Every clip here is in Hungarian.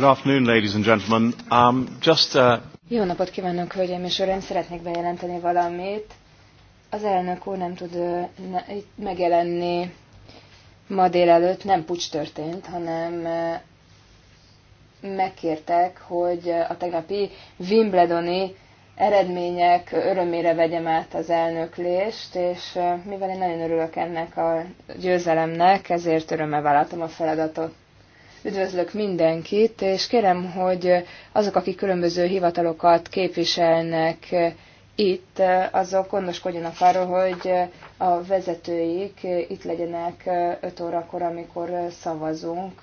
Good afternoon, ladies and gentlemen. Um, just, uh... Jó napot kívánok, hölgyeim és uraim! Szeretnék bejelenteni valamit. Az elnök úr nem tud megjelenni ma délelőtt. Nem pucs történt, hanem megkértek, hogy a tegnapi Wimbledoni eredmények örömére vegyem át az elnöklést, és mivel én nagyon örülök ennek a győzelemnek, ezért örömmel vállaltam a feladatot. Üdvözlök mindenkit, és kérem, hogy azok, akik különböző hivatalokat képviselnek itt, azok gondoskodjanak arról, hogy a vezetőik itt legyenek 5 órakor, amikor szavazunk,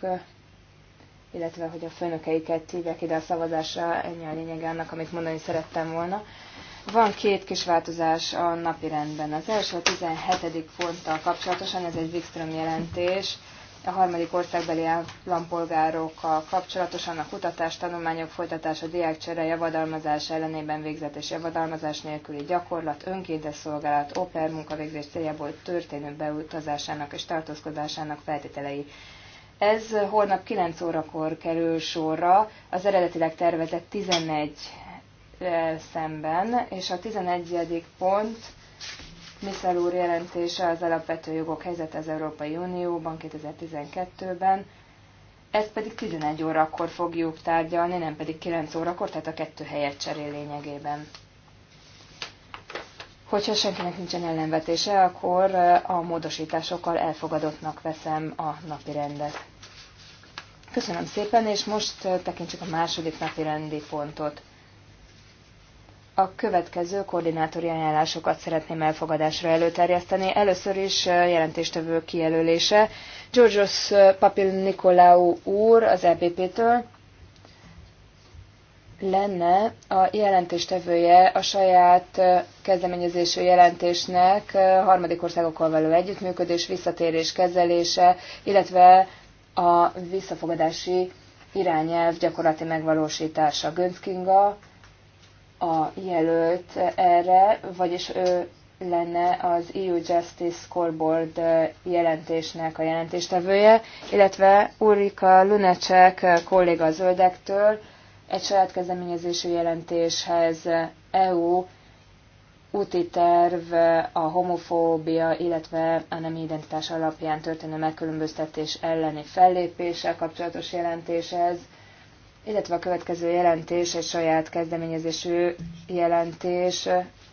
illetve hogy a főnökeiket hívják ide a szavazásra, ennyi a lényeg annak, amit mondani szerettem volna. Van két kis változás a napi rendben. Az első a 17. ponttal kapcsolatosan, ez egy Wikström jelentés, a harmadik országbeli állampolgárokkal kapcsolatosan a kutatás, tanulmányok folytatása, diákcsere, javadalmazás ellenében végzett és javadalmazás nélküli gyakorlat, önkéntes szolgálat, oper munkavégzés céljából történő beutazásának és tartózkodásának feltételei. Ez holnap 9 órakor kerül sorra, az eredetileg tervezett 11 szemben, és a 11. pont Miszel úr jelentése az alapvető jogok helyzet az Európai Unióban 2012-ben. Ezt pedig 11 órakor fogjuk tárgyalni, nem pedig 9 órakor, tehát a kettő helyet cserél lényegében. Hogyha senkinek nincsen ellenvetése, akkor eh, a módosításokkal elfogadottnak veszem a napi rendet. Köszönöm szépen, és most eh, tekintsük a második napi rendi pontot a következő koordinátori ajánlásokat szeretném elfogadásra előterjeszteni. Először is jelentéstevő kijelölése. Georgios Papil Nikolaou úr az EBP-től lenne a jelentéstevője a saját kezdeményezésű jelentésnek harmadik országokkal való együttműködés, visszatérés kezelése, illetve a visszafogadási irányelv gyakorlati megvalósítása. Gönc Kinga a jelölt erre, vagyis ő lenne az EU Justice Scoreboard jelentésnek a jelentéstevője, illetve Ulrika Lunacek kolléga a zöldektől egy saját kezdeményezésű jelentéshez EU úti terv a homofóbia, illetve a nem identitás alapján történő megkülönböztetés elleni fellépése kapcsolatos jelentéshez, illetve a következő jelentés egy saját kezdeményezésű jelentés,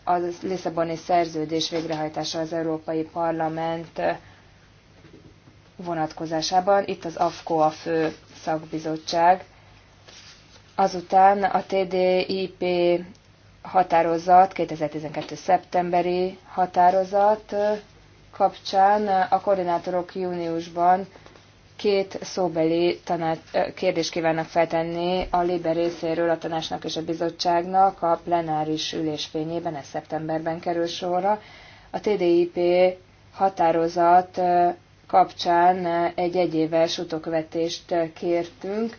a Lisszaboni szerződés végrehajtása az Európai Parlament vonatkozásában. Itt az AFKO a fő szakbizottság. Azután a TDIP határozat, 2012. szeptemberi határozat kapcsán a koordinátorok júniusban Két szóbeli tanács, kérdést kívánnak feltenni a Libe részéről a tanácsnak és a bizottságnak a plenáris ülés fényében, ez szeptemberben kerül sorra. A TDIP határozat kapcsán egy egyéves utókövetést kértünk,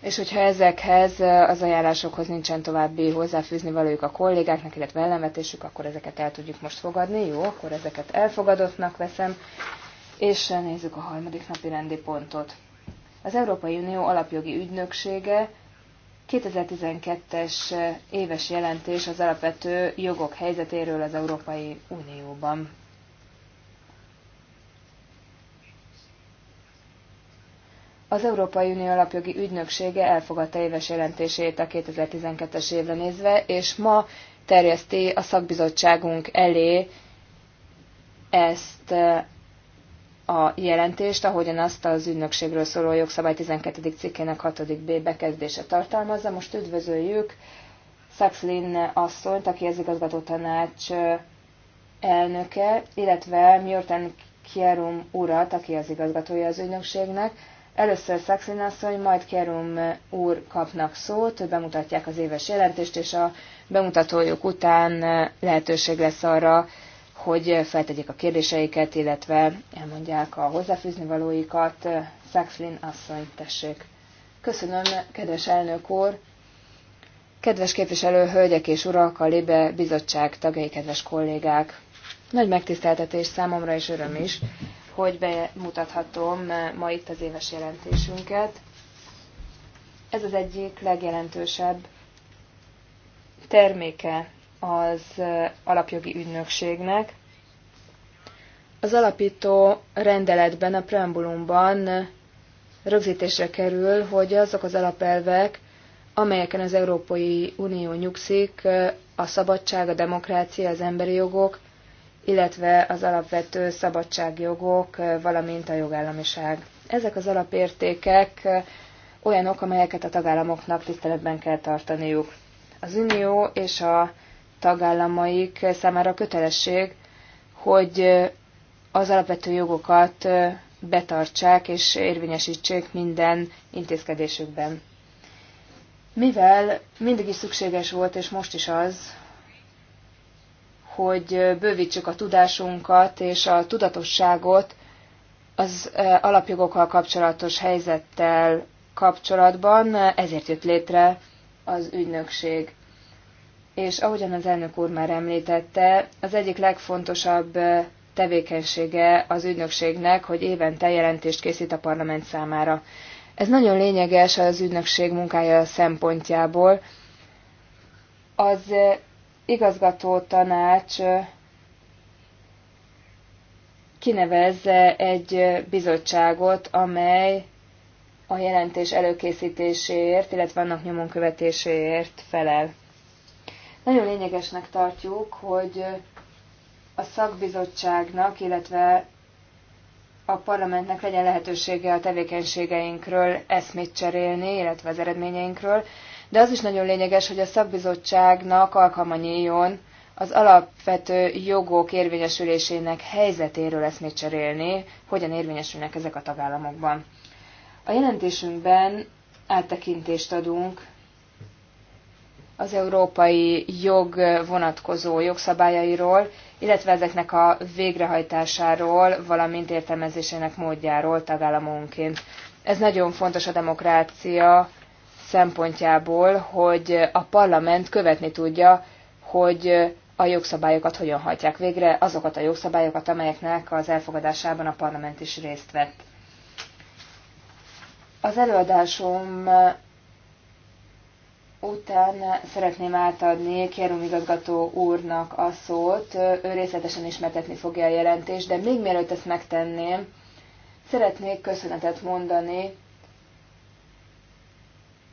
és hogyha ezekhez az ajánlásokhoz nincsen további hozzáfűzni valójuk a kollégáknak, illetve ellenvetésük, akkor ezeket el tudjuk most fogadni. Jó, akkor ezeket elfogadottnak veszem. És nézzük a harmadik napi rendi pontot. Az Európai Unió alapjogi ügynöksége 2012-es éves jelentés az alapvető jogok helyzetéről az Európai Unióban. Az Európai Unió alapjogi ügynöksége elfogadta éves jelentését a 2012-es évre nézve, és ma terjeszti a szakbizottságunk elé ezt a jelentést, ahogyan azt az ügynökségről szóló jogszabály 12. cikkének 6. B bekezdése tartalmazza. Most üdvözöljük Saxlin asszonyt, aki az igazgató tanács elnöke, illetve Mjörten Kierum urat, aki az igazgatója az ügynökségnek. Először Saxlin asszony, majd Kierum úr kapnak szót, bemutatják az éves jelentést, és a bemutatójuk után lehetőség lesz arra, hogy feltegyék a kérdéseiket, illetve elmondják a hozzáfűzni valóikat. Saxlin asszony, tessék. Köszönöm, kedves elnök úr! Kedves képviselő, hölgyek és urak, a Libe bizottság tagjai, kedves kollégák! Nagy megtiszteltetés számomra és öröm is, hogy bemutathatom ma itt az éves jelentésünket. Ez az egyik legjelentősebb terméke az alapjogi ügynökségnek. Az alapító rendeletben, a preambulumban rögzítésre kerül, hogy azok az alapelvek, amelyeken az Európai Unió nyugszik, a szabadság, a demokrácia, az emberi jogok, illetve az alapvető szabadságjogok, valamint a jogállamiság. Ezek az alapértékek olyanok, amelyeket a tagállamoknak tiszteletben kell tartaniuk. Az Unió és a tagállamaik számára kötelesség, hogy az alapvető jogokat betartsák és érvényesítsék minden intézkedésükben. Mivel mindig is szükséges volt, és most is az, hogy bővítsük a tudásunkat és a tudatosságot az alapjogokkal kapcsolatos helyzettel kapcsolatban, ezért jött létre az ügynökség és ahogyan az elnök úr már említette, az egyik legfontosabb tevékenysége az ügynökségnek, hogy évente jelentést készít a parlament számára. Ez nagyon lényeges az ügynökség munkája szempontjából. Az igazgató tanács kinevezze egy bizottságot, amely a jelentés előkészítéséért, illetve annak nyomon követéséért felel. Nagyon lényegesnek tartjuk, hogy a szakbizottságnak, illetve a parlamentnek legyen lehetősége a tevékenységeinkről eszmét cserélni, illetve az eredményeinkről, de az is nagyon lényeges, hogy a szakbizottságnak alkalma nyíljon az alapvető jogok érvényesülésének helyzetéről eszmét cserélni, hogyan érvényesülnek ezek a tagállamokban. A jelentésünkben áttekintést adunk az európai jog vonatkozó jogszabályairól, illetve ezeknek a végrehajtásáról, valamint értelmezésének módjáról tagállamonként. Ez nagyon fontos a demokrácia szempontjából, hogy a parlament követni tudja, hogy a jogszabályokat hogyan hajtják végre, azokat a jogszabályokat, amelyeknek az elfogadásában a parlament is részt vett. Az előadásom után szeretném átadni Kérum igazgató úrnak a szót. Ő részletesen ismertetni fogja a jelentést, de még mielőtt ezt megtenném, szeretnék köszönetet mondani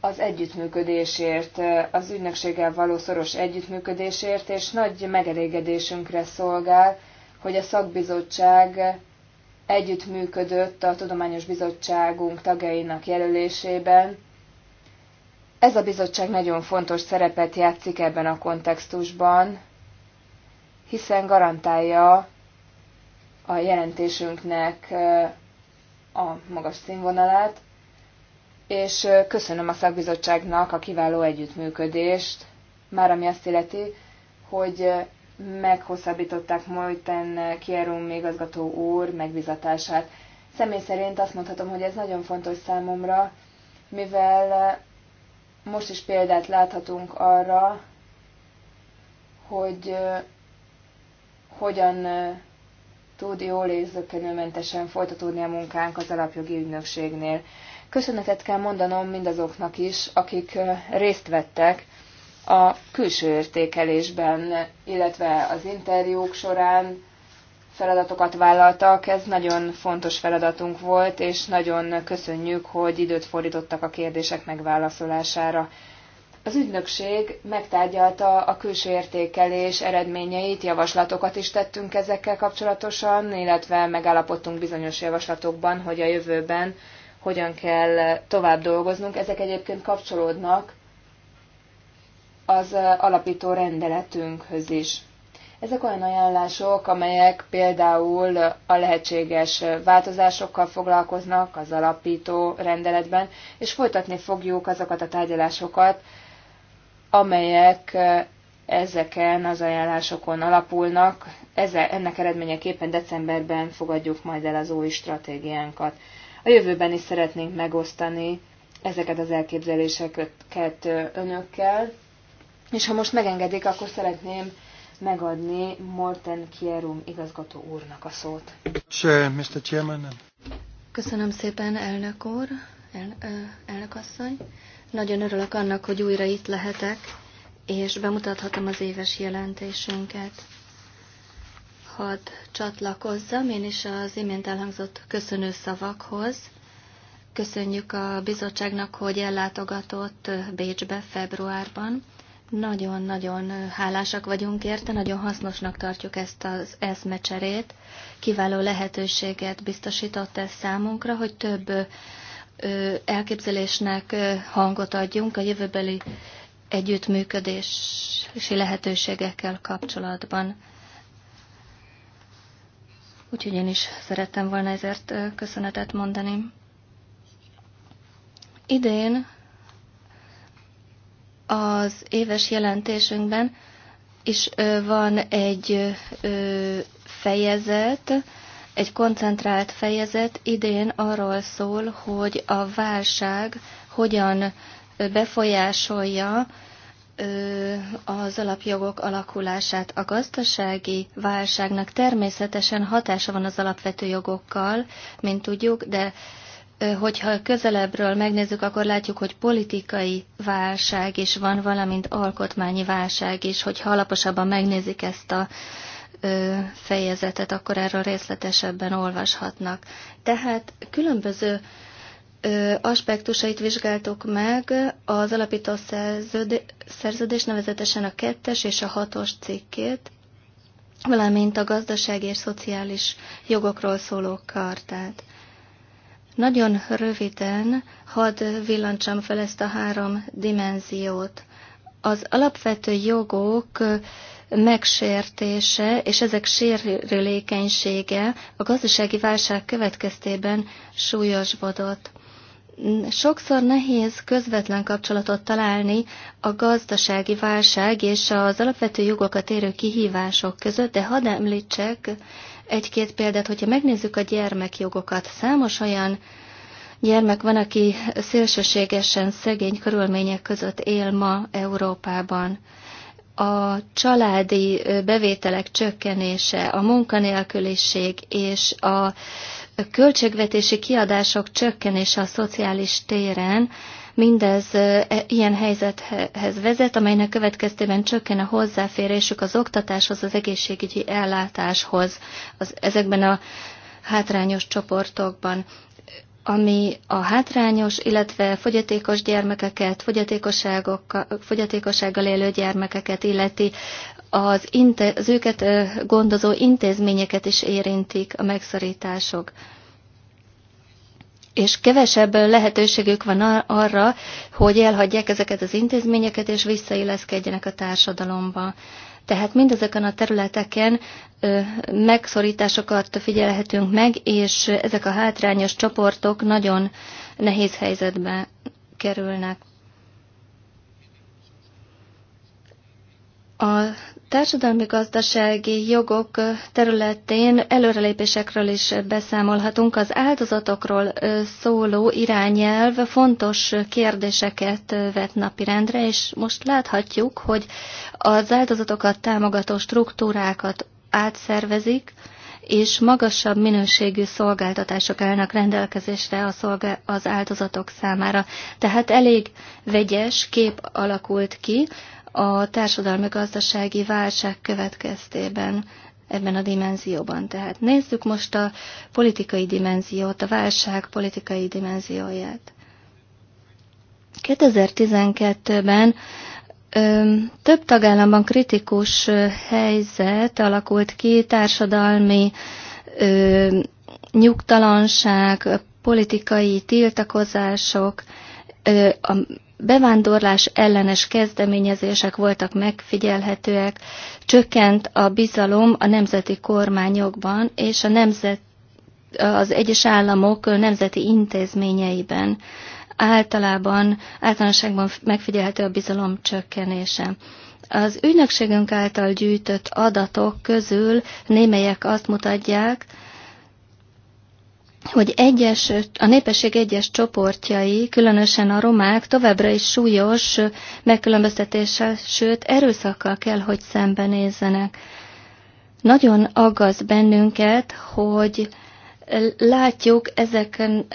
az együttműködésért, az ügynökséggel való szoros együttműködésért, és nagy megelégedésünkre szolgál, hogy a szakbizottság együttműködött a Tudományos Bizottságunk tagjainak jelölésében, ez a bizottság nagyon fontos szerepet játszik ebben a kontextusban, hiszen garantálja a jelentésünknek eh, a magas színvonalát, és eh, köszönöm a szakbizottságnak a kiváló együttműködést, már ami azt illeti, hogy eh, meghosszabbították Mojten Kierum igazgató úr megbizatását. Személy szerint azt mondhatom, hogy ez nagyon fontos számomra, mivel most is példát láthatunk arra, hogy hogyan tud jól és zöggenőmentesen folytatódni a munkánk az alapjogi ügynökségnél. Köszönetet kell mondanom mindazoknak is, akik részt vettek a külső értékelésben, illetve az interjúk során, feladatokat vállaltak. Ez nagyon fontos feladatunk volt, és nagyon köszönjük, hogy időt fordítottak a kérdések megválaszolására. Az ügynökség megtárgyalta a külső értékelés eredményeit, javaslatokat is tettünk ezekkel kapcsolatosan, illetve megállapodtunk bizonyos javaslatokban, hogy a jövőben hogyan kell tovább dolgoznunk. Ezek egyébként kapcsolódnak az alapító rendeletünkhöz is. Ezek olyan ajánlások, amelyek például a lehetséges változásokkal foglalkoznak az alapító rendeletben, és folytatni fogjuk azokat a tárgyalásokat, amelyek ezeken az ajánlásokon alapulnak. Ezzel, ennek eredményeképpen decemberben fogadjuk majd el az új stratégiánkat. A jövőben is szeretnénk megosztani ezeket az elképzeléseket önökkel, és ha most megengedik, akkor szeretném megadni Morten Kierum igazgató úrnak a szót. Mr. Chairman. Köszönöm szépen, elnök úr, el, ö, elnök asszony. Nagyon örülök annak, hogy újra itt lehetek, és bemutathatom az éves jelentésünket. Hadd csatlakozzam én is az imént elhangzott köszönő szavakhoz. Köszönjük a bizottságnak, hogy ellátogatott Bécsbe februárban, nagyon-nagyon hálásak vagyunk érte, nagyon hasznosnak tartjuk ezt az eszmecserét. Kiváló lehetőséget biztosított ez számunkra, hogy több elképzelésnek hangot adjunk a jövőbeli együttműködési lehetőségekkel kapcsolatban. Úgyhogy én is szerettem volna ezért köszönetet mondani. Idén az éves jelentésünkben is van egy fejezet, egy koncentrált fejezet idén arról szól, hogy a válság hogyan befolyásolja az alapjogok alakulását. A gazdasági válságnak természetesen hatása van az alapvető jogokkal, mint tudjuk, de hogyha közelebbről megnézzük, akkor látjuk, hogy politikai válság is van, valamint alkotmányi válság is. Hogyha alaposabban megnézik ezt a fejezetet, akkor erről részletesebben olvashatnak. Tehát különböző aspektusait vizsgáltuk meg az alapító szerződés, nevezetesen a kettes és a hatos cikkét, valamint a gazdasági és szociális jogokról szóló kartát. Nagyon röviden hadd villancsam fel ezt a három dimenziót. Az alapvető jogok megsértése és ezek sérülékenysége a gazdasági válság következtében súlyosbodott. Sokszor nehéz közvetlen kapcsolatot találni a gazdasági válság és az alapvető jogokat érő kihívások között, de hadd említsek egy-két példát, hogyha megnézzük a gyermekjogokat, számos olyan gyermek van, aki szélsőségesen szegény körülmények között él ma Európában. A családi bevételek csökkenése, a munkanélküliség és a költségvetési kiadások csökkenése a szociális téren, mindez e, ilyen helyzethez vezet, amelynek következtében csökken a hozzáférésük az oktatáshoz, az egészségügyi ellátáshoz, az, ezekben a hátrányos csoportokban ami a hátrányos, illetve fogyatékos gyermekeket, fogyatékossággal élő gyermekeket illeti az, inte, az őket gondozó intézményeket is érintik a megszorítások. És kevesebb lehetőségük van arra, hogy elhagyják ezeket az intézményeket, és visszailleszkedjenek a társadalomba. Tehát mindezeken a területeken megszorításokat figyelhetünk meg, és ezek a hátrányos csoportok nagyon nehéz helyzetbe kerülnek. A társadalmi-gazdasági jogok területén előrelépésekről is beszámolhatunk. Az áldozatokról szóló irányelv fontos kérdéseket vet napirendre, és most láthatjuk, hogy az áldozatokat támogató struktúrákat átszervezik, és magasabb minőségű szolgáltatások állnak rendelkezésre a szolga az áldozatok számára. Tehát elég vegyes kép alakult ki, a társadalmi-gazdasági válság következtében ebben a dimenzióban. Tehát nézzük most a politikai dimenziót, a válság politikai dimenzióját. 2012-ben több tagállamban kritikus helyzet alakult ki, társadalmi ö, nyugtalanság, politikai tiltakozások, ö, a bevándorlás ellenes kezdeményezések voltak megfigyelhetőek, csökkent a bizalom a nemzeti kormányokban és a nemzet, az egyes államok nemzeti intézményeiben. Általában, általánosságban megfigyelhető a bizalom csökkenése. Az ügynökségünk által gyűjtött adatok közül némelyek azt mutatják, hogy egyes, a népesség egyes csoportjai, különösen a romák továbbra is súlyos megkülönböztetéssel, sőt erőszakkal kell, hogy szembenézzenek. Nagyon aggaszt bennünket, hogy látjuk ezeken,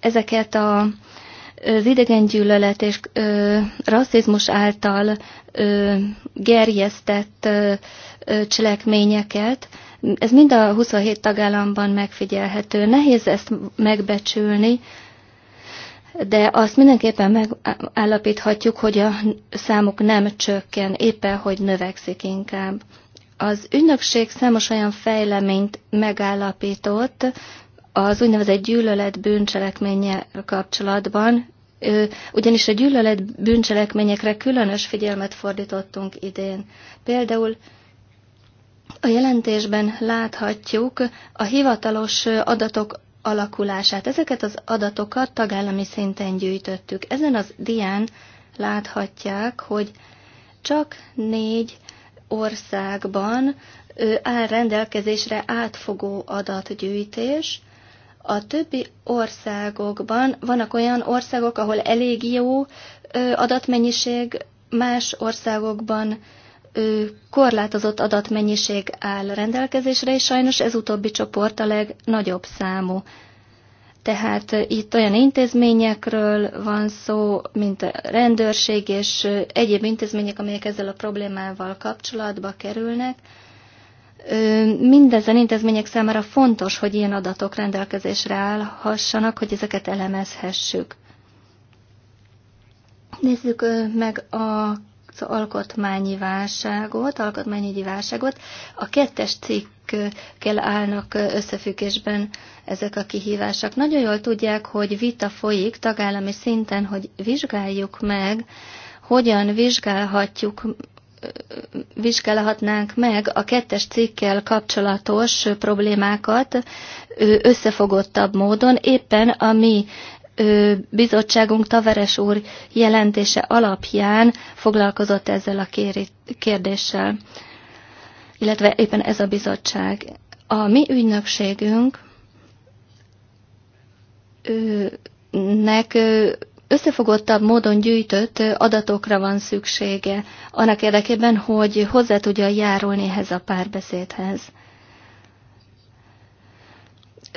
ezeket a, az idegengyűlölet és ö, rasszizmus által ö, gerjesztett ö, ö, cselekményeket, ez mind a 27 tagállamban megfigyelhető. Nehéz ezt megbecsülni, de azt mindenképpen megállapíthatjuk, hogy a számuk nem csökken, éppen hogy növekszik inkább. Az ügynökség számos olyan fejleményt megállapított az úgynevezett gyűlölet bűncselekménye kapcsolatban, ugyanis a gyűlölet bűncselekményekre különös figyelmet fordítottunk idén. Például a jelentésben láthatjuk a hivatalos adatok alakulását. Ezeket az adatokat tagállami szinten gyűjtöttük. Ezen az dián láthatják, hogy csak négy országban áll rendelkezésre átfogó adatgyűjtés, a többi országokban vannak olyan országok, ahol elég jó adatmennyiség, más országokban korlátozott adatmennyiség áll rendelkezésre, és sajnos ez utóbbi csoport a legnagyobb számú. Tehát itt olyan intézményekről van szó, mint a rendőrség és egyéb intézmények, amelyek ezzel a problémával kapcsolatba kerülnek. Mindezen intézmények számára fontos, hogy ilyen adatok rendelkezésre állhassanak, hogy ezeket elemezhessük. Nézzük meg a alkotmányi válságot, alkotmányügyi válságot. A kettes cikkkel állnak összefüggésben ezek a kihívások. Nagyon jól tudják, hogy vita folyik tagállami szinten, hogy vizsgáljuk meg, hogyan vizsgálhatjuk vizsgálhatnánk meg a kettes cikkel kapcsolatos problémákat összefogottabb módon, éppen a mi bizottságunk Taveres úr jelentése alapján foglalkozott ezzel a kérdéssel, illetve éppen ez a bizottság. A mi ügynökségünk nek összefogottabb módon gyűjtött adatokra van szüksége, annak érdekében, hogy hozzá tudja járulni ehhez a párbeszédhez.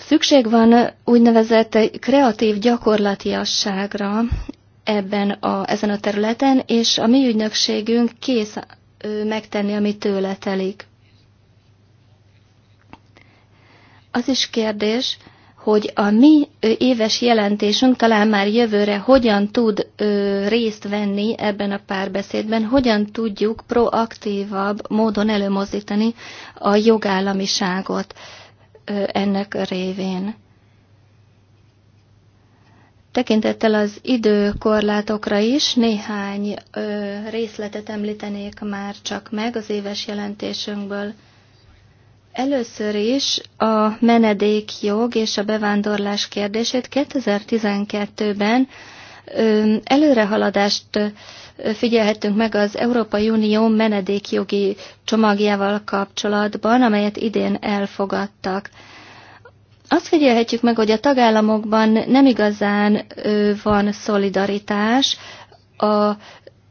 Szükség van úgynevezett kreatív gyakorlatiasságra ebben a, ezen a területen, és a mi ügynökségünk kész megtenni, ami tőle telik. Az is kérdés, hogy a mi éves jelentésünk talán már jövőre hogyan tud részt venni ebben a párbeszédben, hogyan tudjuk proaktívabb módon előmozdítani a jogállamiságot ennek révén. Tekintettel az időkorlátokra is néhány ö, részletet említenék már csak meg az éves jelentésünkből. Először is a menedékjog és a bevándorlás kérdését 2012-ben előrehaladást figyelhettünk meg az Európai Unió menedékjogi csomagjával kapcsolatban, amelyet idén elfogadtak. Azt figyelhetjük meg, hogy a tagállamokban nem igazán van szolidaritás. A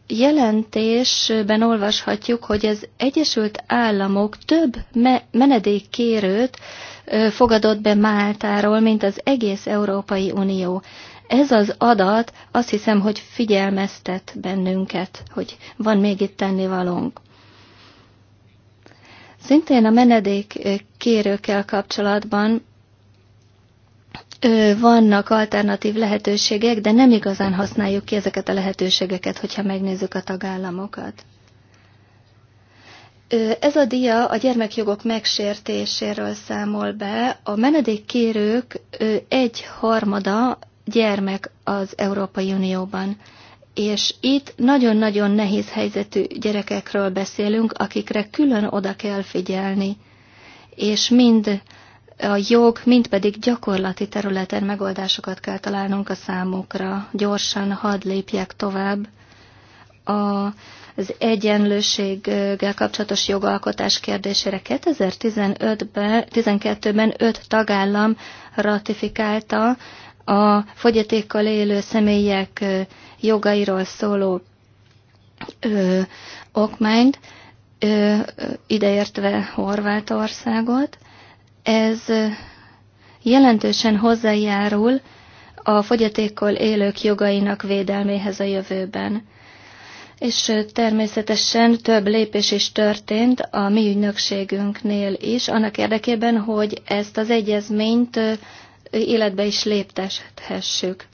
jelentésben olvashatjuk, hogy az Egyesült Államok több me menedékkérőt fogadott be Máltáról, mint az egész Európai Unió. Ez az adat azt hiszem, hogy figyelmeztet bennünket, hogy van még itt tennivalónk. Szintén a menedék kérőkkel kapcsolatban vannak alternatív lehetőségek, de nem igazán használjuk ki ezeket a lehetőségeket, hogyha megnézzük a tagállamokat. Ez a dia a gyermekjogok megsértéséről számol be. A menedékkérők egy harmada gyermek az Európai Unióban. És itt nagyon-nagyon nehéz helyzetű gyerekekről beszélünk, akikre külön oda kell figyelni, és mind a jog, mind pedig gyakorlati területen megoldásokat kell találnunk a számukra. Gyorsan hadd lépjek tovább. A, az egyenlőséggel kapcsolatos jogalkotás kérdésére 2015-ben, 12-ben tagállam ratifikálta a fogyatékkal élő személyek jogairól szóló ö, okmányt, ö, ideértve Horvátországot. Ez jelentősen hozzájárul a fogyatékkal élők jogainak védelméhez a jövőben. És természetesen több lépés is történt a mi ügynökségünknél is, annak érdekében, hogy ezt az egyezményt életbe is léptethessük.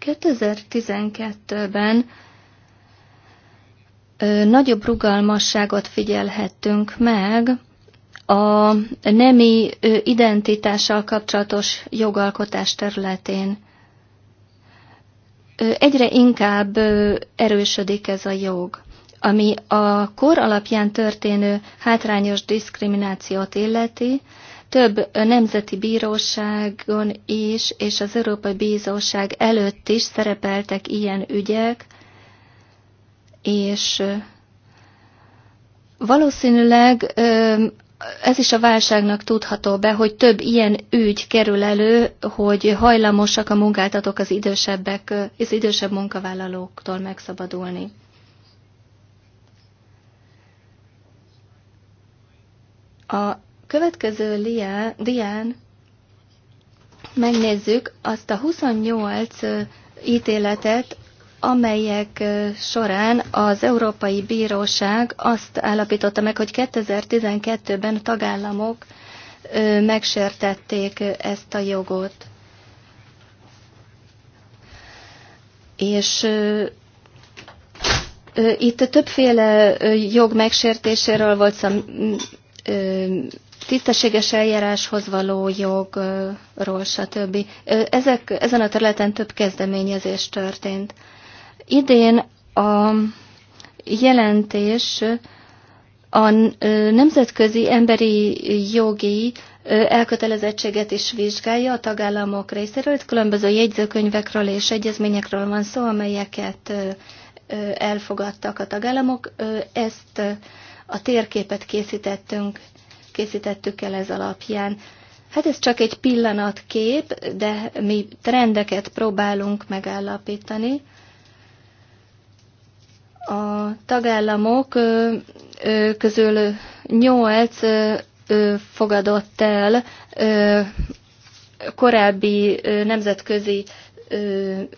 2012-ben nagyobb rugalmasságot figyelhettünk meg a nemi identitással kapcsolatos jogalkotás területén. Egyre inkább erősödik ez a jog, ami a kor alapján történő hátrányos diszkriminációt illeti, több nemzeti bíróságon is, és az Európai Bíróság előtt is szerepeltek ilyen ügyek, és valószínűleg ez is a válságnak tudható be, hogy több ilyen ügy kerül elő, hogy hajlamosak a munkáltatók az idősebbek, az idősebb munkavállalóktól megszabadulni. A következő liá, dián megnézzük azt a 28 ítéletet, amelyek során az Európai Bíróság azt állapította meg, hogy 2012-ben a tagállamok megsértették ezt a jogot. És itt többféle jog megsértéséről volt szó, tisztességes eljáráshoz való jogról, stb. Ezek, ezen a területen több kezdeményezés történt. Idén a jelentés a nemzetközi emberi jogi elkötelezettséget is vizsgálja a tagállamok részéről. Itt különböző jegyzőkönyvekről és egyezményekről van szó, amelyeket elfogadtak a tagállamok. Ezt a térképet készítettünk készítettük el ez alapján. Hát ez csak egy pillanatkép, de mi trendeket próbálunk megállapítani. A tagállamok közül nyolc fogadott el korábbi nemzetközi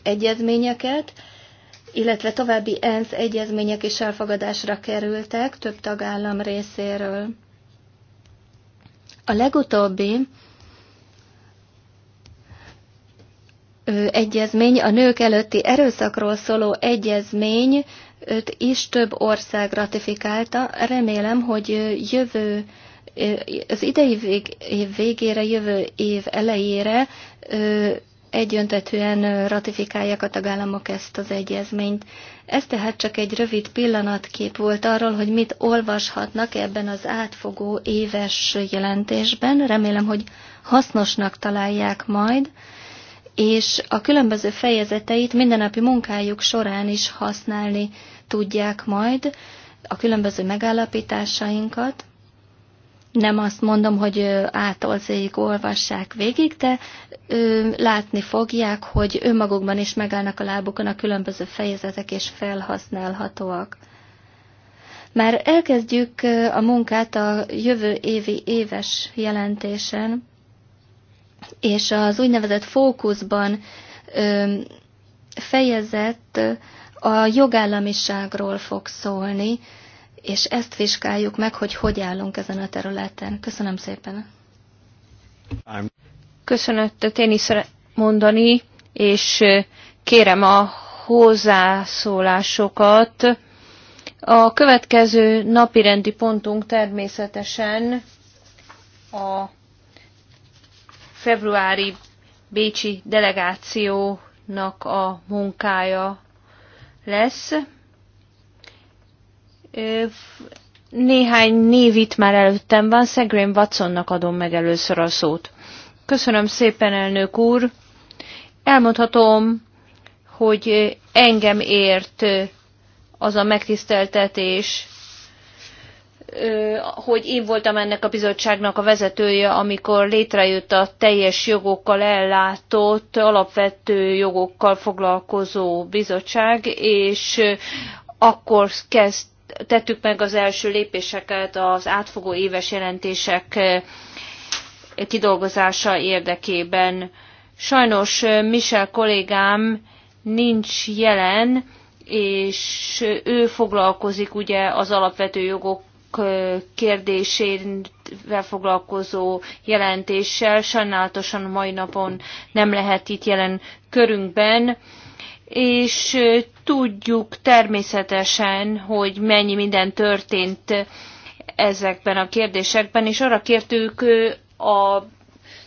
egyezményeket, illetve további ENSZ egyezmények is elfogadásra kerültek több tagállam részéről. A legutóbbi egyezmény, a nők előtti erőszakról szóló egyezmény őt is több ország ratifikálta. Remélem, hogy jövő az idei vég, év végére, jövő év elejére egyöntetően ratifikálják a tagállamok ezt az egyezményt. Ez tehát csak egy rövid pillanatkép volt arról, hogy mit olvashatnak ebben az átfogó éves jelentésben. Remélem, hogy hasznosnak találják majd, és a különböző fejezeteit mindennapi munkájuk során is használni tudják majd a különböző megállapításainkat, nem azt mondom, hogy átolzéig olvassák végig, de ö, látni fogják, hogy önmagukban is megállnak a lábukon a különböző fejezetek, és felhasználhatóak. Már elkezdjük a munkát a jövő évi éves jelentésen, és az úgynevezett fókuszban ö, fejezett a jogállamiságról fog szólni, és ezt vizsgáljuk meg, hogy hogy állunk ezen a területen. Köszönöm szépen. Köszönöttet én is szeretném mondani, és kérem a hozzászólásokat. A következő napirendi pontunk természetesen a februári Bécsi delegációnak a munkája lesz. Néhány név itt már előttem van, Szegrén Watsonnak adom meg először a szót. Köszönöm szépen, elnök úr. Elmondhatom, hogy engem ért az a megtiszteltetés, hogy én voltam ennek a bizottságnak a vezetője, amikor létrejött a teljes jogokkal ellátott, alapvető jogokkal foglalkozó bizottság, és akkor kezd tettük meg az első lépéseket az átfogó éves jelentések eh, kidolgozása érdekében. Sajnos eh, Michel kollégám nincs jelen, és ő foglalkozik ugye az alapvető jogok eh, kérdésével foglalkozó jelentéssel. Sajnálatosan mai napon nem lehet itt jelen körünkben, és tudjuk természetesen, hogy mennyi minden történt ezekben a kérdésekben, és arra kértük a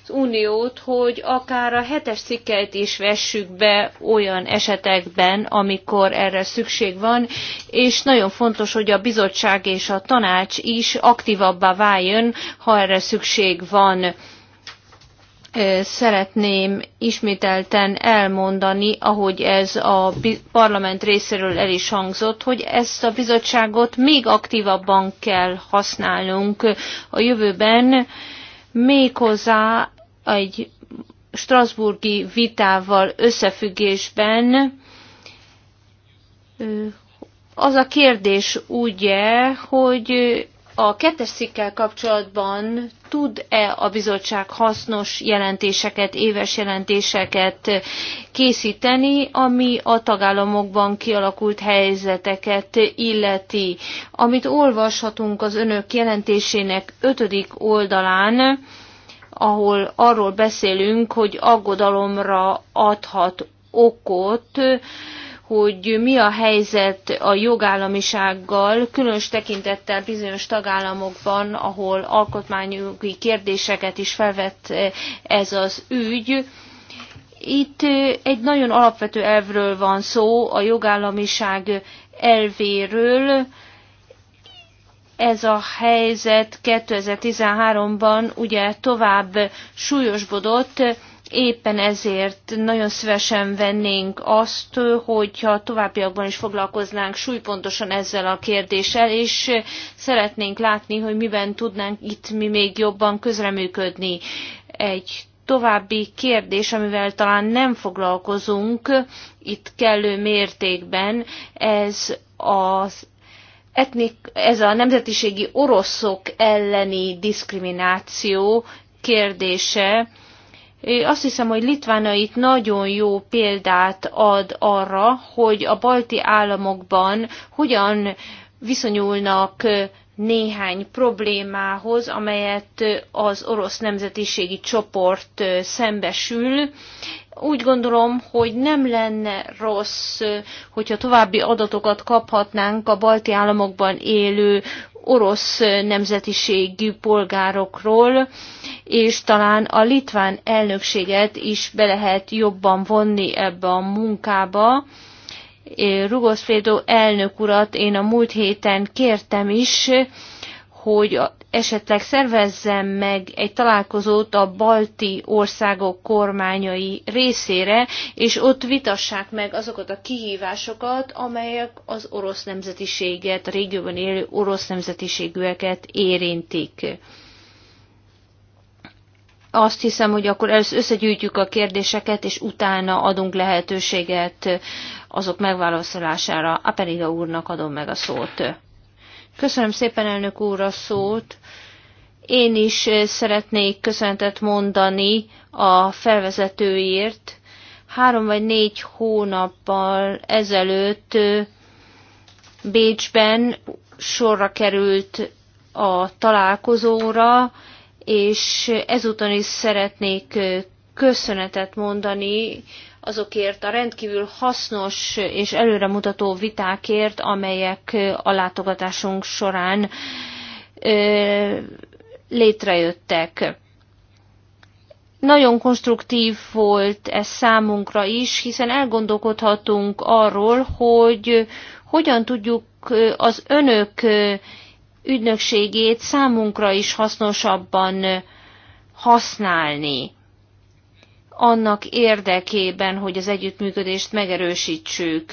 az uniót, hogy akár a hetes cikket is vessük be olyan esetekben, amikor erre szükség van, és nagyon fontos, hogy a bizottság és a tanács is aktívabbá váljon, ha erre szükség van szeretném ismételten elmondani, ahogy ez a parlament részéről el is hangzott, hogy ezt a bizottságot még aktívabban kell használnunk a jövőben, méghozzá egy Strasburgi vitával összefüggésben az a kérdés ugye, hogy a kettes szikkel kapcsolatban tud-e a bizottság hasznos jelentéseket, éves jelentéseket készíteni, ami a tagállamokban kialakult helyzeteket illeti. Amit olvashatunk az önök jelentésének ötödik oldalán, ahol arról beszélünk, hogy aggodalomra adhat okot, hogy mi a helyzet a jogállamisággal, különös tekintettel bizonyos tagállamokban, ahol alkotmányjogi kérdéseket is felvett eh, ez az ügy. Itt eh, egy nagyon alapvető elvről van szó, a jogállamiság elvéről, ez a helyzet 2013-ban ugye tovább súlyosbodott, éppen ezért nagyon szívesen vennénk azt, hogyha továbbiakban is foglalkoznánk súlypontosan ezzel a kérdéssel, és szeretnénk látni, hogy miben tudnánk itt mi még jobban közreműködni. Egy további kérdés, amivel talán nem foglalkozunk itt kellő mértékben, ez az etnik, ez a nemzetiségi oroszok elleni diszkrimináció kérdése, azt hiszem, hogy Litvána itt nagyon jó példát ad arra, hogy a balti államokban hogyan viszonyulnak néhány problémához, amelyet az orosz nemzetiségi csoport szembesül. Úgy gondolom, hogy nem lenne rossz, hogyha további adatokat kaphatnánk a balti államokban élő orosz nemzetiségű polgárokról, és talán a litván elnökséget is be lehet jobban vonni ebbe a munkába. Rugoszfédó elnök urat én a múlt héten kértem is, hogy esetleg szervezzen meg egy találkozót a balti országok kormányai részére, és ott vitassák meg azokat a kihívásokat, amelyek az orosz nemzetiséget, a régióban élő orosz nemzetiségűeket érintik. Azt hiszem, hogy akkor először összegyűjtjük a kérdéseket, és utána adunk lehetőséget azok megválaszolására. A úrnak adom meg a szót. Köszönöm szépen, elnök úr, a szót. Én is eh, szeretnék köszöntet mondani a felvezetőért. Három vagy négy hónappal ezelőtt eh, Bécsben sorra került a találkozóra, és ezúton is szeretnék eh, köszönetet mondani azokért a rendkívül hasznos és előremutató vitákért, amelyek a látogatásunk során létrejöttek. Nagyon konstruktív volt ez számunkra is, hiszen elgondolkodhatunk arról, hogy hogyan tudjuk az önök ügynökségét számunkra is hasznosabban használni annak érdekében, hogy az együttműködést megerősítsük.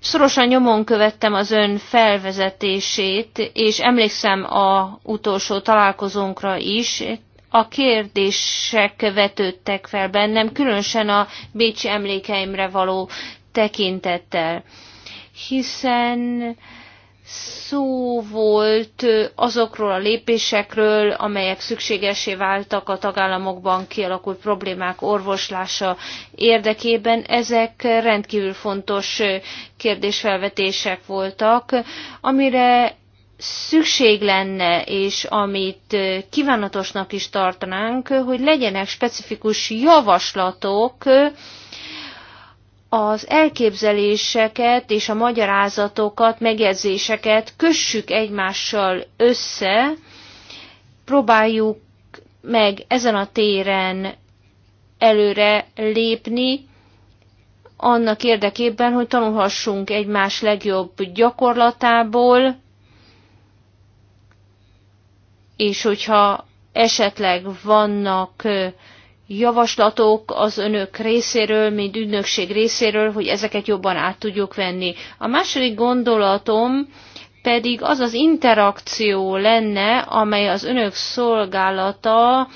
Szorosan nyomon követtem az ön felvezetését, és emlékszem a utolsó találkozónkra is. A kérdések vetődtek fel bennem, különösen a Bécsi emlékeimre való tekintettel, hiszen szó volt azokról a lépésekről, amelyek szükségesé váltak a tagállamokban kialakult problémák orvoslása érdekében. Ezek rendkívül fontos kérdésfelvetések voltak, amire szükség lenne, és amit kívánatosnak is tartanánk, hogy legyenek specifikus javaslatok, az elképzeléseket és a magyarázatokat, megjegyzéseket kössük egymással össze, próbáljuk meg ezen a téren előre lépni, annak érdekében, hogy tanulhassunk egymás legjobb gyakorlatából, és hogyha esetleg vannak javaslatok az önök részéről, mint ügynökség részéről, hogy ezeket jobban át tudjuk venni. A második gondolatom pedig az az interakció lenne, amely az önök szolgálata,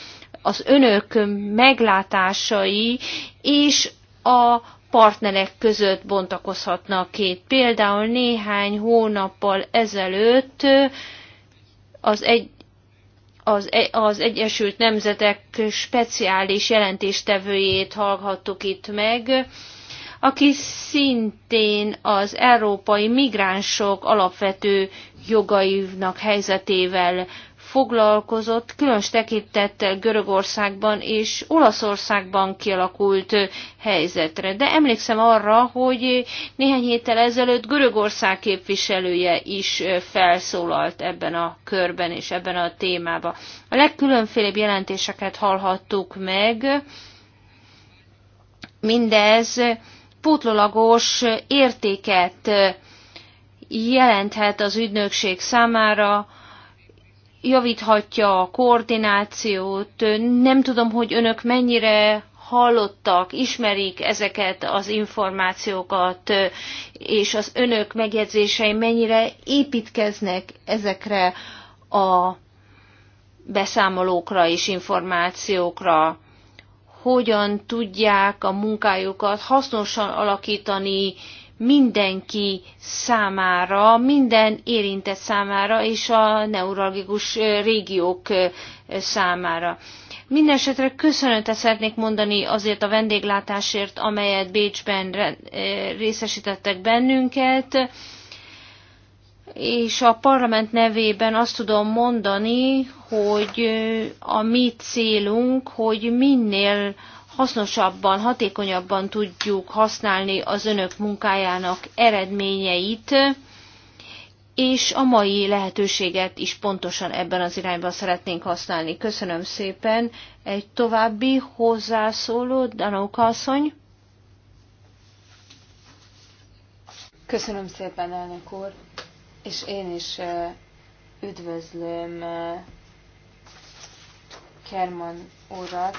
az önök meglátásai és a partnerek között bontakozhatnak két. Például néhány hónappal ezelőtt az egy, az, e, az Egyesült Nemzetek speciális jelentéstevőjét hallhattuk itt meg, aki szintén az európai migránsok alapvető jogaivnak helyzetével foglalkozott, különös tekintettel Görögországban és Olaszországban kialakult helyzetre. De emlékszem arra, hogy néhány héttel ezelőtt Görögország képviselője is felszólalt ebben a körben és ebben a témában. A legkülönfélebb jelentéseket hallhattuk meg, mindez pótlólagos értéket jelenthet az ügynökség számára, javíthatja a koordinációt. Nem tudom, hogy önök mennyire hallottak, ismerik ezeket az információkat, és az önök megjegyzései mennyire építkeznek ezekre a beszámolókra és információkra, hogyan tudják a munkájukat hasznosan alakítani, mindenki számára, minden érintett számára és a neuralgikus régiók számára. Mindenesetre köszönetet szeretnék mondani azért a vendéglátásért, amelyet Bécsben részesítettek bennünket, és a parlament nevében azt tudom mondani, hogy a mi célunk, hogy minél hasznosabban, hatékonyabban tudjuk használni az önök munkájának eredményeit, és a mai lehetőséget is pontosan ebben az irányban szeretnénk használni. Köszönöm szépen. Egy további hozzászóló, Danóka asszony. Köszönöm szépen, elnök úr, és én is üdvözlöm Kerman urat,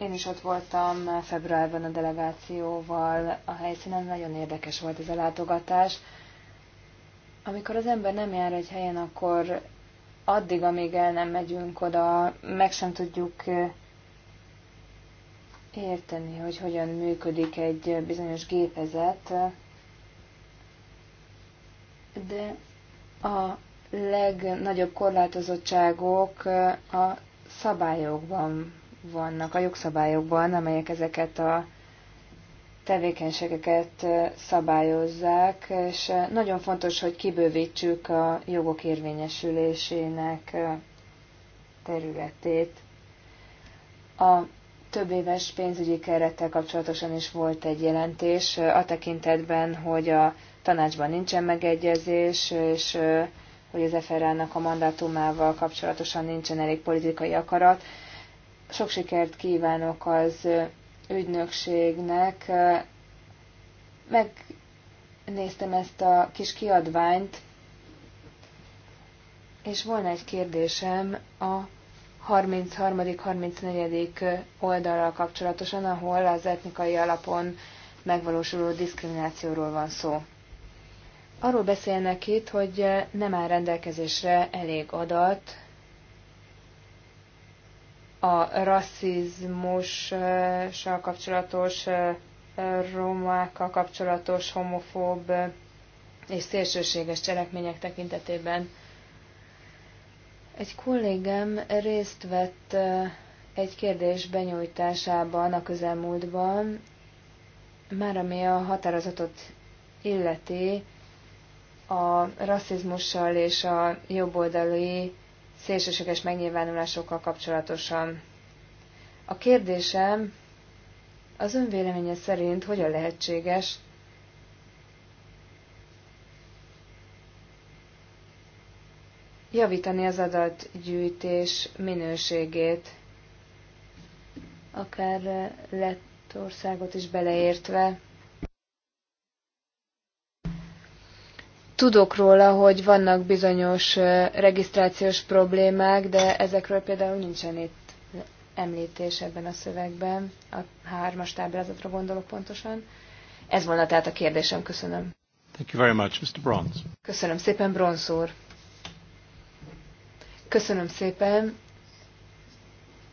én is ott voltam februárban a delegációval a helyszínen, nagyon érdekes volt ez a látogatás. Amikor az ember nem jár egy helyen, akkor addig, amíg el nem megyünk oda, meg sem tudjuk eh, érteni, hogy hogyan működik egy bizonyos gépezet, de a legnagyobb korlátozottságok eh, a szabályokban vannak a jogszabályokban, amelyek ezeket a tevékenységeket szabályozzák, és nagyon fontos, hogy kibővítsük a jogok érvényesülésének területét. A több éves pénzügyi kerettel kapcsolatosan is volt egy jelentés a tekintetben, hogy a tanácsban nincsen megegyezés, és hogy az FRA-nak a mandátumával kapcsolatosan nincsen elég politikai akarat. Sok sikert kívánok az ügynökségnek. Megnéztem ezt a kis kiadványt, és volna egy kérdésem a 33.-34. oldalral kapcsolatosan, ahol az etnikai alapon megvalósuló diszkriminációról van szó. Arról beszélnek itt, hogy nem áll rendelkezésre elég adat a rasszizmussal kapcsolatos, romákkal kapcsolatos, homofób és szélsőséges cselekmények tekintetében. Egy kollégám részt vett egy kérdés benyújtásában a közelmúltban, már ami a határozatot illeti, a rasszizmussal és a jobboldali szélsőséges megnyilvánulásokkal kapcsolatosan. A kérdésem az ön véleménye szerint hogyan lehetséges, javítani az adatgyűjtés minőségét, akár lett országot is beleértve. Tudok róla, hogy vannak bizonyos regisztrációs problémák, de ezekről például nincsen itt említés ebben a szövegben. A hármas táblázatra gondolok pontosan. Ez volna tehát a kérdésem. Köszönöm. Thank you very much, Mr. Bronze. Köszönöm szépen, Bronz úr. Köszönöm szépen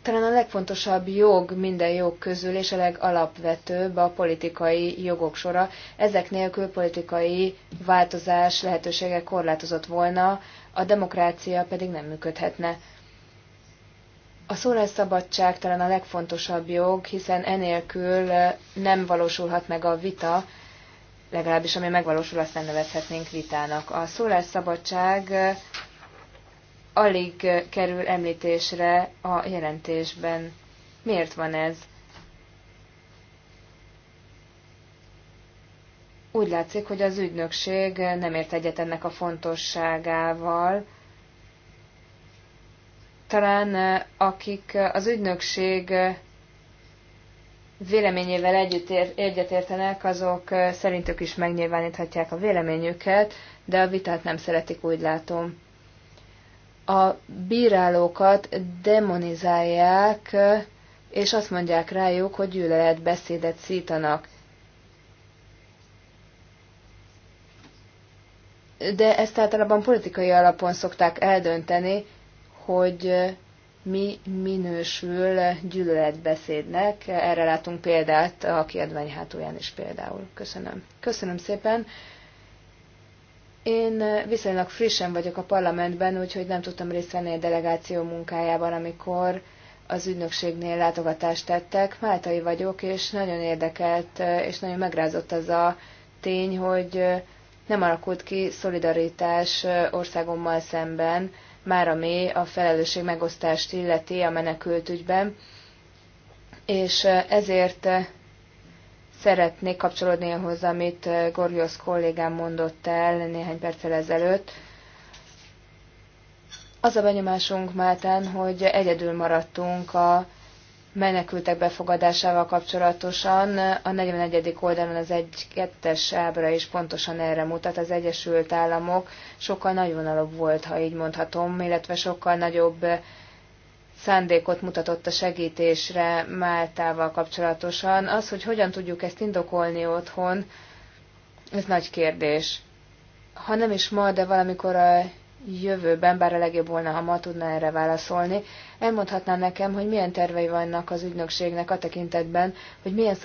talán a legfontosabb jog minden jog közül, és a legalapvetőbb a politikai jogok sora. Ezek nélkül politikai változás lehetősége korlátozott volna, a demokrácia pedig nem működhetne. A szólásszabadság talán a legfontosabb jog, hiszen enélkül nem valósulhat meg a vita, legalábbis ami megvalósul, azt nem nevezhetnénk vitának. A szólásszabadság alig kerül említésre a jelentésben. Miért van ez? Úgy látszik, hogy az ügynökség nem ért egyet ennek a fontosságával. Talán akik az ügynökség véleményével együtt ér, egyetértenek, azok szerintük is megnyilváníthatják a véleményüket, de a vitát nem szeretik, úgy látom a bírálókat demonizálják, és azt mondják rájuk, hogy gyűlöletbeszédet szítanak. De ezt általában politikai alapon szokták eldönteni, hogy mi minősül gyűlöletbeszédnek. Erre látunk példát a kiadvány hátulján is például. Köszönöm. Köszönöm szépen. Én viszonylag frissen vagyok a parlamentben, úgyhogy nem tudtam részt venni a delegáció munkájában, amikor az ügynökségnél látogatást tettek. Máltai vagyok, és nagyon érdekelt, és nagyon megrázott az a tény, hogy nem alakult ki szolidaritás országommal szemben, már ami a felelősség megosztást illeti a menekült ügyben, és ezért Szeretnék kapcsolódni ahhoz, amit eh, Gorgiosz kollégám mondott el néhány perccel ezelőtt. Az a benyomásunk Máten, hogy egyedül maradtunk a menekültek befogadásával kapcsolatosan. A 41. oldalon az 1-2-es ábra is pontosan erre mutat. Az Egyesült Államok sokkal nagyvonalúbb volt, ha így mondhatom, illetve sokkal nagyobb szándékot mutatott a segítésre Máltával kapcsolatosan. Az, hogy hogyan tudjuk ezt indokolni otthon, ez nagy kérdés. Ha nem is ma, de valamikor a jövőben, bár a legjobb volna, ha ma tudna erre válaszolni, elmondhatná nekem, hogy milyen tervei vannak az ügynökségnek a tekintetben, hogy milyen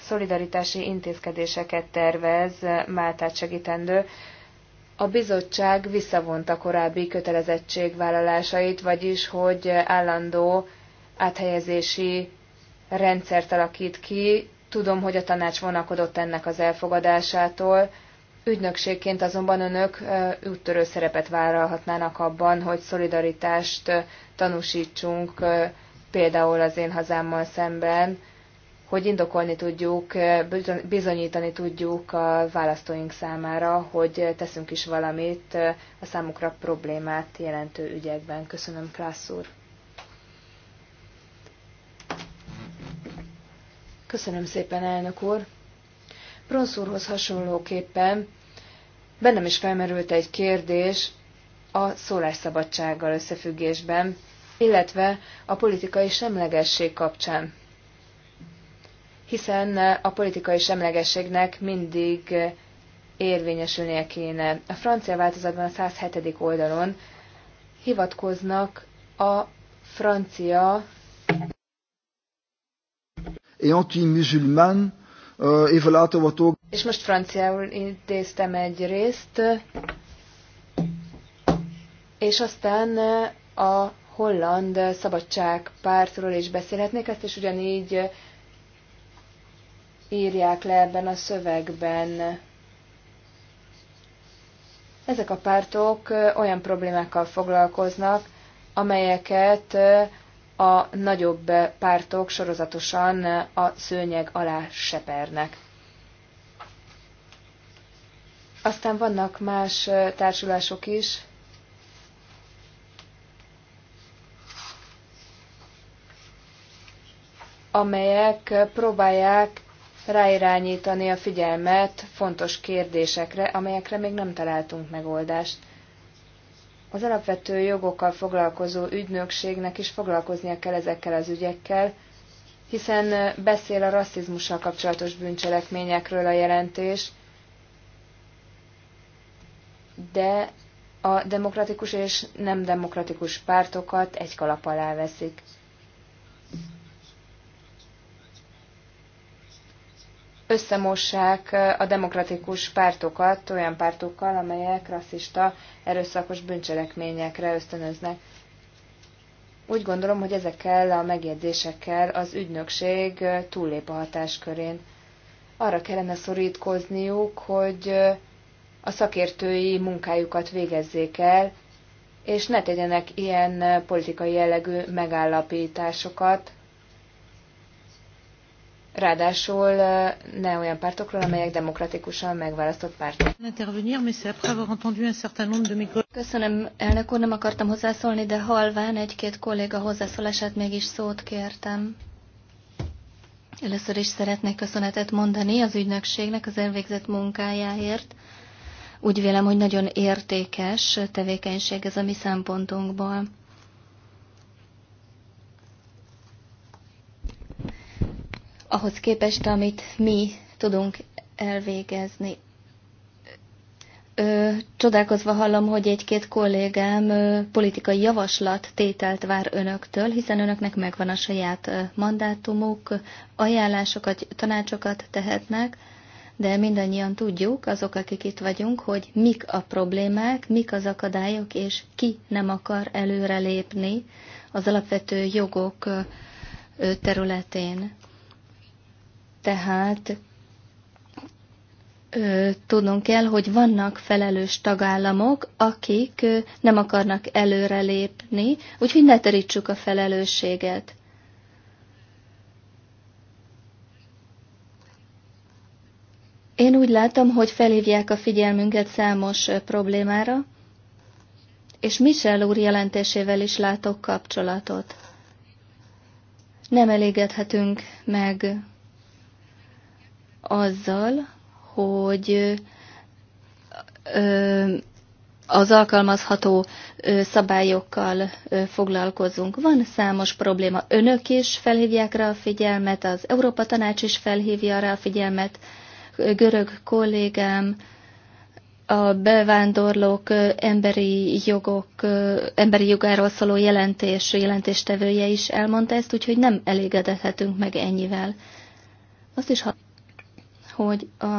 szolidaritási intézkedéseket tervez Máltát segítendő, a bizottság visszavonta korábbi kötelezettségvállalásait, vagyis hogy állandó áthelyezési rendszert alakít ki. Tudom, hogy a tanács vonakodott ennek az elfogadásától. Ügynökségként azonban önök úttörő szerepet vállalhatnának abban, hogy szolidaritást tanúsítsunk például az én hazámmal szemben, hogy indokolni tudjuk, bizonyítani tudjuk a választóink számára, hogy teszünk is valamit a számukra problémát jelentő ügyekben. Köszönöm, Klász úr. Köszönöm szépen, elnök úr. Pronsz úrhoz hasonlóképpen bennem is felmerült egy kérdés a szólásszabadsággal összefüggésben, illetve a politikai semlegesség kapcsán hiszen a politikai semlegességnek mindig érvényesülnie kéne. A francia változatban a 107. oldalon hivatkoznak a francia et anti musulman even euh, voilà, És most franciául intéztem egy részt, és aztán a holland szabadságpártról is beszélhetnék, ezt is ugyanígy írják le ebben a szövegben. Ezek a pártok olyan problémákkal foglalkoznak, amelyeket a nagyobb pártok sorozatosan a szőnyeg alá sepernek. Aztán vannak más társulások is, amelyek próbálják ráirányítani a figyelmet fontos kérdésekre, amelyekre még nem találtunk megoldást. Az alapvető jogokkal foglalkozó ügynökségnek is foglalkoznia kell ezekkel az ügyekkel, hiszen beszél a rasszizmussal kapcsolatos bűncselekményekről a jelentés, de a demokratikus és nem demokratikus pártokat egy kalap alá veszik. összemossák a demokratikus pártokat olyan pártokkal, amelyek rasszista, erőszakos bűncselekményekre ösztönöznek. Úgy gondolom, hogy ezekkel a megjegyzésekkel az ügynökség túllép a hatáskörén. Arra kellene szorítkozniuk, hogy a szakértői munkájukat végezzék el, és ne tegyenek ilyen politikai jellegű megállapításokat, ráadásul ne olyan pártokról, amelyek demokratikusan megválasztott pártok. Köszönöm, elnök úr, nem akartam hozzászólni, de halván egy-két kolléga hozzászólását mégis szót kértem. Először is szeretnék köszönetet mondani az ügynökségnek az elvégzett munkájáért. Úgy vélem, hogy nagyon értékes tevékenység ez a mi szempontunkból. ahhoz képest, amit mi tudunk elvégezni. Ö, csodálkozva hallom, hogy egy-két kollégám ö, politikai javaslat tételt vár önöktől, hiszen önöknek megvan a saját ö, mandátumuk, ajánlásokat, tanácsokat tehetnek, de mindannyian tudjuk, azok, akik itt vagyunk, hogy mik a problémák, mik az akadályok, és ki nem akar előrelépni az alapvető jogok ö, területén. Tehát tudnunk kell, hogy vannak felelős tagállamok, akik nem akarnak előrelépni, úgyhogy ne terítsük a felelősséget. Én úgy látom, hogy felhívják a figyelmünket számos problémára, és Michel úr jelentésével is látok kapcsolatot. Nem elégedhetünk meg azzal, hogy az alkalmazható szabályokkal foglalkozunk. Van számos probléma. Önök is felhívják rá a figyelmet, az Európa Tanács is felhívja rá a figyelmet, görög kollégám, a bevándorlók emberi jogok, emberi jogáról szóló jelentés, jelentéstevője is elmondta ezt, úgyhogy nem elégedhetünk meg ennyivel. Azt is hogy a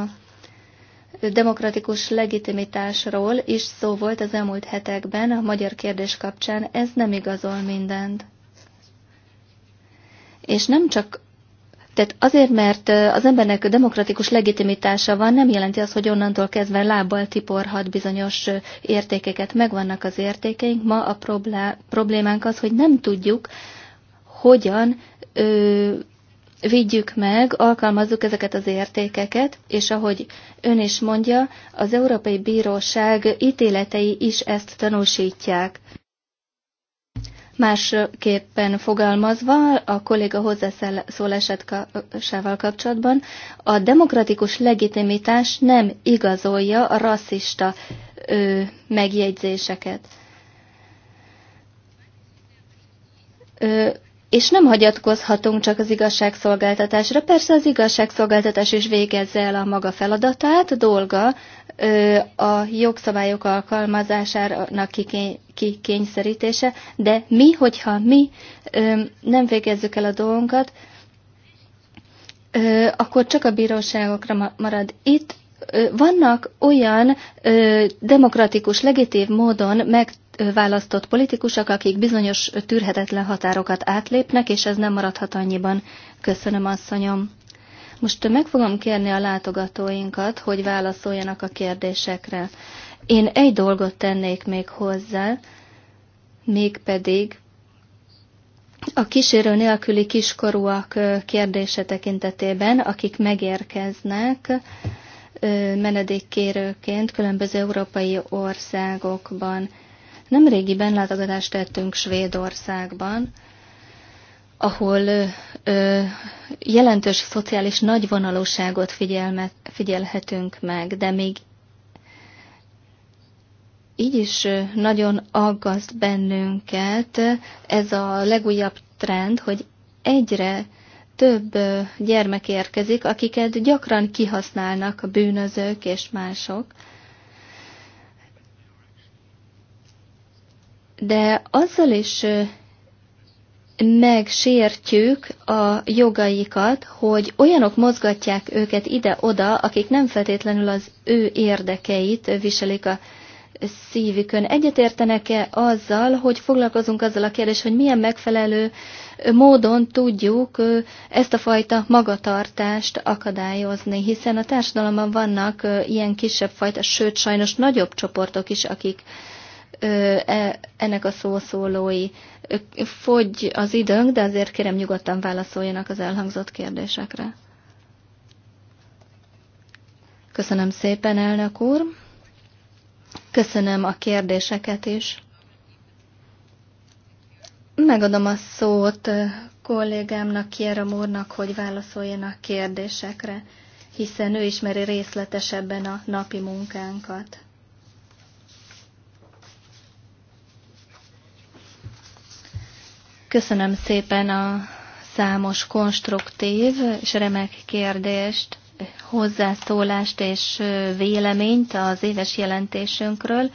demokratikus legitimitásról is szó volt az elmúlt hetekben a magyar kérdés kapcsán, ez nem igazol mindent. És nem csak tehát azért, mert az embernek demokratikus legitimitása van, nem jelenti az, hogy onnantól kezdve lábbal tiporhat bizonyos értékeket. Megvannak az értékeink. Ma a problémánk az, hogy nem tudjuk, hogyan ö, vigyük meg, alkalmazzuk ezeket az értékeket, és ahogy ön is mondja, az Európai Bíróság ítéletei is ezt tanúsítják. Másképpen fogalmazva, a kolléga hozzászólásával kapcsolatban, a demokratikus legitimitás nem igazolja a rasszista ö, megjegyzéseket. Ö, és nem hagyatkozhatunk csak az igazságszolgáltatásra. Persze az igazságszolgáltatás is végezze el a maga feladatát, dolga a jogszabályok alkalmazásának kikényszerítése, de mi, hogyha mi nem végezzük el a dolgunkat, akkor csak a bíróságokra marad. Itt vannak olyan demokratikus, legitív módon meg választott politikusok, akik bizonyos tűrhetetlen határokat átlépnek, és ez nem maradhat annyiban. Köszönöm, asszonyom. Most meg fogom kérni a látogatóinkat, hogy válaszoljanak a kérdésekre. Én egy dolgot tennék még hozzá, mégpedig a kísérő nélküli kiskorúak kérdése tekintetében, akik megérkeznek menedékkérőként különböző európai országokban. Nemrégiben látogatást tettünk Svédországban, ahol ö, ö, jelentős szociális nagyvonalúságot figyelhetünk meg, de még így is nagyon aggaszt bennünket ez a legújabb trend, hogy egyre több gyermek érkezik, akiket gyakran kihasználnak a bűnözők és mások. de azzal is megsértjük a jogaikat, hogy olyanok mozgatják őket ide-oda, akik nem feltétlenül az ő érdekeit viselik a szívükön. Egyetértenek-e azzal, hogy foglalkozunk azzal a kérdés, hogy milyen megfelelő módon tudjuk ezt a fajta magatartást akadályozni, hiszen a társadalomban vannak ilyen kisebb fajta, sőt sajnos nagyobb csoportok is, akik E, ennek a szószólói. Fogy az időnk, de azért kérem nyugodtan válaszoljanak az elhangzott kérdésekre. Köszönöm szépen, elnök úr. Köszönöm a kérdéseket is. Megadom a szót kollégámnak, kérem úrnak, hogy válaszoljanak kérdésekre, hiszen ő ismeri részletesebben a napi munkánkat. Köszönöm szépen a számos konstruktív és remek kérdést, hozzászólást és véleményt az éves jelentésünkről.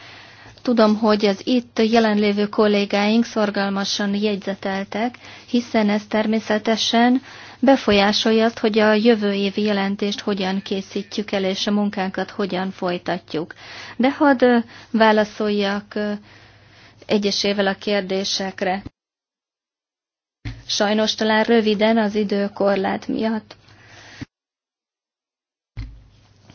Tudom, hogy az itt jelenlévő kollégáink szorgalmasan jegyzeteltek, hiszen ez természetesen befolyásolja azt, hogy a jövő évi jelentést hogyan készítjük el, és a munkánkat hogyan folytatjuk. De hadd válaszoljak egyesével a kérdésekre. Sajnos talán röviden az időkorlát miatt.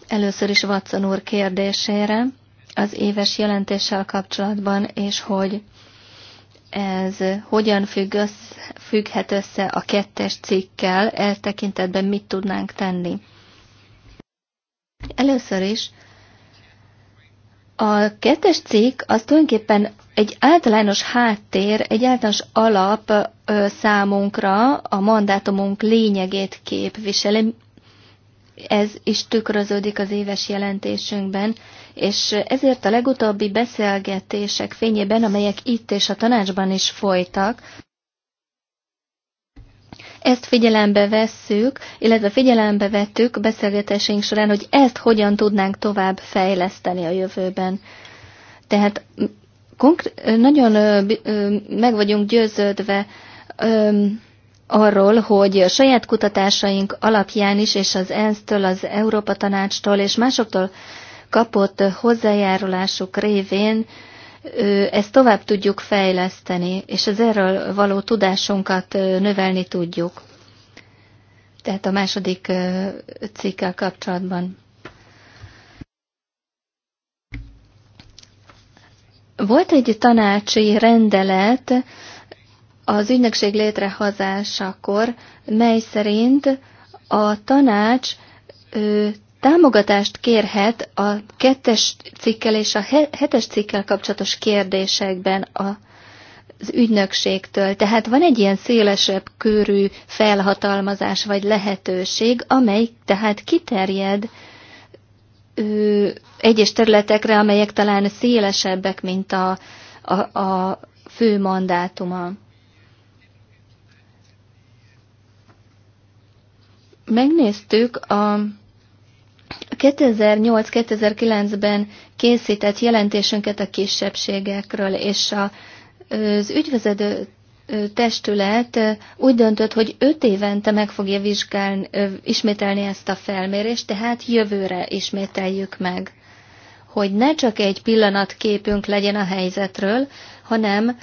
Először is Watson úr kérdésére az éves jelentéssel kapcsolatban, és hogy ez hogyan függ össze, függhet össze a kettes cikkkel, e tekintetben mit tudnánk tenni. Először is a kettes cikk az tulajdonképpen egy általános háttér, egy általános alap számunkra a mandátumunk lényegét képviseli. Ez is tükröződik az éves jelentésünkben, és ezért a legutóbbi beszélgetések fényében, amelyek itt és a tanácsban is folytak, ezt figyelembe vesszük, illetve figyelembe vettük beszélgetésünk során, hogy ezt hogyan tudnánk tovább fejleszteni a jövőben. Tehát konkr- nagyon ö, ö, meg vagyunk győződve ö, arról, hogy a saját kutatásaink alapján is, és az ENSZ-től, az Európa Tanácstól és másoktól kapott hozzájárulásuk révén ezt tovább tudjuk fejleszteni, és az erről való tudásunkat növelni tudjuk. Tehát a második cikkel kapcsolatban. Volt egy tanácsi rendelet az ügynökség létrehozásakor, mely szerint a tanács ő, támogatást kérhet a kettes cikkel és a hetes cikkel kapcsolatos kérdésekben a az ügynökségtől. Tehát van egy ilyen szélesebb körű felhatalmazás vagy lehetőség, amely tehát kiterjed ö, egyes területekre, amelyek talán szélesebbek, mint a, a, a fő mandátuma. Megnéztük a 2008-2009-ben készített jelentésünket a kisebbségekről, és a, az ügyvezető testület úgy döntött, hogy öt évente meg fogja vizsgálni, ismételni ezt a felmérést, tehát jövőre ismételjük meg, hogy ne csak egy pillanatképünk legyen a helyzetről, hanem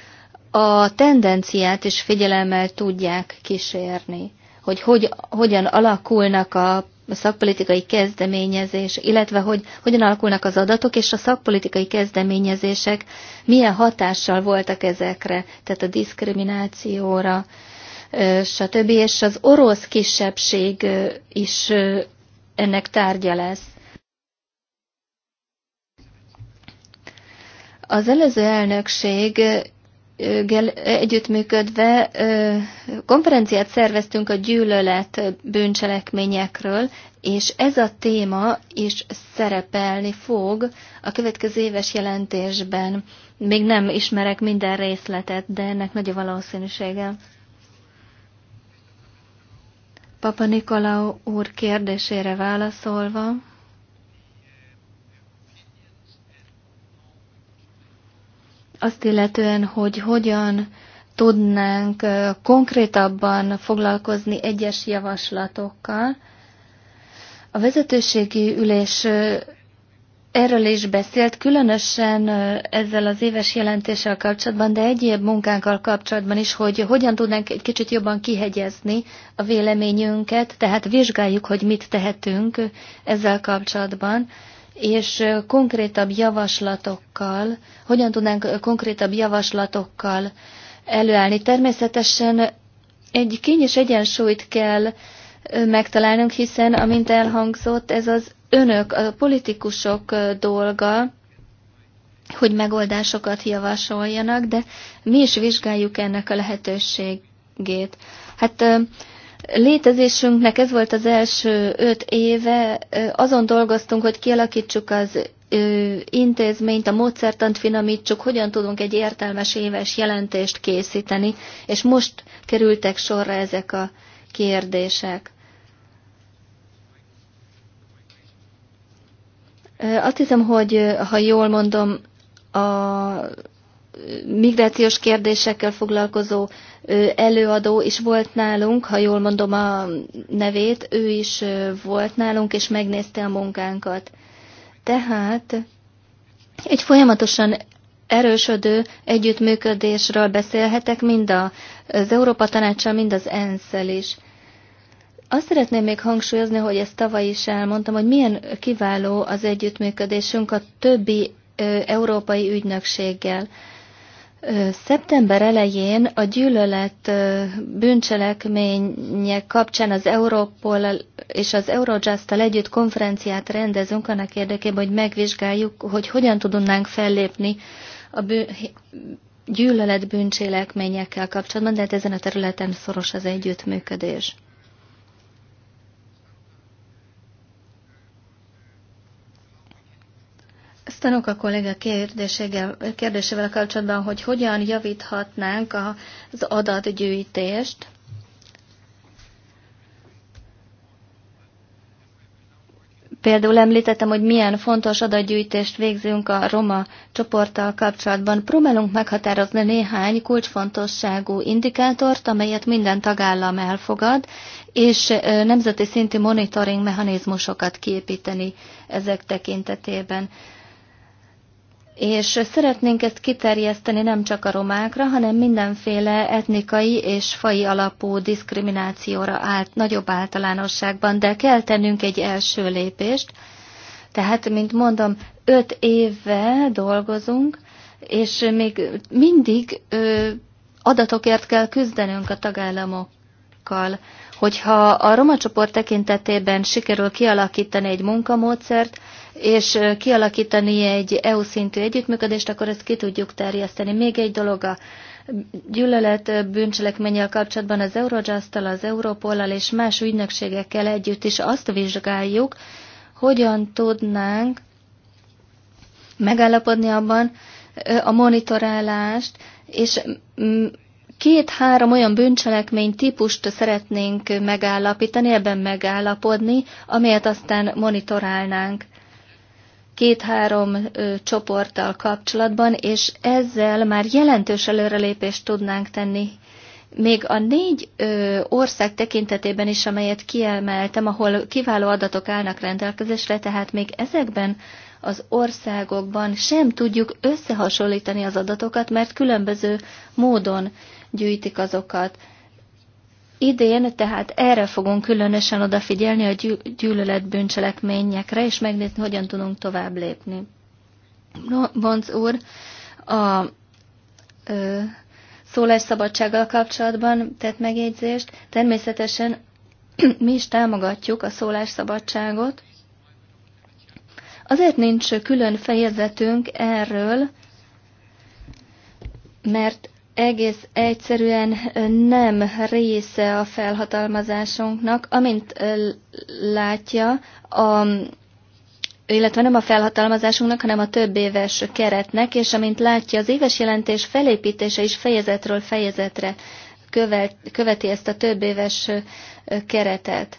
a tendenciát is figyelemmel tudják kísérni, hogy, hogy hogyan alakulnak a a szakpolitikai kezdeményezés, illetve hogy hogyan alakulnak az adatok, és a szakpolitikai kezdeményezések milyen hatással voltak ezekre, tehát a diszkriminációra, stb. És az orosz kisebbség is ennek tárgya lesz. Az előző elnökség együttműködve konferenciát szerveztünk a gyűlölet bűncselekményekről, és ez a téma is szerepelni fog a következő éves jelentésben. Még nem ismerek minden részletet, de ennek nagy a valószínűsége. Papa Nikolau úr kérdésére válaszolva, azt illetően, hogy hogyan tudnánk konkrétabban foglalkozni egyes javaslatokkal. A vezetőségi ülés erről is beszélt, különösen ezzel az éves jelentéssel kapcsolatban, de egyéb munkánkkal kapcsolatban is, hogy hogyan tudnánk egy kicsit jobban kihegyezni a véleményünket, tehát vizsgáljuk, hogy mit tehetünk ezzel kapcsolatban, és konkrétabb javaslatokkal, hogyan tudnánk konkrétabb javaslatokkal előállni. Természetesen egy kény és egyensúlyt kell megtalálnunk, hiszen, amint elhangzott, ez az önök, a politikusok dolga, hogy megoldásokat javasoljanak, de mi is vizsgáljuk ennek a lehetőségét. Hát Létezésünknek ez volt az első öt éve, azon dolgoztunk, hogy kialakítsuk az intézményt, a módszertant finomítsuk, hogyan tudunk egy értelmes éves jelentést készíteni, és most kerültek sorra ezek a kérdések. Azt hiszem, hogy ha jól mondom, a migrációs kérdésekkel foglalkozó előadó is volt nálunk, ha jól mondom a nevét, ő is volt nálunk, és megnézte a munkánkat. Tehát egy folyamatosan erősödő együttműködésről beszélhetek mind az Európa Tanácsa, mind az ENSZ-el is. Azt szeretném még hangsúlyozni, hogy ezt tavaly is elmondtam, hogy milyen kiváló az együttműködésünk a többi európai ügynökséggel. Szeptember elején a gyűlölet bűncselekmények kapcsán az Európol és az eurojust együtt konferenciát rendezünk annak érdekében, hogy megvizsgáljuk, hogy hogyan tudnánk fellépni a bű, gyűlölet bűncselekményekkel kapcsolatban, de hát ezen a területen szoros az együttműködés. Tanok kolléga kérdésével kapcsolatban, hogy hogyan javíthatnánk az adatgyűjtést. Például említettem, hogy milyen fontos adatgyűjtést végzünk a roma csoporttal kapcsolatban. Próbálunk meghatározni néhány kulcsfontosságú indikátort, amelyet minden tagállam elfogad, és nemzeti szinti monitoring mechanizmusokat kiépíteni ezek tekintetében és szeretnénk ezt kiterjeszteni nem csak a romákra, hanem mindenféle etnikai és fai alapú diszkriminációra állt, nagyobb általánosságban, de kell tennünk egy első lépést. Tehát, mint mondom, öt éve dolgozunk, és még mindig ö, adatokért kell küzdenünk a tagállamokkal. Hogyha a roma csoport tekintetében sikerül kialakítani egy munkamódszert, és kialakítani egy EU szintű együttműködést, akkor ezt ki tudjuk terjeszteni. Még egy dolog a gyűlölet bűncselekménnyel kapcsolatban az eurojust az Európollal és más ügynökségekkel együtt is azt vizsgáljuk, hogyan tudnánk megállapodni abban a monitorálást, és két-három olyan bűncselekmény típust szeretnénk megállapítani, ebben megállapodni, amelyet aztán monitorálnánk két-három csoporttal kapcsolatban, és ezzel már jelentős előrelépést tudnánk tenni. Még a négy ö, ország tekintetében is, amelyet kiemeltem, ahol kiváló adatok állnak rendelkezésre, tehát még ezekben az országokban sem tudjuk összehasonlítani az adatokat, mert különböző módon gyűjtik azokat. Idén tehát erre fogunk különösen odafigyelni a gyűlölet bűncselekményekre, és megnézni, hogyan tudunk tovább lépni. Bonc úr, a ö, szólásszabadsággal kapcsolatban tett megjegyzést. Természetesen mi is támogatjuk a szólásszabadságot. Azért nincs külön fejezetünk erről, mert egész egyszerűen nem része a felhatalmazásunknak, amint látja, a, illetve nem a felhatalmazásunknak, hanem a több éves keretnek, és amint látja, az éves jelentés felépítése is fejezetről fejezetre követi ezt a több éves keretet.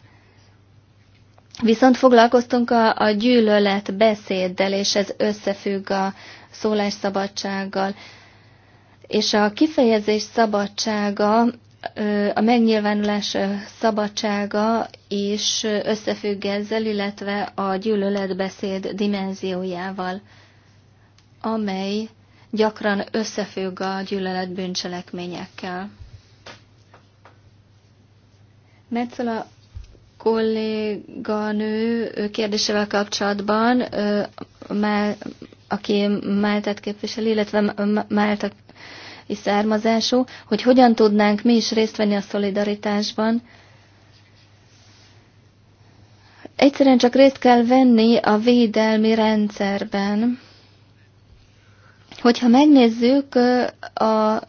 Viszont foglalkoztunk a, a gyűlölet beszéddel, és ez összefügg a szólásszabadsággal és a kifejezés szabadsága, a megnyilvánulás szabadsága is összefügg ezzel, illetve a gyűlöletbeszéd dimenziójával, amely gyakran összefügg a gyűlölet bűncselekményekkel. Metzola kolléganő kérdésével kapcsolatban, aki Máltát képviseli, illetve Máltát származású, hogy hogyan tudnánk mi is részt venni a szolidaritásban. Egyszerűen csak részt kell venni a védelmi rendszerben. Hogyha megnézzük a,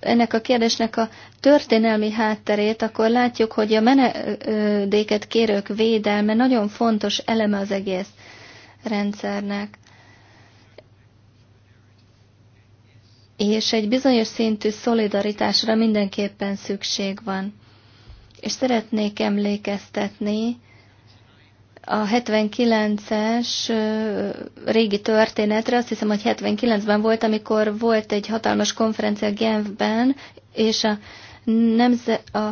ennek a kérdésnek a történelmi hátterét, akkor látjuk, hogy a menedéket kérők védelme nagyon fontos eleme az egész rendszernek. és egy bizonyos szintű szolidaritásra mindenképpen szükség van. És szeretnék emlékeztetni a 79-es régi történetre, azt hiszem, hogy 79-ben volt, amikor volt egy hatalmas konferencia Genfben, és a, nemze, a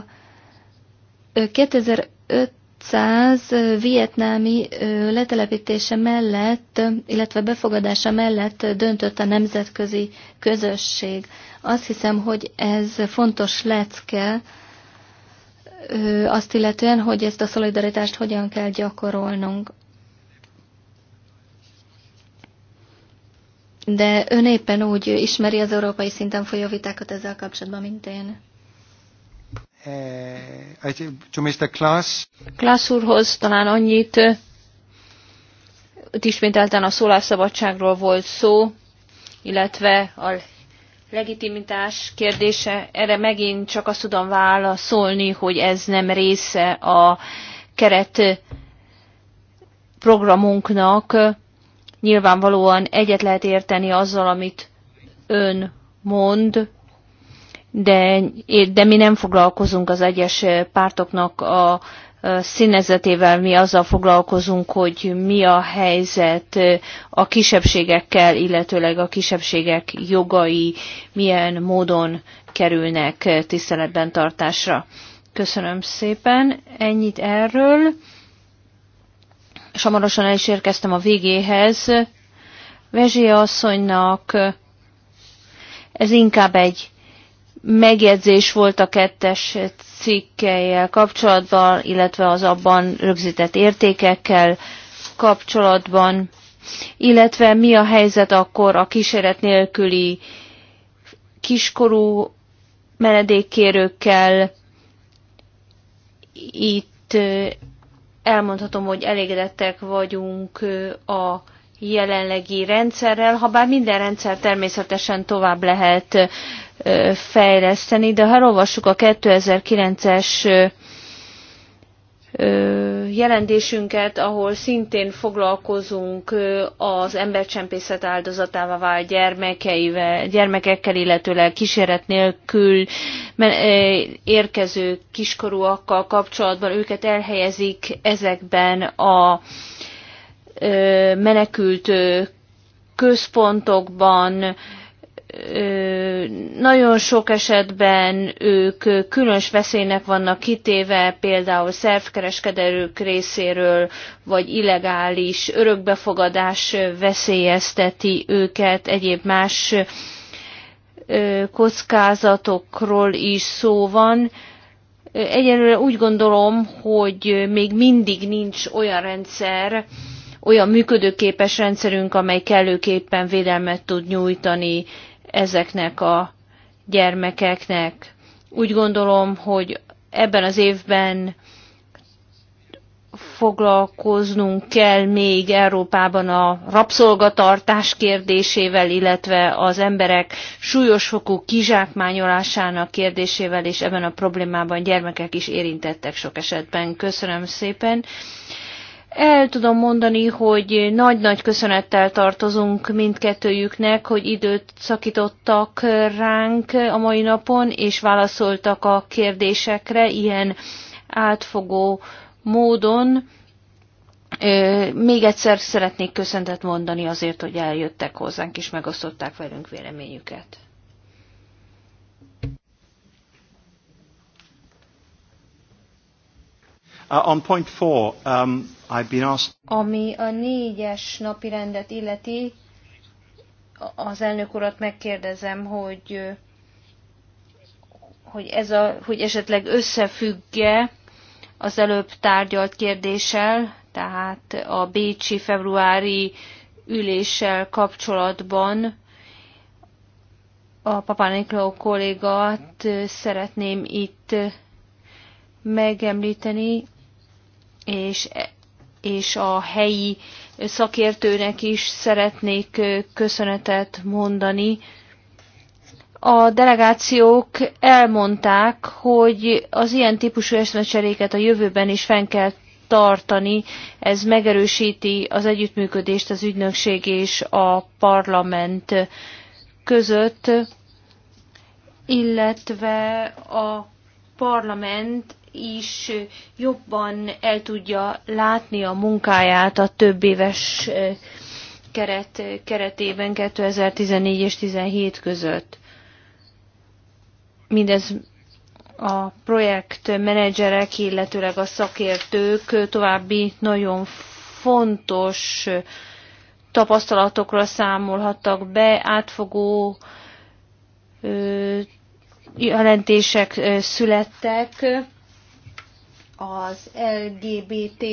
2005 200 vietnámi letelepítése mellett, illetve befogadása mellett döntött a nemzetközi közösség. Azt hiszem, hogy ez fontos lecke azt illetően, hogy ezt a szolidaritást hogyan kell gyakorolnunk. De ön éppen úgy ismeri az európai szinten folyó vitákat ezzel kapcsolatban, mint én. Eh, to Mr. Klaas. Klaas úrhoz talán annyit, eh, ismételten a szólásszabadságról volt szó, illetve a legitimitás kérdése. Erre megint csak azt tudom válaszolni, hogy ez nem része a keret programunknak. Nyilvánvalóan egyet lehet érteni azzal, amit ön mond, de, de mi nem foglalkozunk az egyes pártoknak a színezetével, mi azzal foglalkozunk, hogy mi a helyzet a kisebbségekkel, illetőleg a kisebbségek jogai milyen módon kerülnek tiszteletben tartásra. Köszönöm szépen, ennyit erről. És hamarosan el is érkeztem a végéhez. Vezsia asszonynak ez inkább egy megjegyzés volt a kettes cikkelyel kapcsolatban, illetve az abban rögzített értékekkel kapcsolatban, illetve mi a helyzet akkor a kíséret nélküli kiskorú menedékkérőkkel. Itt elmondhatom, hogy elégedettek vagyunk a jelenlegi rendszerrel, ha bár minden rendszer természetesen tovább lehet fejleszteni, de ha olvassuk a 2009-es jelentésünket, ahol szintén foglalkozunk az embercsempészet áldozatává vált gyermekeivel, gyermekekkel, illetőleg kíséret nélkül érkező kiskorúakkal kapcsolatban. Őket elhelyezik ezekben a menekült központokban, nagyon sok esetben ők különös veszélynek vannak kitéve, például szervkereskedők részéről, vagy illegális örökbefogadás veszélyezteti őket, egyéb más kockázatokról is szó van. Egyelőre úgy gondolom, hogy még mindig nincs olyan rendszer, olyan működőképes rendszerünk, amely kellőképpen védelmet tud nyújtani ezeknek a gyermekeknek. Úgy gondolom, hogy ebben az évben foglalkoznunk kell még Európában a rabszolgatartás kérdésével, illetve az emberek súlyos fokú kizsákmányolásának kérdésével, és ebben a problémában gyermekek is érintettek sok esetben. Köszönöm szépen. El tudom mondani, hogy nagy-nagy köszönettel tartozunk mindkettőjüknek, hogy időt szakítottak ránk a mai napon, és válaszoltak a kérdésekre ilyen átfogó módon. Még egyszer szeretnék köszöntet mondani azért, hogy eljöttek hozzánk és megosztották velünk véleményüket. Uh, on point four, um, ami a négyes napi rendet illeti, az elnök urat megkérdezem, hogy, hogy, ez a, hogy esetleg összefügg-e az előbb tárgyalt kérdéssel, tehát a Bécsi februári üléssel kapcsolatban a Papánikló kollégát szeretném itt megemlíteni, és és a helyi szakértőnek is szeretnék köszönetet mondani. A delegációk elmondták, hogy az ilyen típusú eszmecseréket a jövőben is fenn kell tartani, ez megerősíti az együttműködést az ügynökség és a parlament között, illetve a parlament is jobban el tudja látni a munkáját a több éves eh, keret, keretében 2014 és 2017 között. Mindez a projektmenedzserek, illetőleg a szakértők további nagyon fontos tapasztalatokra számolhattak be, átfogó eh, jelentések eh, születtek az LGBT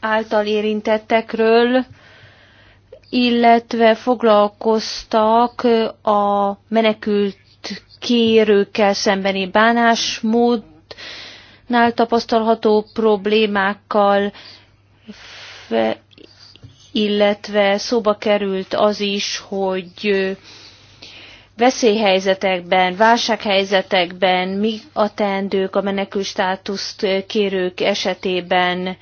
által érintettekről, illetve foglalkoztak a menekült kérőkkel szembeni bánásmódnál tapasztalható problémákkal, illetve szóba került az is, hogy veszélyhelyzetekben, válsághelyzetekben mi a teendők a menekül státuszt kérők esetében,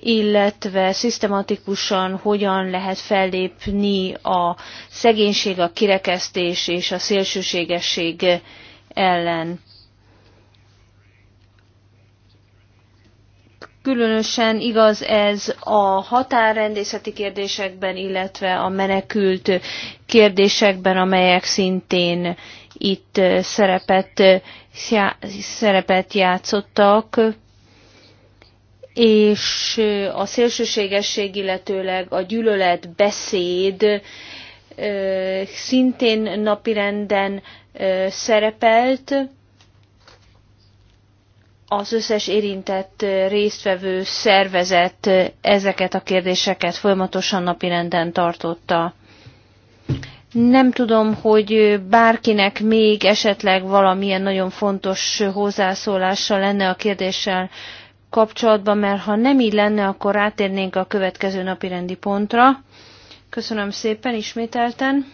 illetve szisztematikusan hogyan lehet fellépni a szegénység, a kirekesztés és a szélsőségesség ellen. Különösen igaz ez a határrendészeti kérdésekben, illetve a menekült kérdésekben, amelyek szintén itt szerepet, szerepet játszottak, és a szélsőségesség, illetőleg a gyűlölet beszéd szintén napirenden szerepelt az összes érintett résztvevő szervezet ezeket a kérdéseket folyamatosan napirenden tartotta. Nem tudom, hogy bárkinek még esetleg valamilyen nagyon fontos hozzászólása lenne a kérdéssel kapcsolatban, mert ha nem így lenne, akkor rátérnénk a következő napirendi pontra. Köszönöm szépen ismételten.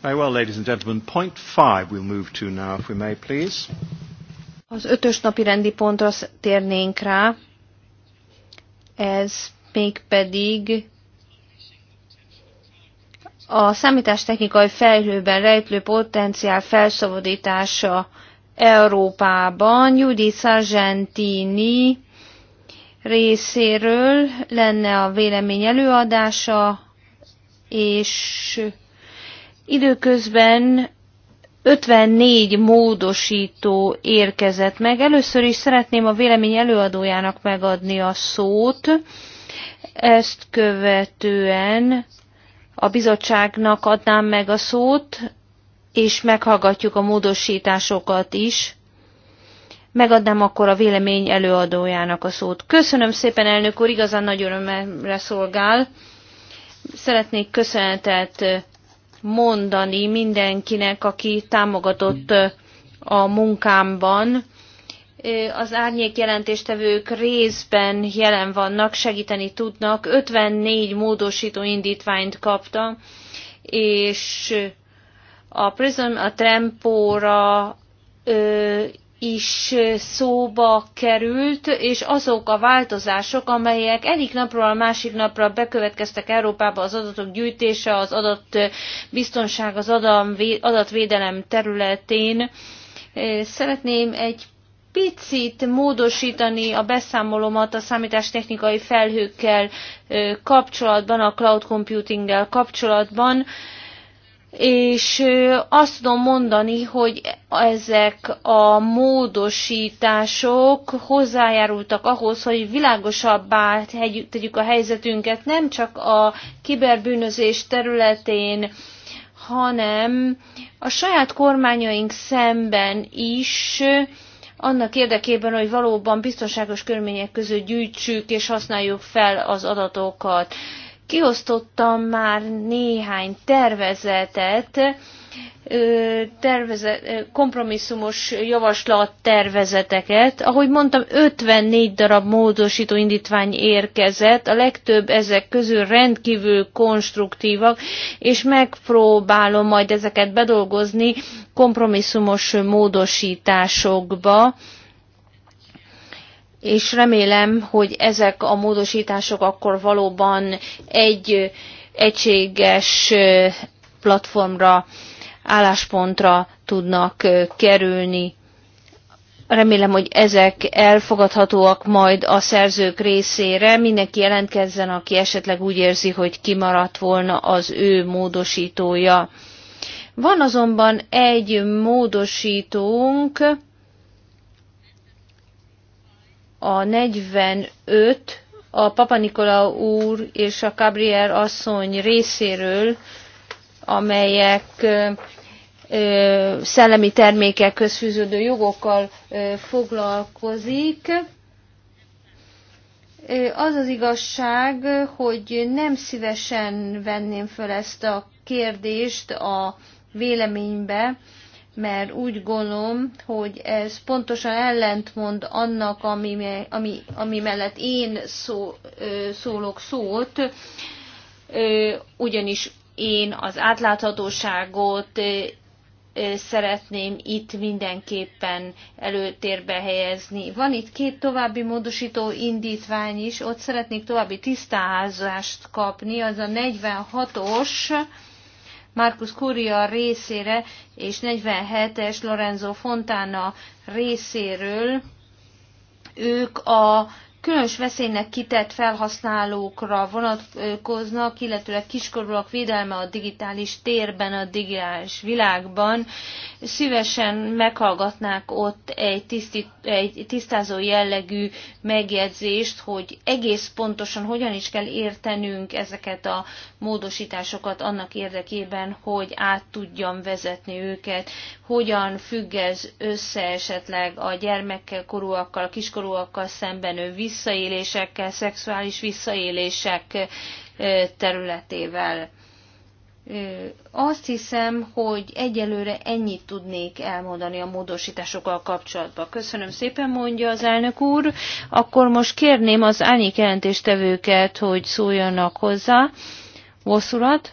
Very well, ladies and gentlemen. Point five we'll move to now, if we may, please. Az ötös napi rendi pontra térnénk rá. Ez mégpedig a számítástechnikai fejlőben rejtlő potenciál felszabadítása Európában Judy Sargentini részéről lenne a vélemény előadása, és Időközben 54 módosító érkezett meg. Először is szeretném a vélemény előadójának megadni a szót. Ezt követően a bizottságnak adnám meg a szót, és meghallgatjuk a módosításokat is. Megadnám akkor a vélemény előadójának a szót. Köszönöm szépen, elnök úr, igazán nagy örömre szolgál. Szeretnék köszönetet mondani mindenkinek, aki támogatott a munkámban. Az árnyék jelentéstevők részben jelen vannak, segíteni tudnak. 54 módosító indítványt kapta, és a Prism, a Trempóra is szóba került, és azok a változások, amelyek egyik napról a másik napra bekövetkeztek Európába az adatok gyűjtése, az biztonság, az adatvédelem területén. Szeretném egy picit módosítani a beszámolomat a számítástechnikai felhőkkel kapcsolatban, a cloud computinggel kapcsolatban és azt tudom mondani, hogy ezek a módosítások hozzájárultak ahhoz, hogy világosabbá tegyük a helyzetünket nem csak a kiberbűnözés területén, hanem a saját kormányaink szemben is, annak érdekében, hogy valóban biztonságos körülmények között gyűjtsük és használjuk fel az adatokat kiosztottam már néhány tervezetet, tervezet, kompromisszumos javaslat tervezeteket. Ahogy mondtam, 54 darab módosító indítvány érkezett, a legtöbb ezek közül rendkívül konstruktívak, és megpróbálom majd ezeket bedolgozni kompromisszumos módosításokba és remélem, hogy ezek a módosítások akkor valóban egy egységes platformra, álláspontra tudnak kerülni. Remélem, hogy ezek elfogadhatóak majd a szerzők részére. Mindenki jelentkezzen, aki esetleg úgy érzi, hogy kimaradt volna az ő módosítója. Van azonban egy módosítónk, a 45 a Papa Nikola úr és a Gabriel asszony részéről, amelyek szellemi termékek fűződő jogokkal foglalkozik. Az az igazság, hogy nem szívesen venném föl ezt a kérdést a véleménybe, mert úgy gondolom, hogy ez pontosan ellentmond annak, ami, ami, ami mellett én szó, szólok szót, ugyanis én az átláthatóságot szeretném itt mindenképpen előtérbe helyezni. Van itt két további módosító indítvány is, ott szeretnék további tisztázást kapni, az a 46-os, Markus Curia részére és 47-es Lorenzo Fontana részéről. Ők a különös veszélynek kitett felhasználókra vonatkoznak, illetőleg kiskorúak védelme a digitális térben, a digitális világban. Szívesen meghallgatnák ott egy, tiszti, egy tisztázó jellegű megjegyzést, hogy egész pontosan hogyan is kell értenünk ezeket a módosításokat annak érdekében, hogy át tudjam vezetni őket, hogyan függ ez össze esetleg a gyermekkel, korúakkal, a kiskorúakkal szemben ő visszaélésekkel, szexuális visszaélések területével. Azt hiszem, hogy egyelőre ennyit tudnék elmondani a módosításokkal kapcsolatban. Köszönöm szépen, mondja az elnök úr. Akkor most kérném az árnyék jelentéstevőket, hogy szóljanak hozzá. Vosszurat.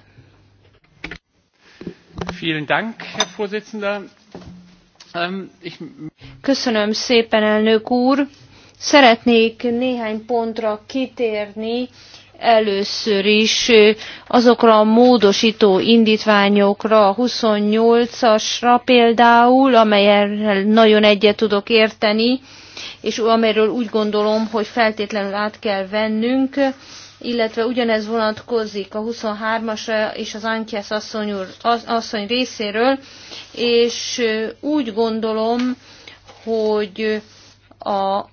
Vielen Dank, Herr Vorsitzender. Ähm, Köszönöm szépen, elnök úr. Szeretnék néhány pontra kitérni, először is azokra a módosító indítványokra, a 28-asra például, amelyel nagyon egyet tudok érteni, és amelyről úgy gondolom, hogy feltétlenül át kell vennünk, illetve ugyanez vonatkozik a 23-asra és az Antjes asszony, asszony részéről, és úgy gondolom, hogy a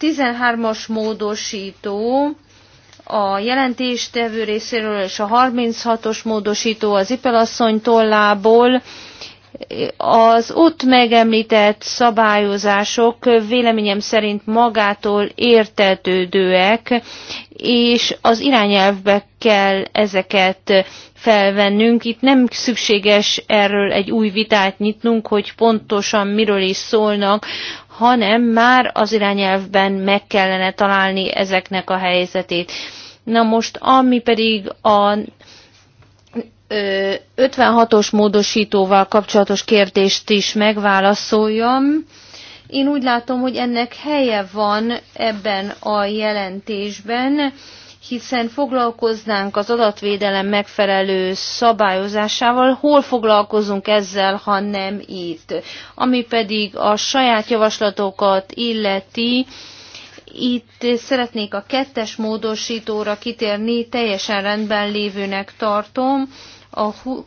13-as módosító a jelentéstevő részéről és a 36-os módosító az ipelasszony tollából az ott megemlített szabályozások véleményem szerint magától értetődőek, és az irányelvbe kell ezeket felvennünk. Itt nem szükséges erről egy új vitát nyitnunk, hogy pontosan miről is szólnak hanem már az irányelvben meg kellene találni ezeknek a helyzetét. Na most, ami pedig a 56-os módosítóval kapcsolatos kérdést is megválaszoljam. Én úgy látom, hogy ennek helye van ebben a jelentésben, hiszen foglalkoznánk az adatvédelem megfelelő szabályozásával, hol foglalkozunk ezzel, ha nem itt. Ami pedig a saját javaslatokat illeti, itt szeretnék a kettes módosítóra kitérni, teljesen rendben lévőnek tartom. A,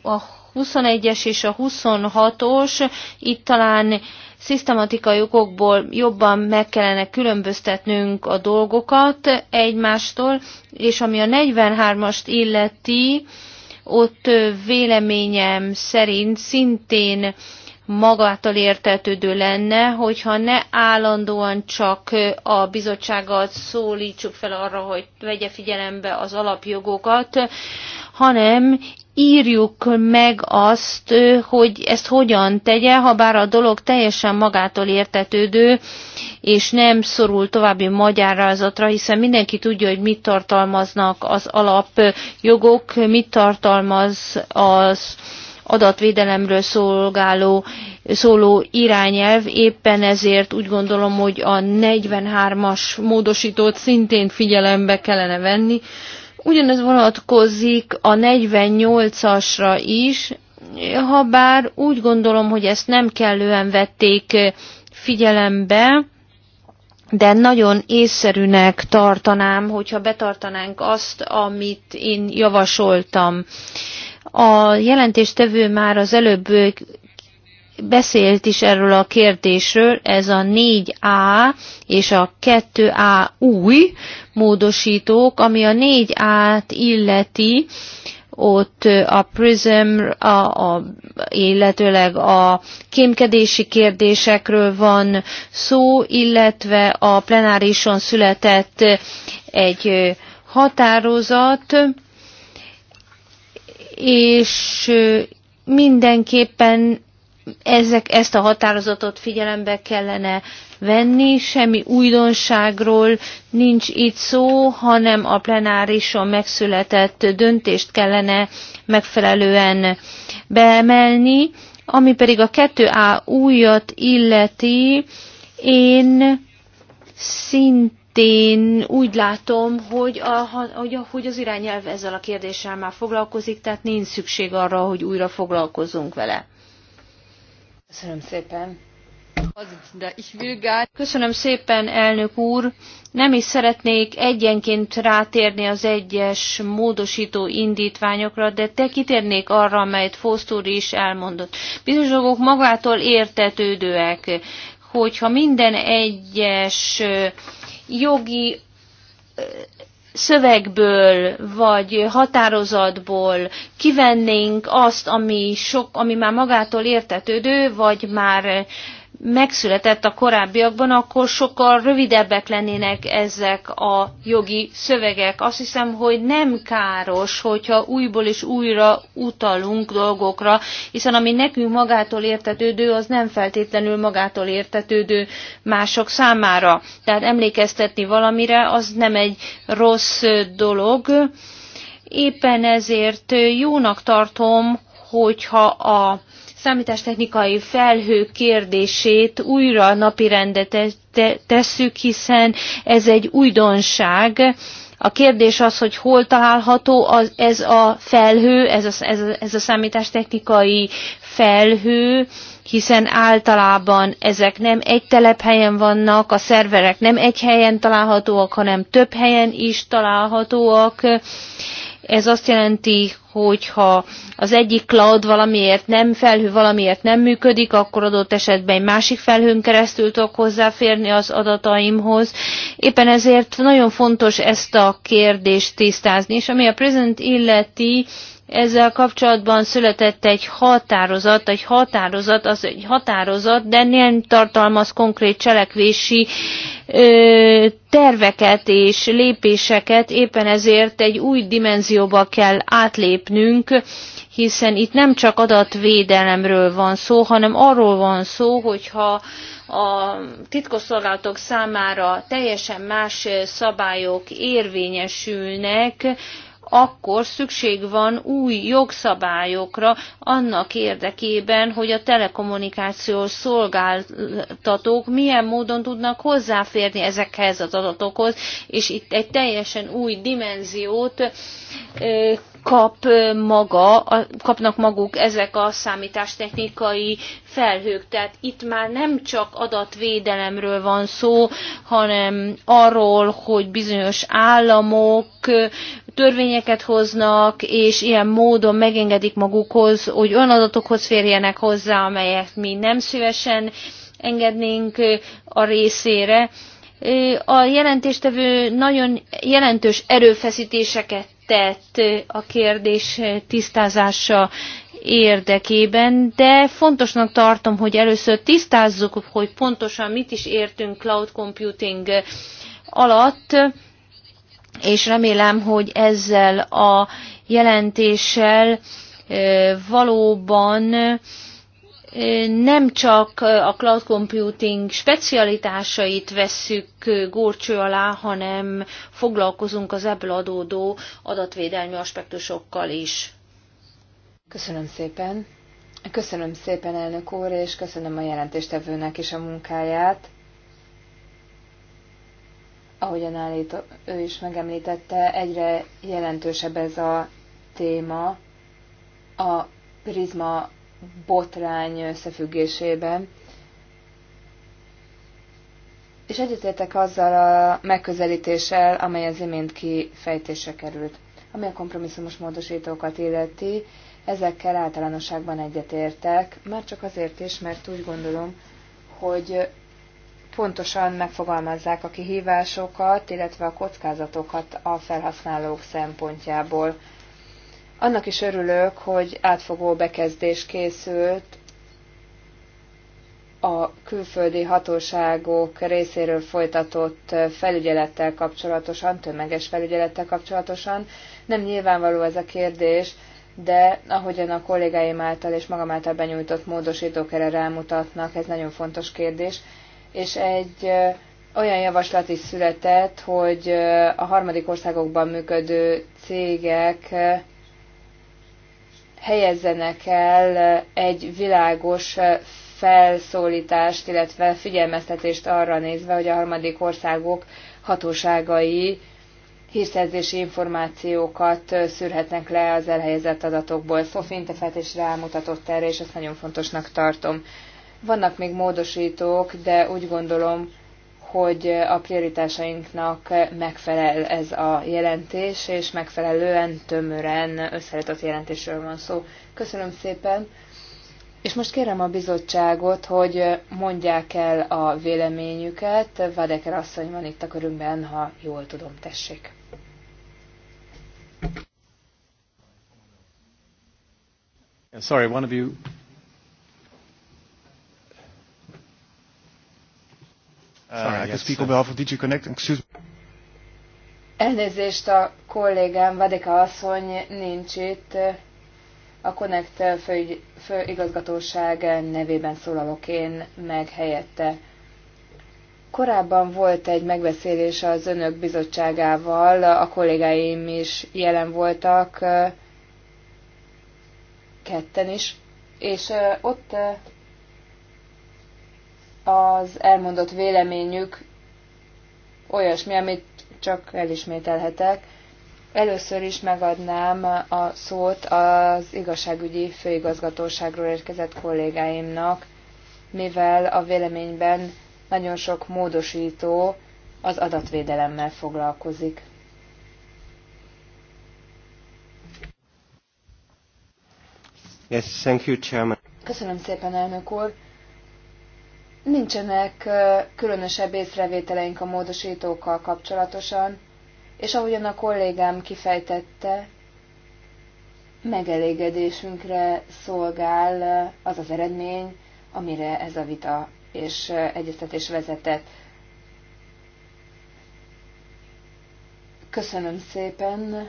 a 21-es és a 26-os, itt talán szisztematikai okokból jobban meg kellene különböztetnünk a dolgokat egymástól, és ami a 43-ast illeti, ott véleményem szerint szintén magától értetődő lenne, hogyha ne állandóan csak a bizottságot szólítsuk fel arra, hogy vegye figyelembe az alapjogokat, hanem írjuk meg azt, hogy ezt hogyan tegye, ha bár a dolog teljesen magától értetődő, és nem szorul további magyarázatra, hiszen mindenki tudja, hogy mit tartalmaznak az alapjogok, mit tartalmaz az adatvédelemről szolgáló, szóló irányelv. Éppen ezért úgy gondolom, hogy a 43-as módosítót szintén figyelembe kellene venni, Ugyanez vonatkozik a 48-asra is, ha bár úgy gondolom, hogy ezt nem kellően vették figyelembe, de nagyon észszerűnek tartanám, hogyha betartanánk azt, amit én javasoltam. A jelentéstevő már az előbb beszélt is erről a kérdésről, ez a 4A és a 2A új módosítók, ami a 4A-t illeti, ott a PRISM, a, a, illetőleg a kémkedési kérdésekről van szó, illetve a plenárison született egy határozat, és mindenképpen ezek, ezt a határozatot figyelembe kellene venni, semmi újdonságról nincs itt szó, hanem a plenárison megszületett döntést kellene megfelelően beemelni, ami pedig a 2A újat illeti, én szintén úgy látom, hogy, a, hogy az irányelv ezzel a kérdéssel már foglalkozik, tehát nincs szükség arra, hogy újra foglalkozunk vele. Köszönöm szépen. Köszönöm szépen, elnök úr. Nem is szeretnék egyenként rátérni az egyes módosító indítványokra, de te kitérnék arra, amelyet Fosztúr is elmondott. Bizonyos dolgok magától értetődőek, hogyha minden egyes jogi szövegből vagy határozatból kivennénk azt, ami, sok, ami már magától értetődő, vagy már megszületett a korábbiakban, akkor sokkal rövidebbek lennének ezek a jogi szövegek. Azt hiszem, hogy nem káros, hogyha újból és újra utalunk dolgokra, hiszen ami nekünk magától értetődő, az nem feltétlenül magától értetődő mások számára. Tehát emlékeztetni valamire, az nem egy rossz dolog. Éppen ezért jónak tartom, hogyha a számítástechnikai felhő kérdését újra napirendre tesszük, hiszen ez egy újdonság. A kérdés az, hogy hol található az, ez a felhő, ez a, ez, a, ez a számítástechnikai felhő, hiszen általában ezek nem egy telephelyen vannak, a szerverek nem egy helyen találhatóak, hanem több helyen is találhatóak, ez azt jelenti, hogy ha az egyik cloud valamiért nem felhő, valamiért nem működik, akkor adott esetben egy másik felhőn keresztül tudok hozzáférni az adataimhoz. Éppen ezért nagyon fontos ezt a kérdést tisztázni, és ami a present illeti, ezzel kapcsolatban született egy határozat, egy határozat, az egy határozat, de nem tartalmaz konkrét cselekvési ö, terveket és lépéseket, éppen ezért egy új dimenzióba kell átlépnünk, hiszen itt nem csak adatvédelemről van szó, hanem arról van szó, hogyha a titkosszolgálatok számára teljesen más szabályok érvényesülnek, akkor szükség van új jogszabályokra annak érdekében, hogy a telekommunikációs szolgáltatók milyen módon tudnak hozzáférni ezekhez az adatokhoz, és itt egy teljesen új dimenziót kap maga, kapnak maguk ezek a számítástechnikai felhők. Tehát itt már nem csak adatvédelemről van szó, hanem arról, hogy bizonyos államok törvényeket hoznak, és ilyen módon megengedik magukhoz, hogy olyan adatokhoz férjenek hozzá, amelyet mi nem szívesen engednénk a részére. A jelentéstevő nagyon jelentős erőfeszítéseket tett a kérdés tisztázása érdekében, de fontosnak tartom, hogy először tisztázzuk, hogy pontosan mit is értünk cloud computing alatt és remélem, hogy ezzel a jelentéssel valóban nem csak a cloud computing specialitásait vesszük górcső alá, hanem foglalkozunk az ebből adódó adatvédelmi aspektusokkal is. Köszönöm szépen. Köszönöm szépen, elnök úr, és köszönöm a jelentéstevőnek is a munkáját ahogyan állít, ő is megemlítette, egyre jelentősebb ez a téma a prizma botrány összefüggésében. És egyetértek azzal a megközelítéssel, amely az imént kifejtésre került. Ami a kompromisszumos módosítókat illeti, ezekkel általánosságban egyetértek, már csak azért is, mert úgy gondolom, hogy pontosan megfogalmazzák a kihívásokat, illetve a kockázatokat a felhasználók szempontjából. Annak is örülök, hogy átfogó bekezdés készült a külföldi hatóságok részéről folytatott felügyelettel kapcsolatosan, tömeges felügyelettel kapcsolatosan. Nem nyilvánvaló ez a kérdés, de ahogyan a kollégáim által és magam által benyújtott módosítók erre rámutatnak, ez nagyon fontos kérdés, és egy olyan javaslat is született, hogy a harmadik országokban működő cégek helyezzenek el egy világos felszólítást, illetve figyelmeztetést arra nézve, hogy a harmadik országok hatóságai hírszerzési információkat szűrhetnek le az elhelyezett adatokból. Szofin tefet is rámutatott erre, és ezt nagyon fontosnak tartom. Vannak még módosítók, de úgy gondolom, hogy a prioritásainknak megfelel ez a jelentés, és megfelelően tömören összeretett jelentésről van szó. Köszönöm szépen! És most kérem a bizottságot, hogy mondják el a véleményüket. Vadeker asszony van itt a körünkben, ha jól tudom, tessék. Sorry, one of you Uh, Sorry, I can speak on uh, behalf of DG Connect. Excuse me. Elnézést a kollégám, Vadeka asszony nincs itt. A Connect főigazgatóság nevében szólalok én meg helyette. Korábban volt egy megbeszélés az önök bizottságával, a kollégáim is jelen voltak, ketten is, és ott az elmondott véleményük olyasmi, amit csak elismételhetek. Először is megadnám a szót az igazságügyi főigazgatóságról érkezett kollégáimnak, mivel a véleményben nagyon sok módosító az adatvédelemmel foglalkozik. Yes, thank you, Chairman. Köszönöm szépen, elnök úr. Nincsenek különösebb észrevételeink a módosítókkal kapcsolatosan, és ahogyan a kollégám kifejtette, megelégedésünkre szolgál az az eredmény, amire ez a vita és egyeztetés vezetett. Köszönöm szépen.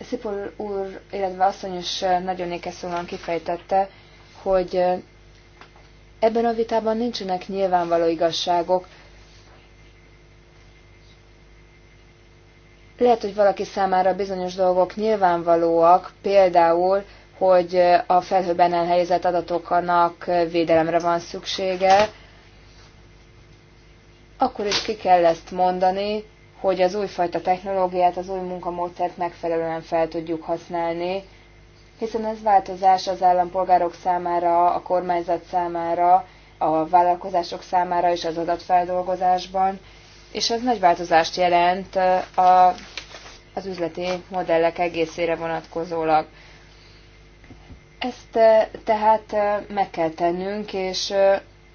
Szipol úr, illetve asszony is nagyon ékeszólan szóval kifejtette, hogy ebben a vitában nincsenek nyilvánvaló igazságok. Lehet, hogy valaki számára bizonyos dolgok nyilvánvalóak, például, hogy a felhőben elhelyezett adatoknak védelemre van szüksége, akkor is ki kell ezt mondani, hogy az újfajta technológiát, az új munkamódszert megfelelően fel tudjuk használni, hiszen ez változás az állampolgárok számára, a kormányzat számára, a vállalkozások számára és az adatfeldolgozásban, és ez nagy változást jelent a, az üzleti modellek egészére vonatkozólag. Ezt tehát meg kell tennünk, és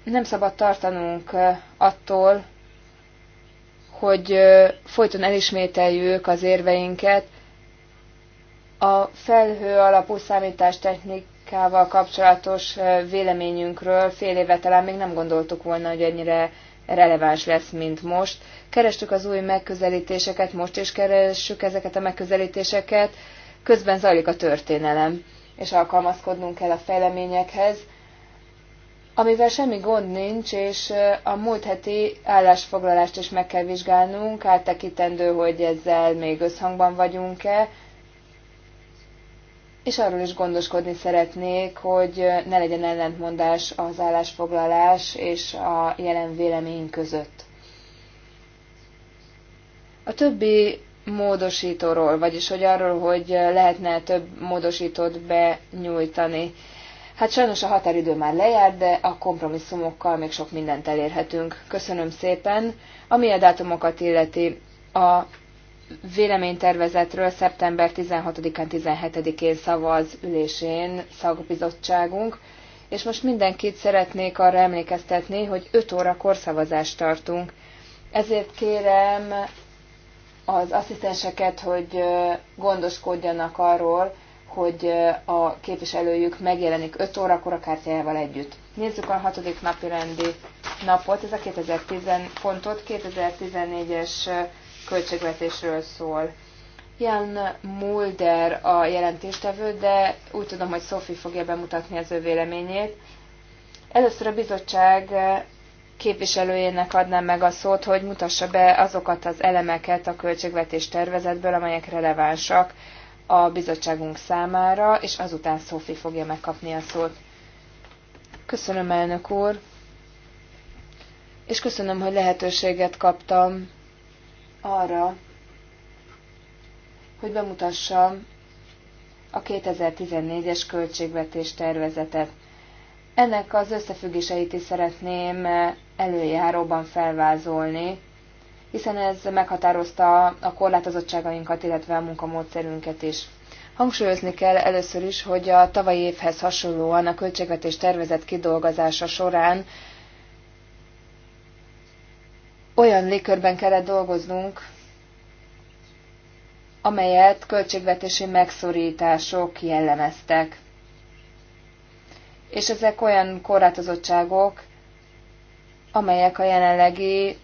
nem szabad tartanunk attól, hogy folyton elismételjük az érveinket, a felhő alapú számítástechnikával kapcsolatos véleményünkről fél éve talán még nem gondoltuk volna, hogy ennyire releváns lesz, mint most. Kerestük az új megközelítéseket, most is keressük ezeket a megközelítéseket, közben zajlik a történelem, és alkalmazkodnunk kell a fejleményekhez, amivel semmi gond nincs, és a múlt heti állásfoglalást is meg kell vizsgálnunk, áttekintendő, hogy ezzel még összhangban vagyunk-e, és arról is gondoskodni szeretnék, hogy ne legyen ellentmondás az állásfoglalás és a jelen vélemény között. A többi módosítóról, vagyis hogy arról, hogy lehetne több módosítót benyújtani. Hát sajnos a határidő már lejárt, de a kompromisszumokkal még sok mindent elérhetünk. Köszönöm szépen. Ami a dátumokat illeti, a véleménytervezetről szeptember 16-án, 17-én szavaz ülésén szakbizottságunk, és most mindenkit szeretnék arra emlékeztetni, hogy 5 órakor szavazást tartunk. Ezért kérem az asszisztenseket, hogy gondoskodjanak arról, hogy a képviselőjük megjelenik 5 órakor a kártyájával együtt. Nézzük a hatodik napi rendi napot, ez a 2010 pontot, 2014-es költségvetésről szól. Jan Mulder a jelentéstevő, de úgy tudom, hogy Sophie fogja bemutatni az ő véleményét. Először a bizottság képviselőjének adnám meg a szót, hogy mutassa be azokat az elemeket a költségvetés tervezetből, amelyek relevánsak a bizottságunk számára, és azután Sophie fogja megkapni a szót. Köszönöm, elnök úr, és köszönöm, hogy lehetőséget kaptam arra, hogy bemutassam a 2014-es költségvetés tervezetet. Ennek az összefüggéseit is szeretném előjáróban felvázolni, hiszen ez meghatározta a korlátozottságainkat, illetve a munkamódszerünket is. Hangsúlyozni kell először is, hogy a tavalyi évhez hasonlóan a költségvetés tervezet kidolgozása során olyan légkörben kellett dolgoznunk, amelyet költségvetési megszorítások jellemeztek. És ezek olyan korlátozottságok, amelyek a jelenlegi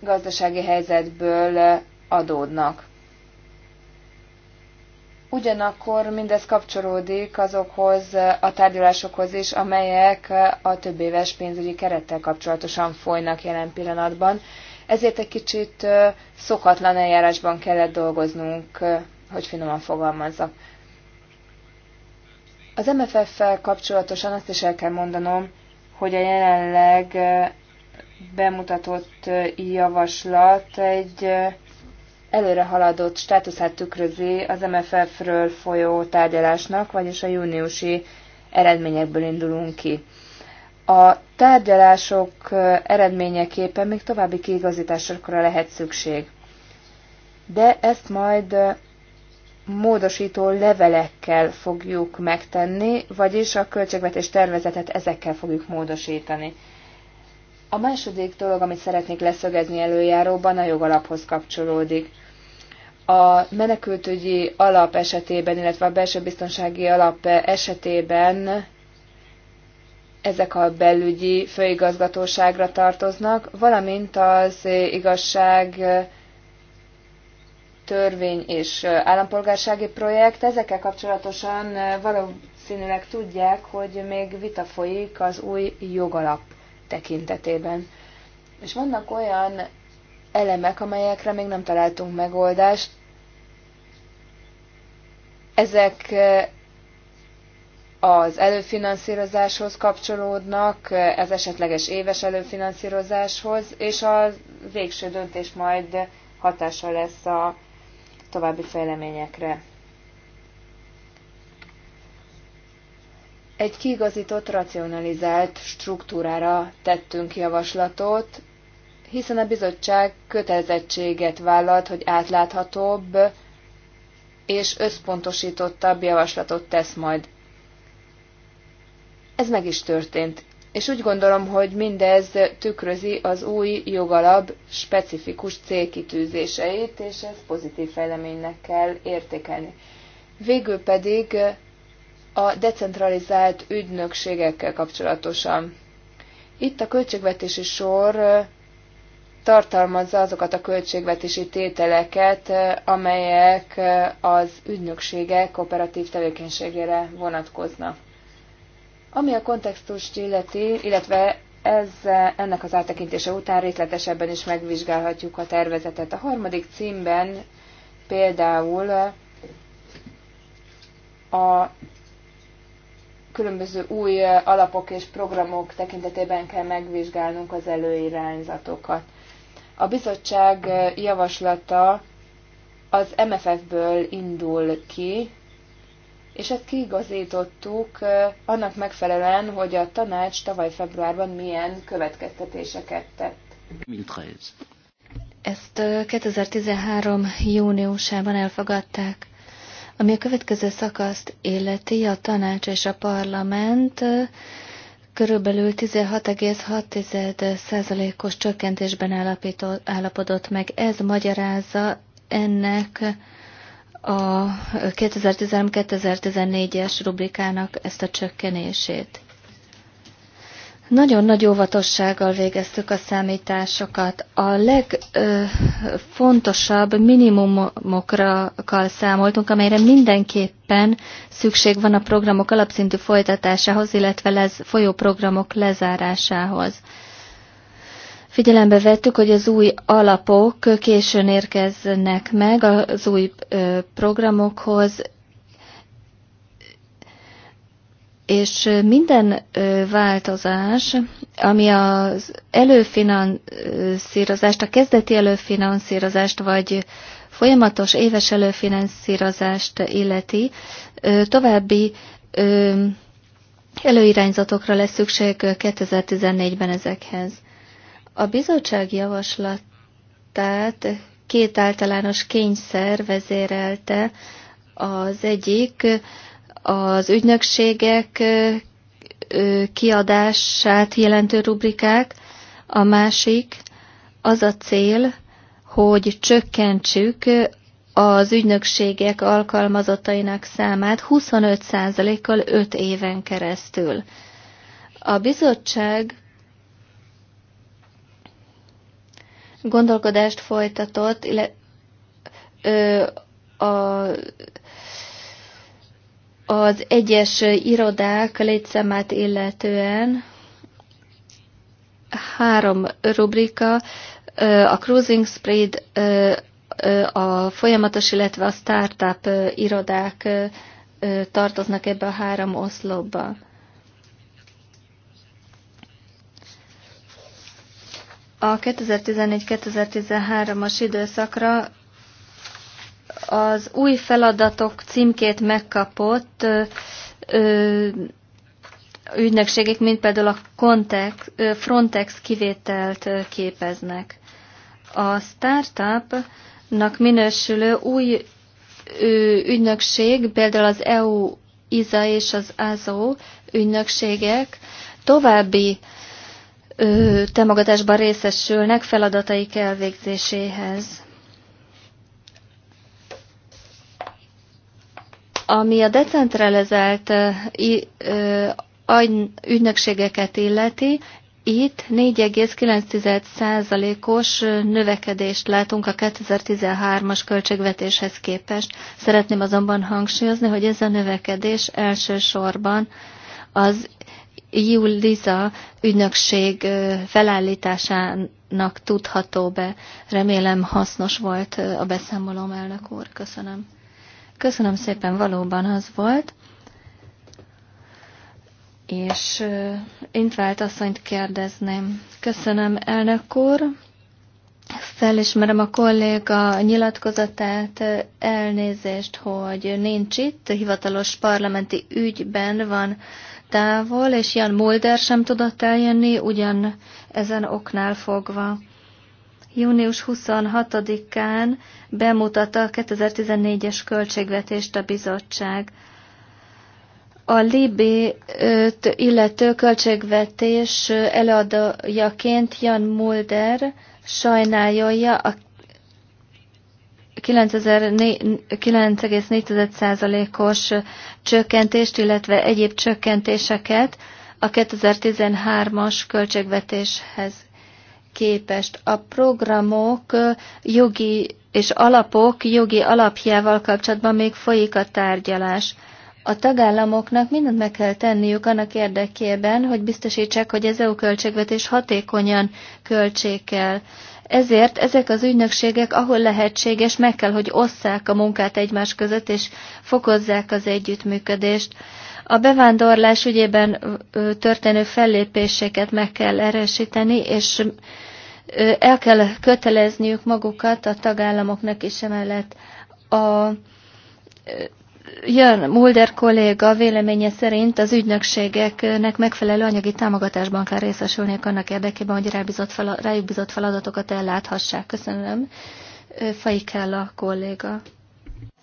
gazdasági helyzetből adódnak. Ugyanakkor mindez kapcsolódik azokhoz a tárgyalásokhoz is, amelyek a többéves pénzügyi kerettel kapcsolatosan folynak jelen pillanatban, ezért egy kicsit szokatlan eljárásban kellett dolgoznunk, hogy finoman fogalmazzak. Az MFF-fel kapcsolatosan azt is el kell mondanom, hogy a jelenleg bemutatott javaslat egy előre haladott státuszát tükrözi az MFF-ről folyó tárgyalásnak, vagyis a júniusi eredményekből indulunk ki. A tárgyalások eredményeképpen még további kiigazításokra lehet szükség. De ezt majd módosító levelekkel fogjuk megtenni, vagyis a költségvetés tervezetet ezekkel fogjuk módosítani. A második dolog, amit szeretnék leszögezni előjáróban, a jogalaphoz kapcsolódik. A menekültügyi alap esetében, illetve a belső biztonsági alap esetében ezek a belügyi főigazgatóságra tartoznak, valamint az igazság törvény és állampolgársági projekt. Ezekkel kapcsolatosan valószínűleg tudják, hogy még vita folyik az új jogalap tekintetében. És vannak olyan elemek, amelyekre még nem találtunk megoldást. Ezek az előfinanszírozáshoz kapcsolódnak, ez esetleges éves előfinanszírozáshoz, és a végső döntés majd hatása lesz a további fejleményekre. Egy kiigazított, racionalizált struktúrára tettünk javaslatot, hiszen a bizottság kötelezettséget vállalt, hogy átláthatóbb és összpontosítottabb javaslatot tesz majd. Ez meg is történt. És úgy gondolom, hogy mindez tükrözi az új jogalap specifikus célkitűzéseit, és ezt pozitív fejleménynek kell értékelni. Végül pedig a decentralizált ügynökségekkel kapcsolatosan. Itt a költségvetési sor tartalmazza azokat a költségvetési tételeket, amelyek az ügynökségek operatív tevékenységére vonatkoznak. Ami a kontextust illeti, illetve ez, ennek az áttekintése után részletesebben is megvizsgálhatjuk a tervezetet. A harmadik címben például a különböző új alapok és programok tekintetében kell megvizsgálnunk az előirányzatokat. A bizottság javaslata az MFF-ből indul ki, és ezt kiigazítottuk annak megfelelően, hogy a tanács tavaly februárban milyen következtetéseket tett. 2013. Ezt 2013. júniusában elfogadták. Ami a következő szakaszt illeti, a tanács és a parlament körülbelül 16,6%-os csökkentésben állapodott meg. Ez magyarázza ennek a 2013-2014-es rubrikának ezt a csökkenését. Nagyon nagy óvatossággal végeztük a számításokat. A legfontosabb minimumokra számoltunk, amelyre mindenképpen szükség van a programok alapszintű folytatásához, illetve lez, folyóprogramok lezárásához. Figyelembe vettük, hogy az új alapok későn érkeznek meg az új programokhoz, és minden változás, ami az előfinanszírozást, a kezdeti előfinanszírozást, vagy folyamatos éves előfinanszírozást illeti, további előirányzatokra lesz szükség 2014-ben ezekhez. A bizottság javaslatát két általános kényszer vezérelte. Az egyik az ügynökségek kiadását jelentő rubrikák, a másik az a cél, hogy csökkentsük az ügynökségek alkalmazottainak számát 25%-kal 5 éven keresztül. A bizottság gondolkodást folytatott, illetve a, az egyes irodák létszámát illetően három rubrika, a Cruising Spread, a folyamatos, illetve a startup irodák tartoznak ebbe a három oszlopba. A 2014-2013-as időszakra az új feladatok címkét megkapott ö, ö, ügynökségek, mint például a ö, Frontex kivételt képeznek. A startupnak minősülő új ügynökség, például az EU, ISA és az ASO ügynökségek további támogatásban részesülnek feladataik elvégzéséhez. Ami a decentralizált ügynökségeket illeti, itt 4,9%-os növekedést látunk a 2013-as költségvetéshez képest. Szeretném azonban hangsúlyozni, hogy ez a növekedés elsősorban az EU-LISA ügynökség felállításának tudható be. Remélem hasznos volt a beszámolóm, elnök úr. Köszönöm. Köszönöm szépen, valóban az volt. És Intvált asszonyt kérdezném. Köszönöm, elnök úr. Felismerem a kolléga nyilatkozatát, elnézést, hogy nincs itt, hivatalos parlamenti ügyben van távol, és Jan Mulder sem tudott eljönni, ugyan ezen oknál fogva. Június 26-án bemutatta a 2014-es költségvetést a bizottság. A Libét illető költségvetés előadójaként Jan Mulder sajnálja a 9,4%-os csökkentést, illetve egyéb csökkentéseket a 2013-as költségvetéshez képest. A programok jogi és alapok jogi alapjával kapcsolatban még folyik a tárgyalás. A tagállamoknak mindent meg kell tenniük annak érdekében, hogy biztosítsák, hogy az EU költségvetés hatékonyan költsék el. Ezért ezek az ügynökségek, ahol lehetséges, meg kell, hogy osszák a munkát egymás között, és fokozzák az együttműködést. A bevándorlás ügyében történő fellépéseket meg kell erősíteni, és el kell kötelezniük magukat a tagállamoknak is emellett. A jön Mulder kolléga véleménye szerint az ügynökségeknek megfelelő anyagi támogatásban kell részesülniük annak érdekében, hogy rájuk bizott feladatokat elláthassák. Köszönöm. Fajkella a kolléga.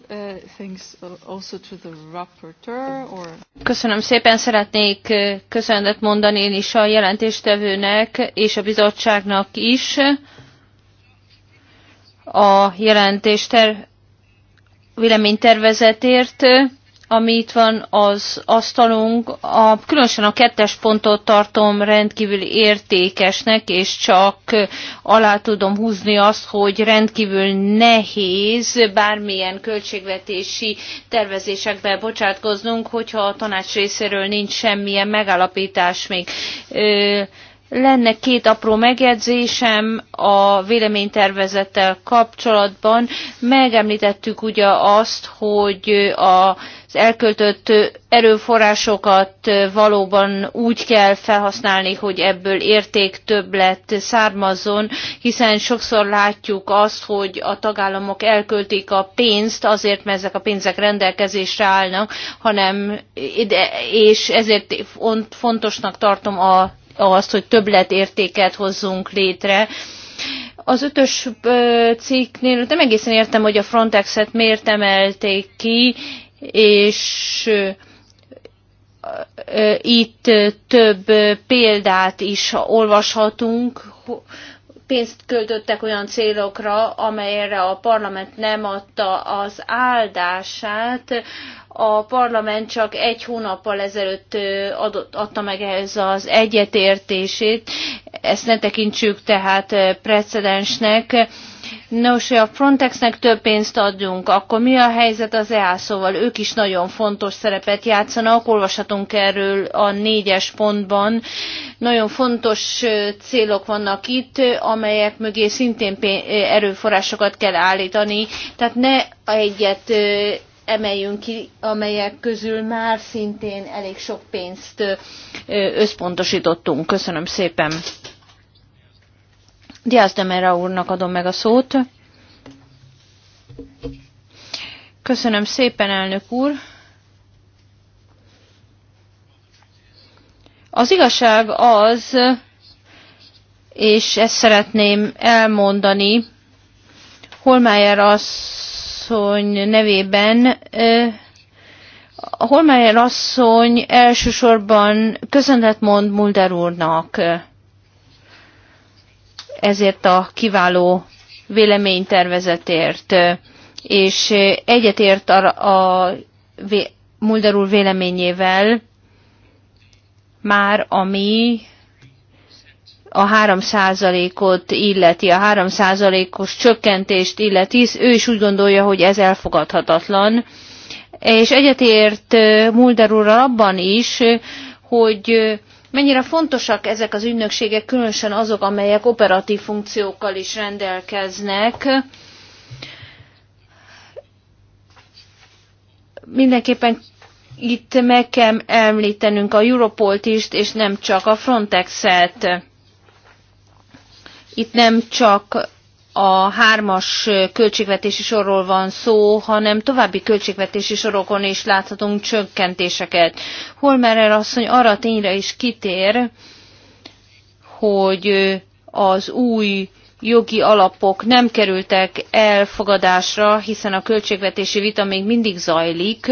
Uh, Köszönöm szépen, szeretnék köszönetet mondani én is a jelentéstevőnek és a bizottságnak is. A jelentéstevő véleménytervezetért, ami itt van az asztalunk. A, különösen a kettes pontot tartom rendkívül értékesnek, és csak alá tudom húzni azt, hogy rendkívül nehéz bármilyen költségvetési tervezésekbe bocsátkoznunk, hogyha a tanács részéről nincs semmilyen megállapítás még. Ö, lenne két apró megjegyzésem a véleménytervezettel kapcsolatban. Megemlítettük ugye azt, hogy az elköltött erőforrásokat valóban úgy kell felhasználni, hogy ebből érték többlet származzon, hiszen sokszor látjuk azt, hogy a tagállamok elköltik a pénzt azért, mert ezek a pénzek rendelkezésre állnak, hanem és ezért fontosnak tartom a azt, hogy többletértéket hozzunk létre. Az ötös cikknél nem egészen értem, hogy a Frontex-et miért emelték ki, és itt több példát is olvashatunk, pénzt költöttek olyan célokra, amelyre a parlament nem adta az áldását, a parlament csak egy hónappal ezelőtt adott, adta meg ehhez az egyetértését, ezt ne tekintsük tehát precedensnek. Nos, a Frontexnek több pénzt adjunk, akkor mi a helyzet az EASZ-val? Ők is nagyon fontos szerepet játszanak, olvashatunk erről a négyes pontban. Nagyon fontos célok vannak itt, amelyek mögé szintén erőforrásokat kell állítani, tehát ne egyet emeljünk ki, amelyek közül már szintén elég sok pénzt összpontosítottunk. Köszönöm szépen. Diaz Demera úrnak adom meg a szót. Köszönöm szépen, elnök úr. Az igazság az, és ezt szeretném elmondani, Holmeyer az asszony nevében a Holmeyer asszony elsősorban köszönet mond Mulder úrnak ezért a kiváló véleménytervezetért, és egyetért a, a Mulder úr véleményével, már ami a 3%-ot illeti, a 3%-os csökkentést illeti, ő is úgy gondolja, hogy ez elfogadhatatlan. És egyetért Mulder úrral abban is, hogy mennyire fontosak ezek az ügynökségek, különösen azok, amelyek operatív funkciókkal is rendelkeznek. Mindenképpen itt meg kell említenünk a Europolt is, és nem csak a Frontex-et itt nem csak a hármas költségvetési sorról van szó, hanem további költségvetési sorokon is láthatunk csökkentéseket. Holmerer asszony arra tényre is kitér, hogy az új jogi alapok nem kerültek elfogadásra, hiszen a költségvetési vita még mindig zajlik.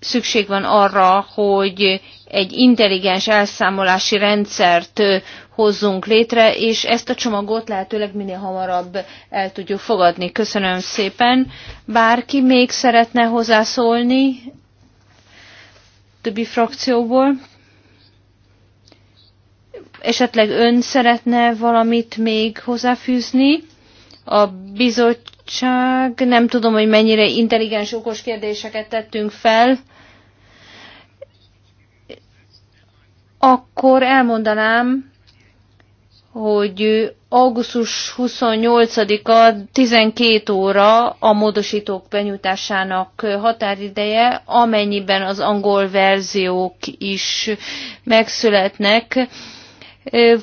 Szükség van arra, hogy egy intelligens elszámolási rendszert hozzunk létre, és ezt a csomagot lehetőleg minél hamarabb el tudjuk fogadni. Köszönöm szépen. Bárki még szeretne hozzászólni többi frakcióból? Esetleg ön szeretne valamit még hozzáfűzni? A bizottság, nem tudom, hogy mennyire intelligens, okos kérdéseket tettünk fel akkor elmondanám, hogy augusztus 28-a 12 óra a módosítók benyújtásának határideje, amennyiben az angol verziók is megszületnek.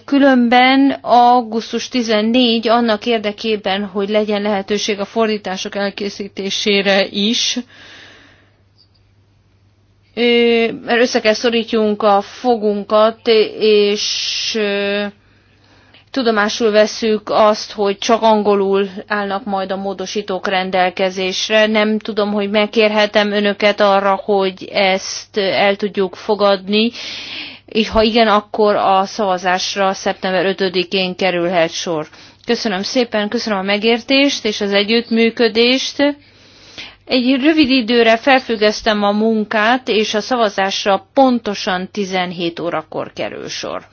Különben augusztus 14 annak érdekében, hogy legyen lehetőség a fordítások elkészítésére is, mert össze kell szorítjunk a fogunkat, és tudomásul veszük azt, hogy csak angolul állnak majd a módosítók rendelkezésre. Nem tudom, hogy megkérhetem önöket arra, hogy ezt el tudjuk fogadni. És ha igen, akkor a szavazásra szeptember 5-én kerülhet sor. Köszönöm szépen, köszönöm a megértést és az együttműködést egy rövid időre felfüggesztem a munkát, és a szavazásra pontosan 17 órakor kerül sor.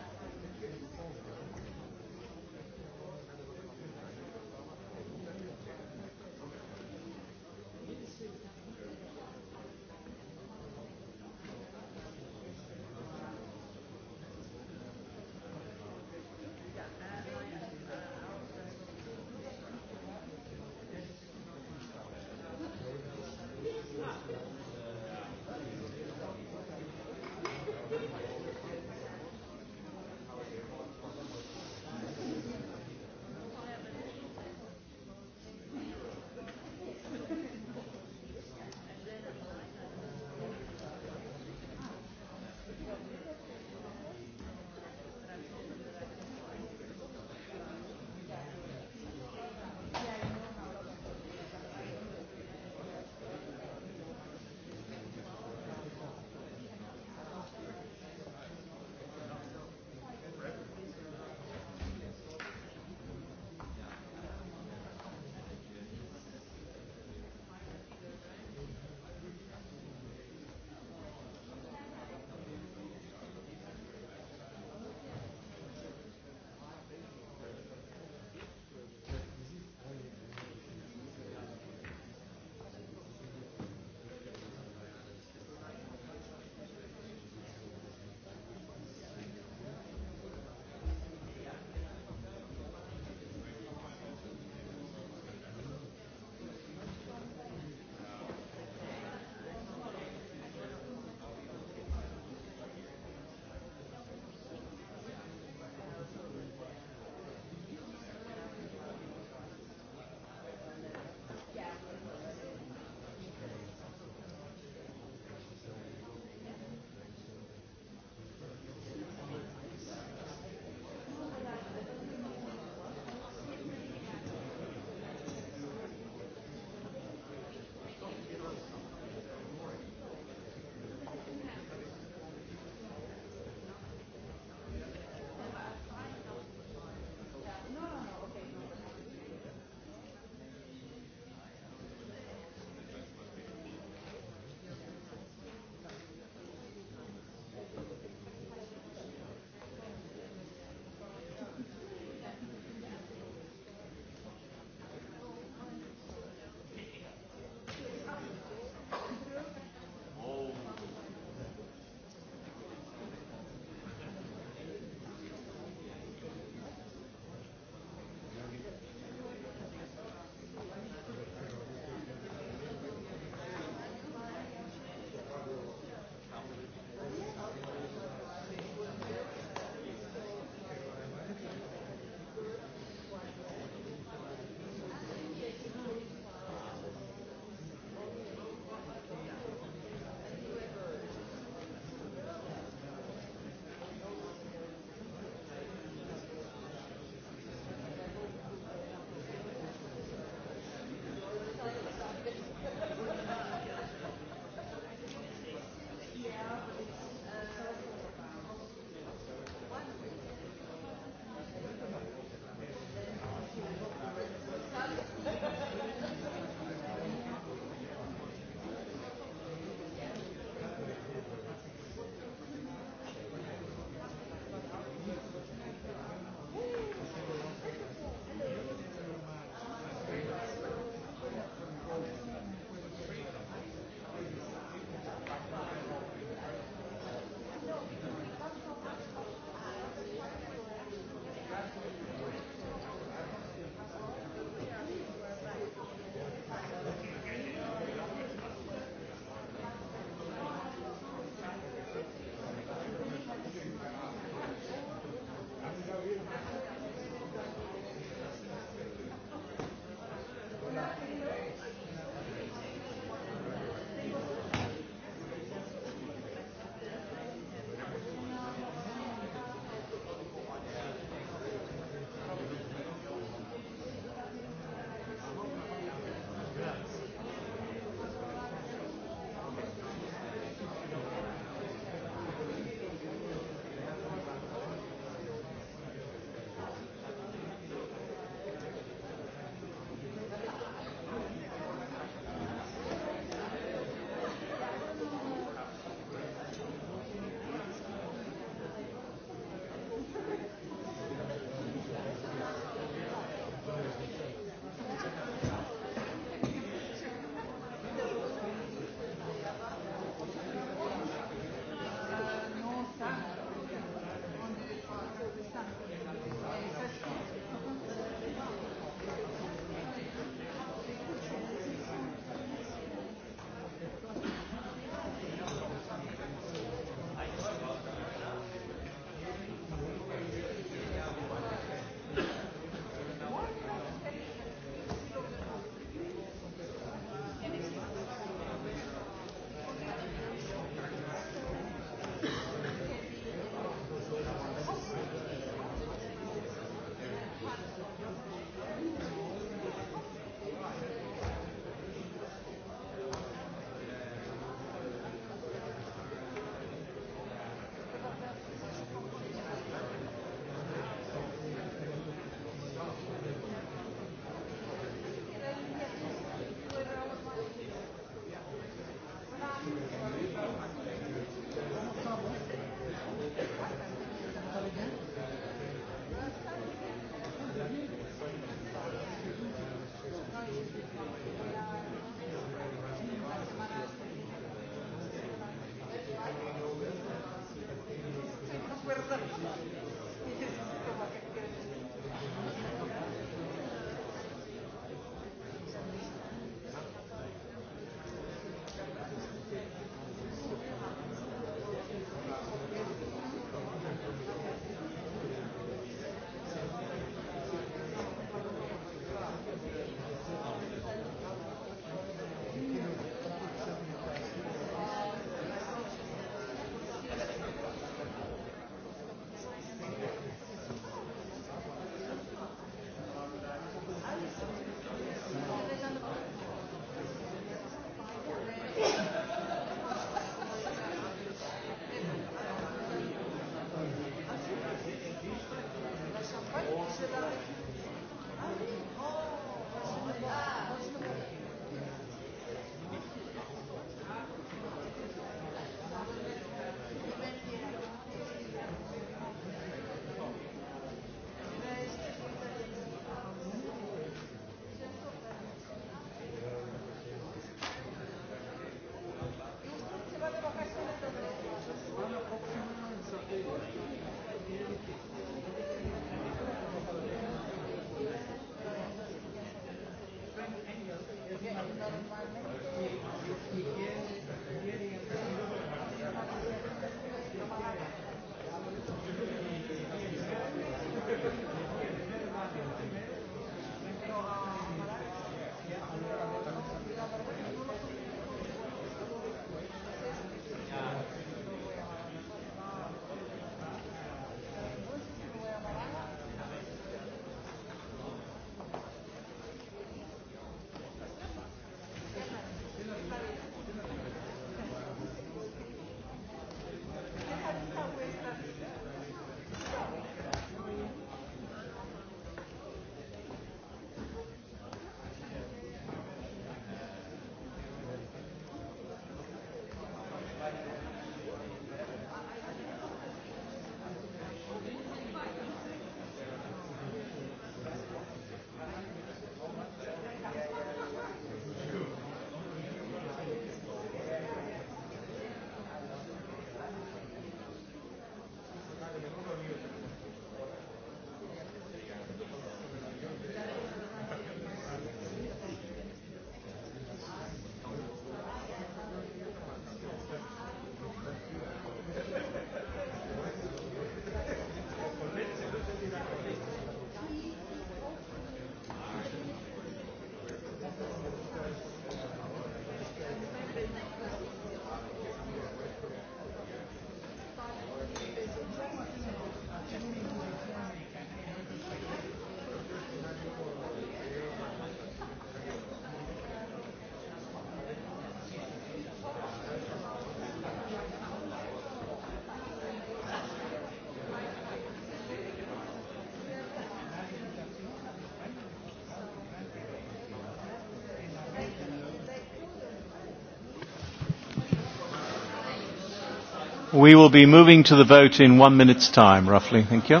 We will be moving to the vote in one minute's time, roughly. Thank you.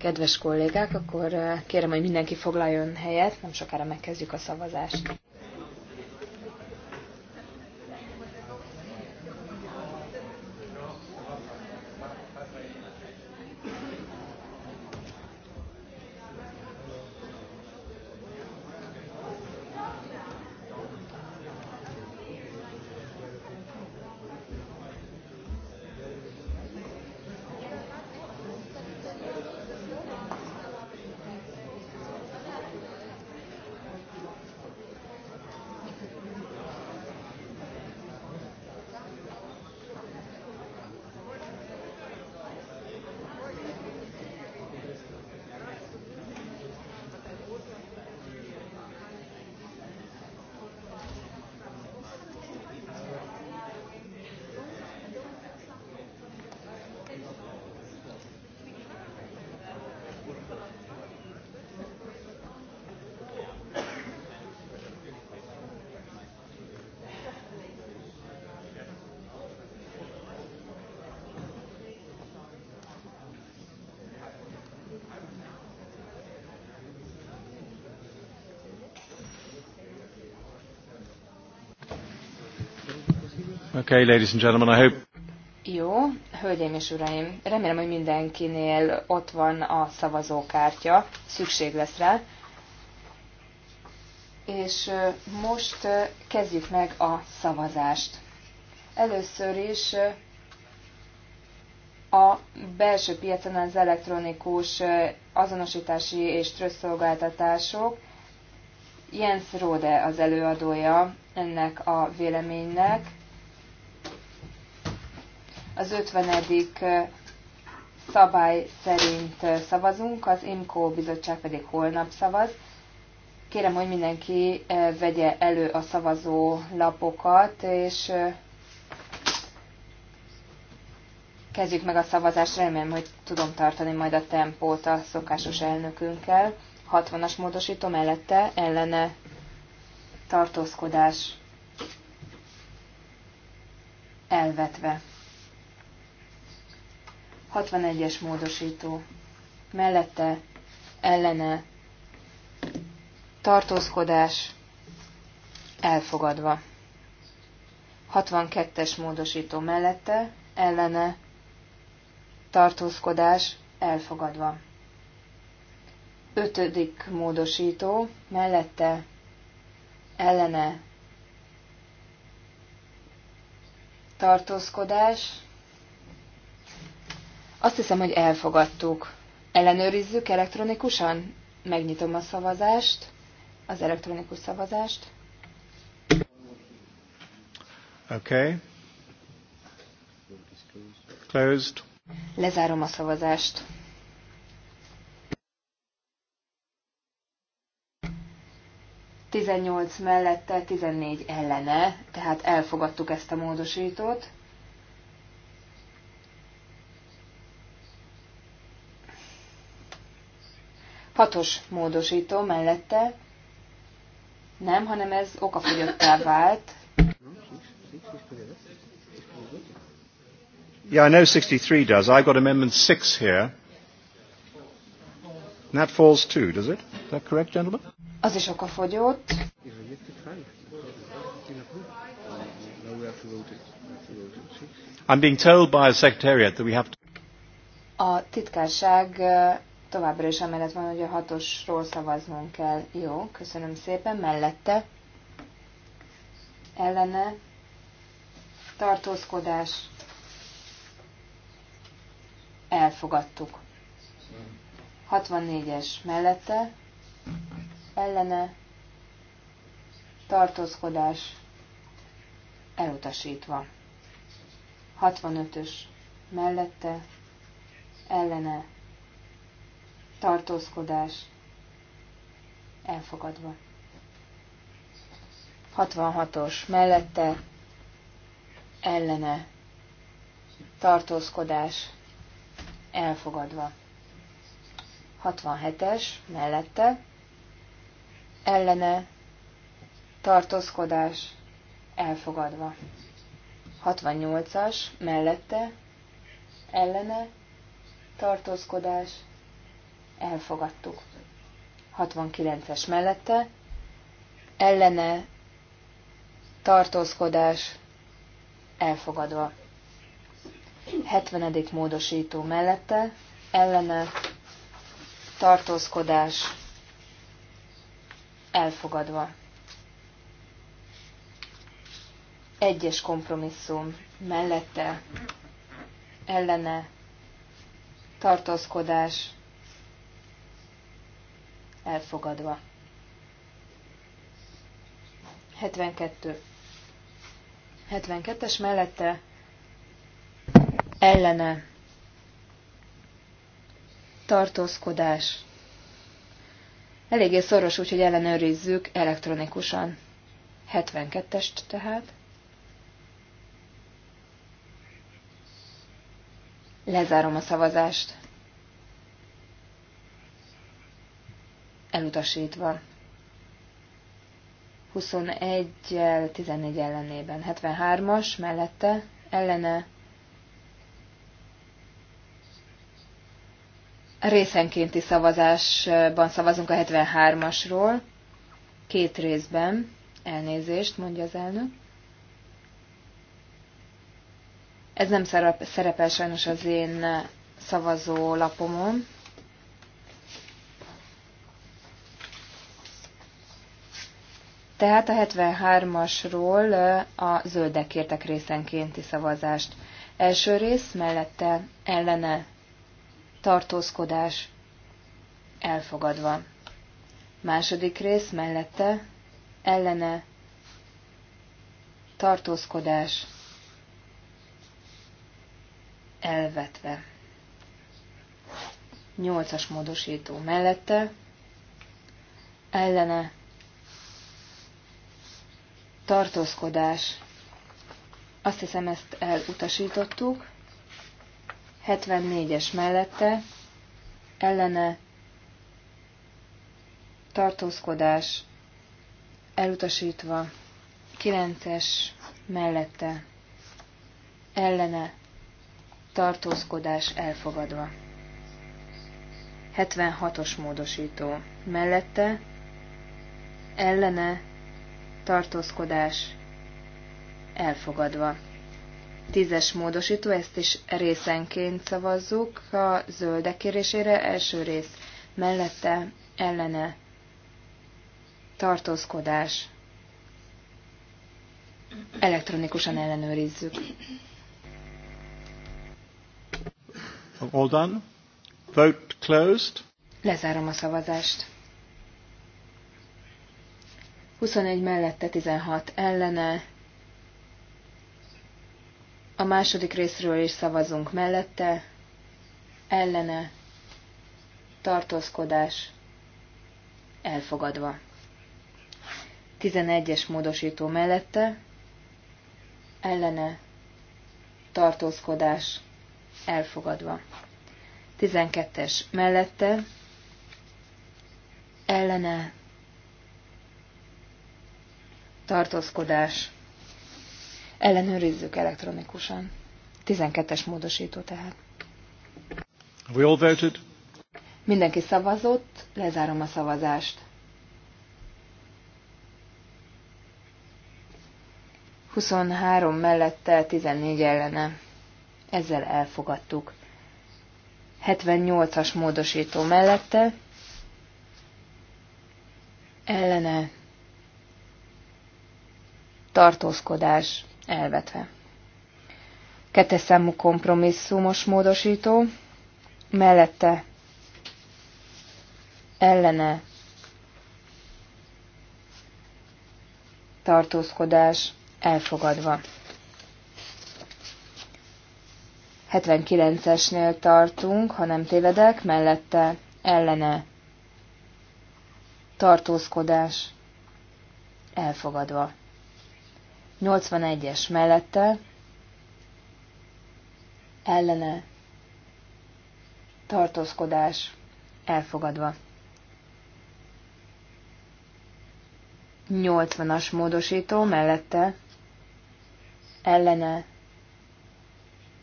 Kedves kollégák, akkor eh, kérem, hogy mindenki foglaljon helyet, nem sokára megkezdjük a szavazást. Okay, ladies and gentlemen, I hope... Jó, hölgyeim és uraim, remélem, hogy mindenkinél ott van a szavazókártya, szükség lesz rá. És most kezdjük meg a szavazást. Először is a belső piacon az elektronikus azonosítási és trösszolgáltatások. Jens Rode az előadója ennek a véleménynek az 50. szabály szerint szavazunk, az IMCO bizottság pedig holnap szavaz. Kérem, hogy mindenki vegye elő a szavazó lapokat, és kezdjük meg a szavazást. Remélem, hogy tudom tartani majd a tempót a szokásos elnökünkkel. 60-as módosító mellette ellene tartózkodás elvetve. 61-es módosító. Mellette, ellene, tartózkodás, elfogadva. 62-es módosító mellette, ellene, tartózkodás, elfogadva. 5. módosító mellette, ellene, tartózkodás, azt hiszem, hogy elfogadtuk. Ellenőrizzük elektronikusan? Megnyitom a szavazást, az elektronikus szavazást. Okay. Closed. Lezárom a szavazást. Tizennyolc mellette, tizennégy ellene, tehát elfogadtuk ezt a módosítót. Hatos módosító mellette nem, hanem ez okafogyottá vált. Yeah, I know 63 does. I've got amendment 6 here. And that falls too, does it? Is that correct, gentlemen? Az is okafogyott. I'm being told by a secretariat that we have to... A titkárság továbbra is amellett van, hogy a hatosról szavaznunk kell. Jó, köszönöm szépen. Mellette ellene tartózkodás elfogadtuk. 64-es mellette ellene tartózkodás elutasítva. 65-ös mellette ellene tartózkodás elfogadva. 66-os mellette ellene tartózkodás elfogadva. 67-es mellette ellene tartózkodás elfogadva. 68-as mellette ellene tartózkodás elfogadva elfogadtuk. 69-es mellette, ellene tartózkodás elfogadva. 70. módosító mellette, ellene tartózkodás elfogadva. Egyes kompromisszum mellette, ellene tartózkodás elfogadva. 72. 72-es mellette ellene tartózkodás. Eléggé szoros, úgyhogy ellenőrizzük elektronikusan. 72-est tehát. Lezárom a szavazást. elutasítva. 21-el, 14 ellenében. 73-as mellette ellene részenkénti szavazásban szavazunk a 73-asról. Két részben. Elnézést, mondja az elnök. Ez nem szerepel sajnos az én szavazó lapomon. Tehát a 73-asról a zöldek kértek részenkénti szavazást. Első rész mellette ellene tartózkodás elfogadva. Második rész mellette ellene tartózkodás elvetve. Nyolcas módosító mellette ellene tartózkodás. Azt hiszem, ezt elutasítottuk. 74-es mellette ellene tartózkodás elutasítva. 9-es mellette ellene tartózkodás elfogadva. 76-os módosító mellette ellene tartózkodás elfogadva. Tízes módosító, ezt is részenként szavazzuk a zöldek kérésére. Első rész mellette ellene tartózkodás. Elektronikusan ellenőrizzük. All done. Vote closed. Lezárom a szavazást. 21 mellette 16 ellene. A második részről is szavazunk mellette, ellene, tartózkodás, elfogadva. 11-es módosító mellette, ellene, tartózkodás, elfogadva. 12-es mellette, ellene, tartózkodás. Ellenőrizzük elektronikusan. 12-es módosító tehát. We all voted? Mindenki szavazott, lezárom a szavazást. 23 mellette, 14 ellene. Ezzel elfogadtuk. 78-as módosító mellette, ellene tartózkodás elvetve. Kettes számú kompromisszumos módosító, mellette ellene tartózkodás elfogadva. 79-esnél tartunk, ha nem tévedek, mellette ellene tartózkodás elfogadva. 81-es mellette ellene tartózkodás elfogadva. 80-as módosító mellette ellene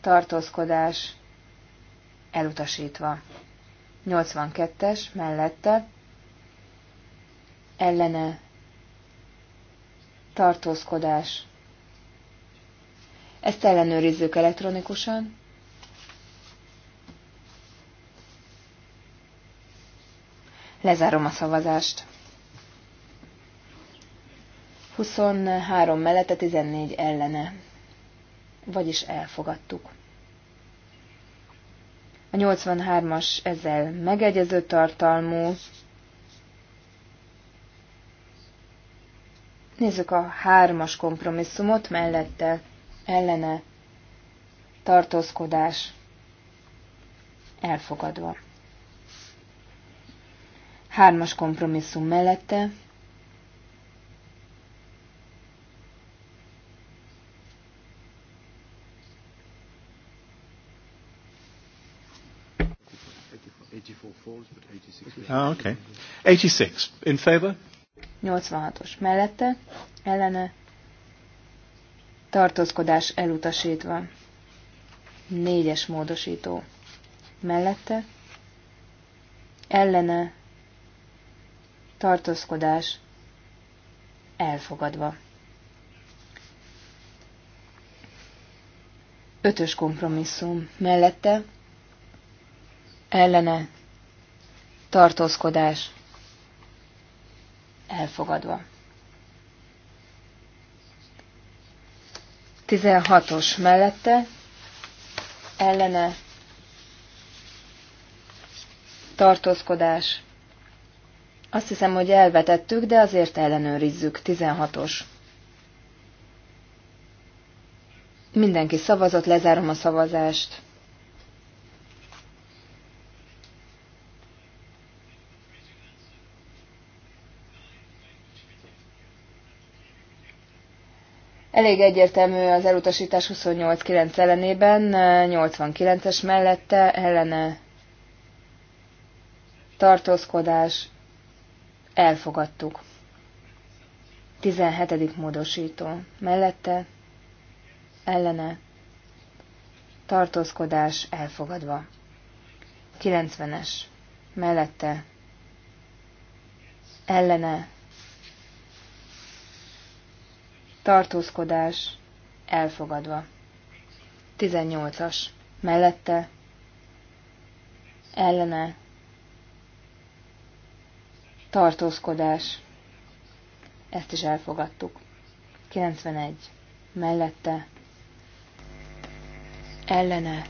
tartózkodás elutasítva. 82-es mellette ellene tartózkodás. Ezt ellenőrizzük elektronikusan. Lezárom a szavazást. 23 mellette 14 ellene. Vagyis elfogadtuk. A 83-as ezzel megegyező tartalmú, Nézzük a hármas kompromisszumot mellette, ellene, tartózkodás, elfogadva. Hármas kompromisszum mellette, Ah, okay. 86. In favor? 86-os mellette, ellene tartózkodás elutasítva. Négyes módosító mellette, ellene tartózkodás elfogadva. Ötös kompromisszum mellette, ellene tartózkodás elfogadva. 16-os mellette ellene tartózkodás. Azt hiszem, hogy elvetettük, de azért ellenőrizzük. 16-os. Mindenki szavazott, lezárom a szavazást. Elég egyértelmű az elutasítás 28-9 ellenében, 89-es mellette ellene tartózkodás elfogadtuk. 17. módosító mellette ellene tartózkodás elfogadva. 90-es mellette ellene tartózkodás, elfogadva. 18-as, mellette, ellene, tartózkodás, ezt is elfogadtuk. 91, mellette, ellene,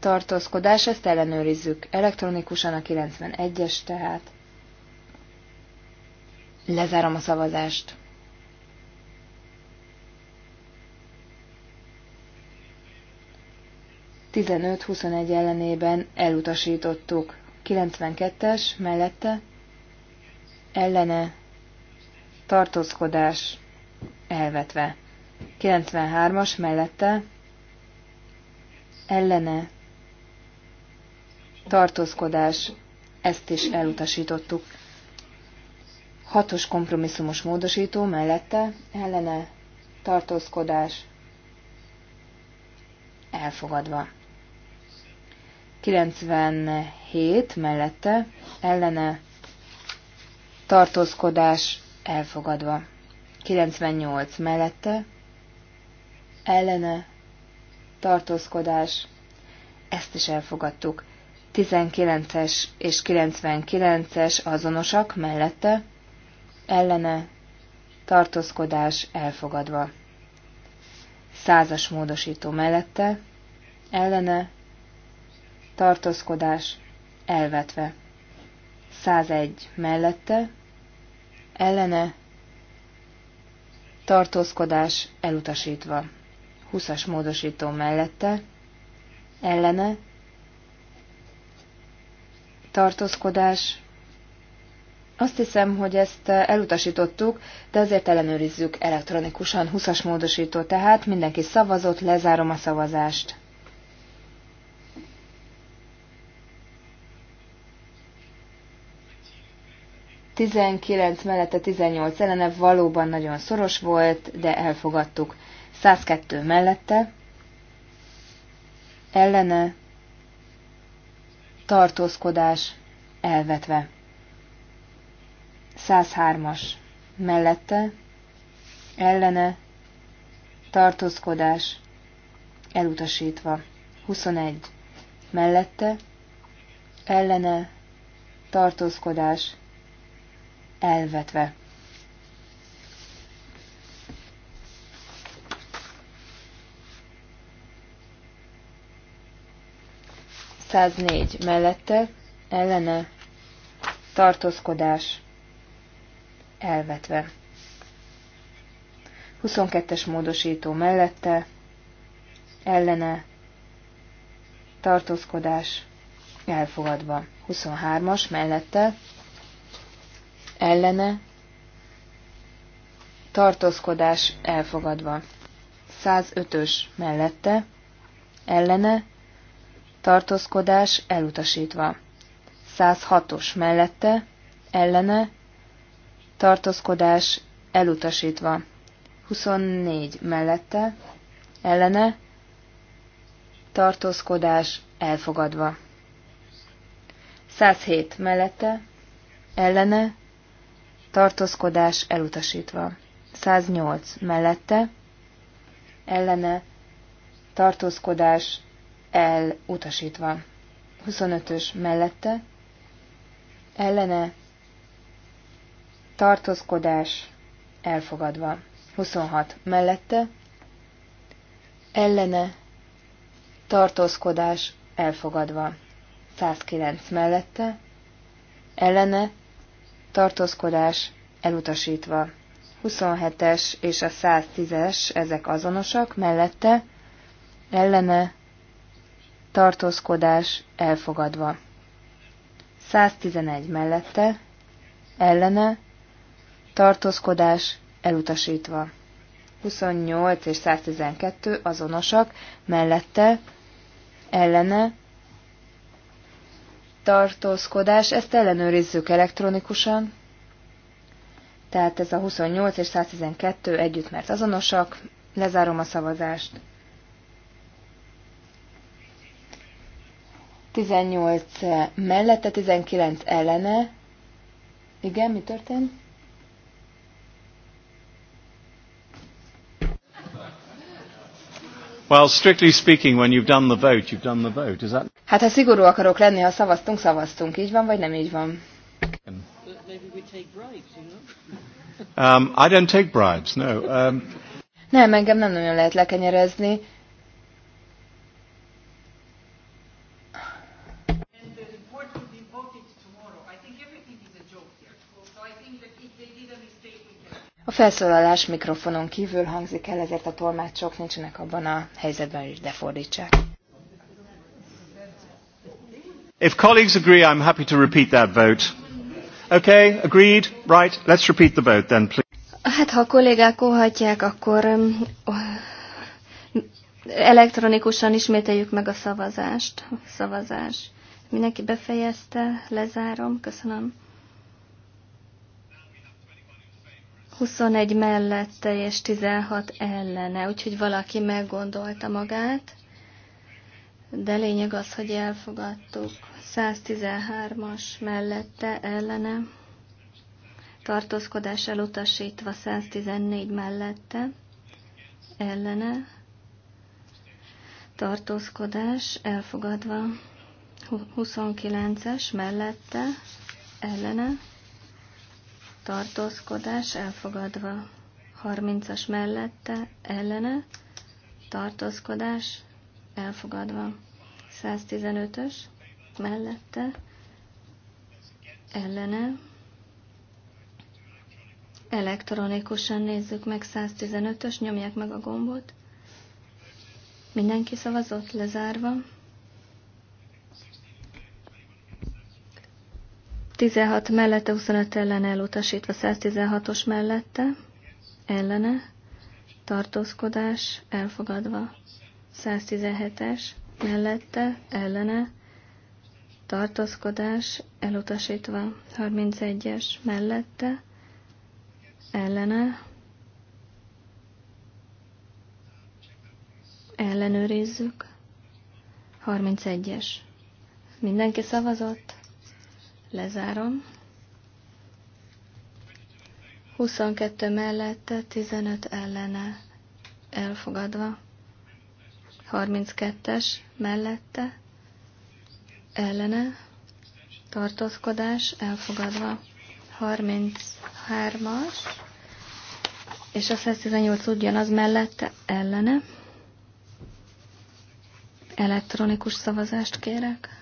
tartózkodás, ezt ellenőrizzük elektronikusan a 91-es tehát. Lezárom a szavazást. 15-21 ellenében elutasítottuk. 92-es mellette ellene tartózkodás elvetve. 93-as mellette ellene tartózkodás, ezt is elutasítottuk. 6-os kompromisszumos módosító mellette ellene tartózkodás elfogadva. 97 mellette ellene tartózkodás elfogadva. 98 mellette ellene tartózkodás, ezt is elfogadtuk. 19-es és 99-es azonosak mellette ellene tartózkodás elfogadva. Százas módosító mellette ellene tartózkodás elvetve. 101 mellette, ellene, tartózkodás elutasítva. 20-as módosító mellette, ellene, tartózkodás. Azt hiszem, hogy ezt elutasítottuk, de azért ellenőrizzük elektronikusan. 20-as módosító tehát, mindenki szavazott, lezárom a szavazást. 19 mellette 18 ellene valóban nagyon szoros volt, de elfogadtuk. 102 mellette ellene tartózkodás elvetve. 103-as mellette ellene tartózkodás elutasítva. 21 mellette ellene tartózkodás elvetve. Száznégy mellette ellene tartózkodás elvetve. 22-es módosító mellette ellene tartózkodás elfogadva. 23-as mellette ellene, tartózkodás elfogadva. 105-ös mellette, ellene, tartózkodás elutasítva. 106-os mellette, ellene, tartózkodás elutasítva. 24 mellette, ellene, tartózkodás elfogadva. 107 mellette, ellene, tartózkodás elutasítva. 108 mellette, ellene, tartózkodás elutasítva. 25-ös mellette, ellene, tartózkodás elfogadva. 26 mellette, ellene, tartózkodás elfogadva. 109 mellette, ellene, tartózkodás elutasítva. 27-es és a 110-es, ezek azonosak, mellette ellene tartózkodás elfogadva. 111 mellette ellene tartózkodás elutasítva. 28 és 112 azonosak, mellette ellene tartózkodás, ezt ellenőrizzük elektronikusan. Tehát ez a 28 és 112 együtt, mert azonosak. Lezárom a szavazást. 18 mellette, 19 ellene. Igen, mi történt? Well, strictly speaking, when you've done the vote, you've done the vote. Is that... Hát ha szigorú akarok lenni, ha szavaztunk, szavaztunk. Így van, vagy nem így van? Um, I don't take bribes, no. Um... Nem, engem nem nagyon lehet lekenyerezni. A felszólalás mikrofonon kívül hangzik el, ezért a tolmácsok nincsenek abban a helyzetben, hogy defordítsák. If colleagues agree, I'm happy to repeat that vote. Okay, agreed? Right, let's repeat the vote then, please. Hát, ha a kollégák óhatják, akkor um, elektronikusan ismételjük meg a szavazást. Szavazás. Mindenki befejezte, lezárom, köszönöm. 21 mellette és 16 ellene, úgyhogy valaki meggondolta magát, de lényeg az, hogy elfogadtuk. 113-as mellette ellene, tartózkodás elutasítva 114 mellette ellene, tartózkodás elfogadva 29-es mellette ellene, tartózkodás elfogadva. 30-as mellette ellene tartózkodás elfogadva. 115-ös mellette ellene elektronikusan nézzük meg 115-ös, nyomják meg a gombot. Mindenki szavazott lezárva. 16 mellette, 25 ellen elutasítva, 116-os mellette, ellene, tartózkodás, elfogadva. 117-es mellette, ellene, tartózkodás, elutasítva. 31-es mellette, ellene, ellenőrizzük. 31-es. Mindenki szavazott? Lezárom. 22 mellette, 15 ellene elfogadva. 32-es mellette, ellene, tartózkodás elfogadva. 33-as, és a 118 ugyanaz mellette, ellene. Elektronikus szavazást kérek.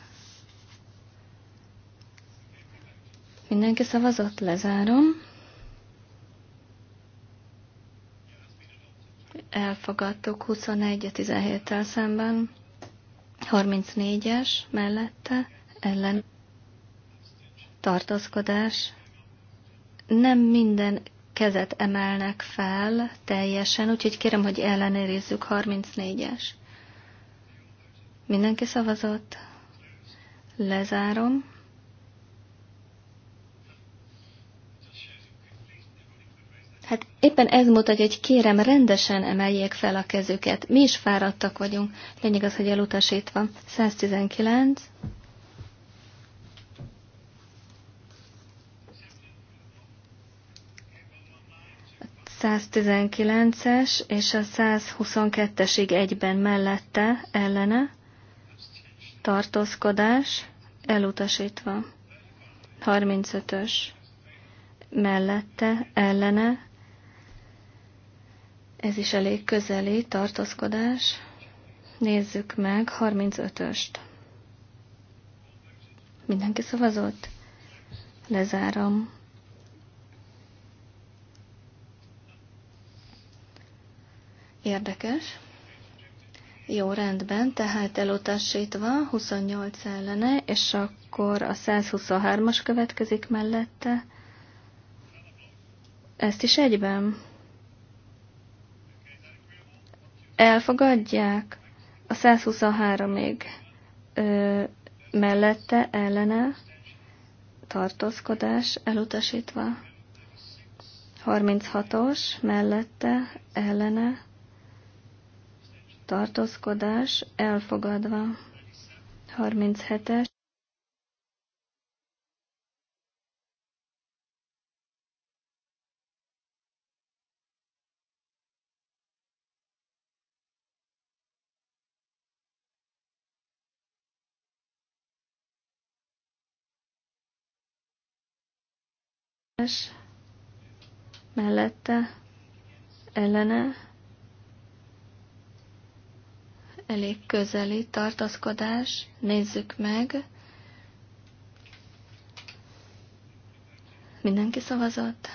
Mindenki szavazott, lezárom. Elfogadtuk 21-17-tel szemben. 34-es mellette ellen tartózkodás. Nem minden kezet emelnek fel teljesen, úgyhogy kérem, hogy ellenőrizzük 34-es. Mindenki szavazott. Lezárom. Hát éppen ez mutatja, hogy kérem, rendesen emeljék fel a kezüket. Mi is fáradtak vagyunk. Lényeg az, hogy elutasítva. 119. A 119-es és a 122-esig egyben mellette, ellene. Tartózkodás, elutasítva. 35-ös. Mellette, ellene, ez is elég közeli tartózkodás. Nézzük meg 35-öst. Mindenki szavazott? Lezárom. Érdekes. Jó, rendben, tehát elutasítva 28 ellene, és akkor a 123-as következik mellette. Ezt is egyben. elfogadják a 123-ig mellette ellene tartózkodás elutasítva. 36-os mellette ellene tartózkodás elfogadva. 37-es ellenes, mellette, ellene, elég közeli tartaszkodás, nézzük meg. Mindenki szavazott.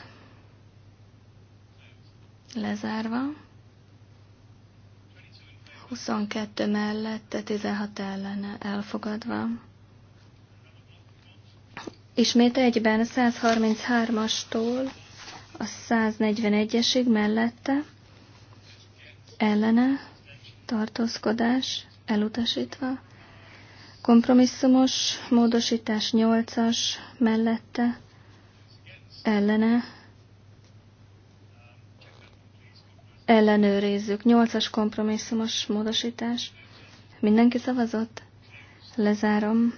Lezárva. 22 mellette, 16 ellene elfogadva. Ismét egyben a 133-astól a 141-esig mellette ellene tartózkodás elutasítva. Kompromisszumos módosítás 8-as mellette ellene ellenőrizzük. 8-as kompromisszumos módosítás. Mindenki szavazott? Lezárom.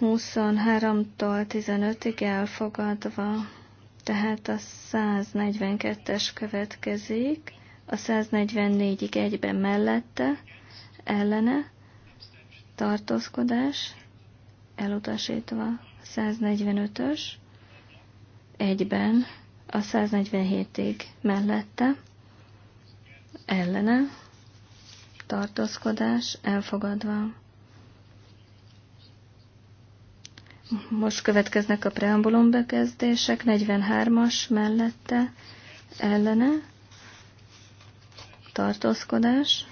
23-tól 15-ig elfogadva, tehát a 142-es következik, a 144-ig egyben mellette, ellene, tartózkodás, elutasítva, 145-ös, egyben, a 147-ig mellette, ellene, tartózkodás, elfogadva. Most következnek a preambulum bekezdések, 43-as mellette ellene tartózkodás.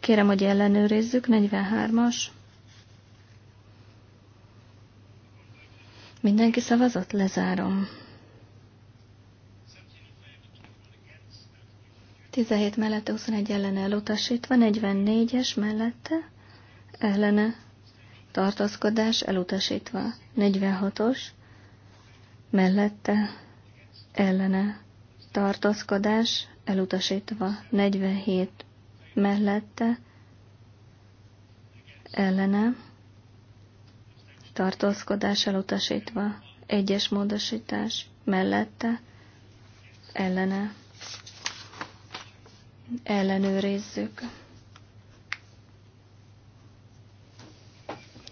Kérem, hogy ellenőrizzük, 43-as. Mindenki szavazott? Lezárom. 17 mellette, 21 ellene elutasítva, 44-es mellette, ellene tartózkodás elutasítva. 46-os mellette ellene tartózkodás elutasítva. 47 mellette ellene tartózkodás elutasítva. Egyes módosítás mellette ellene ellenőrizzük.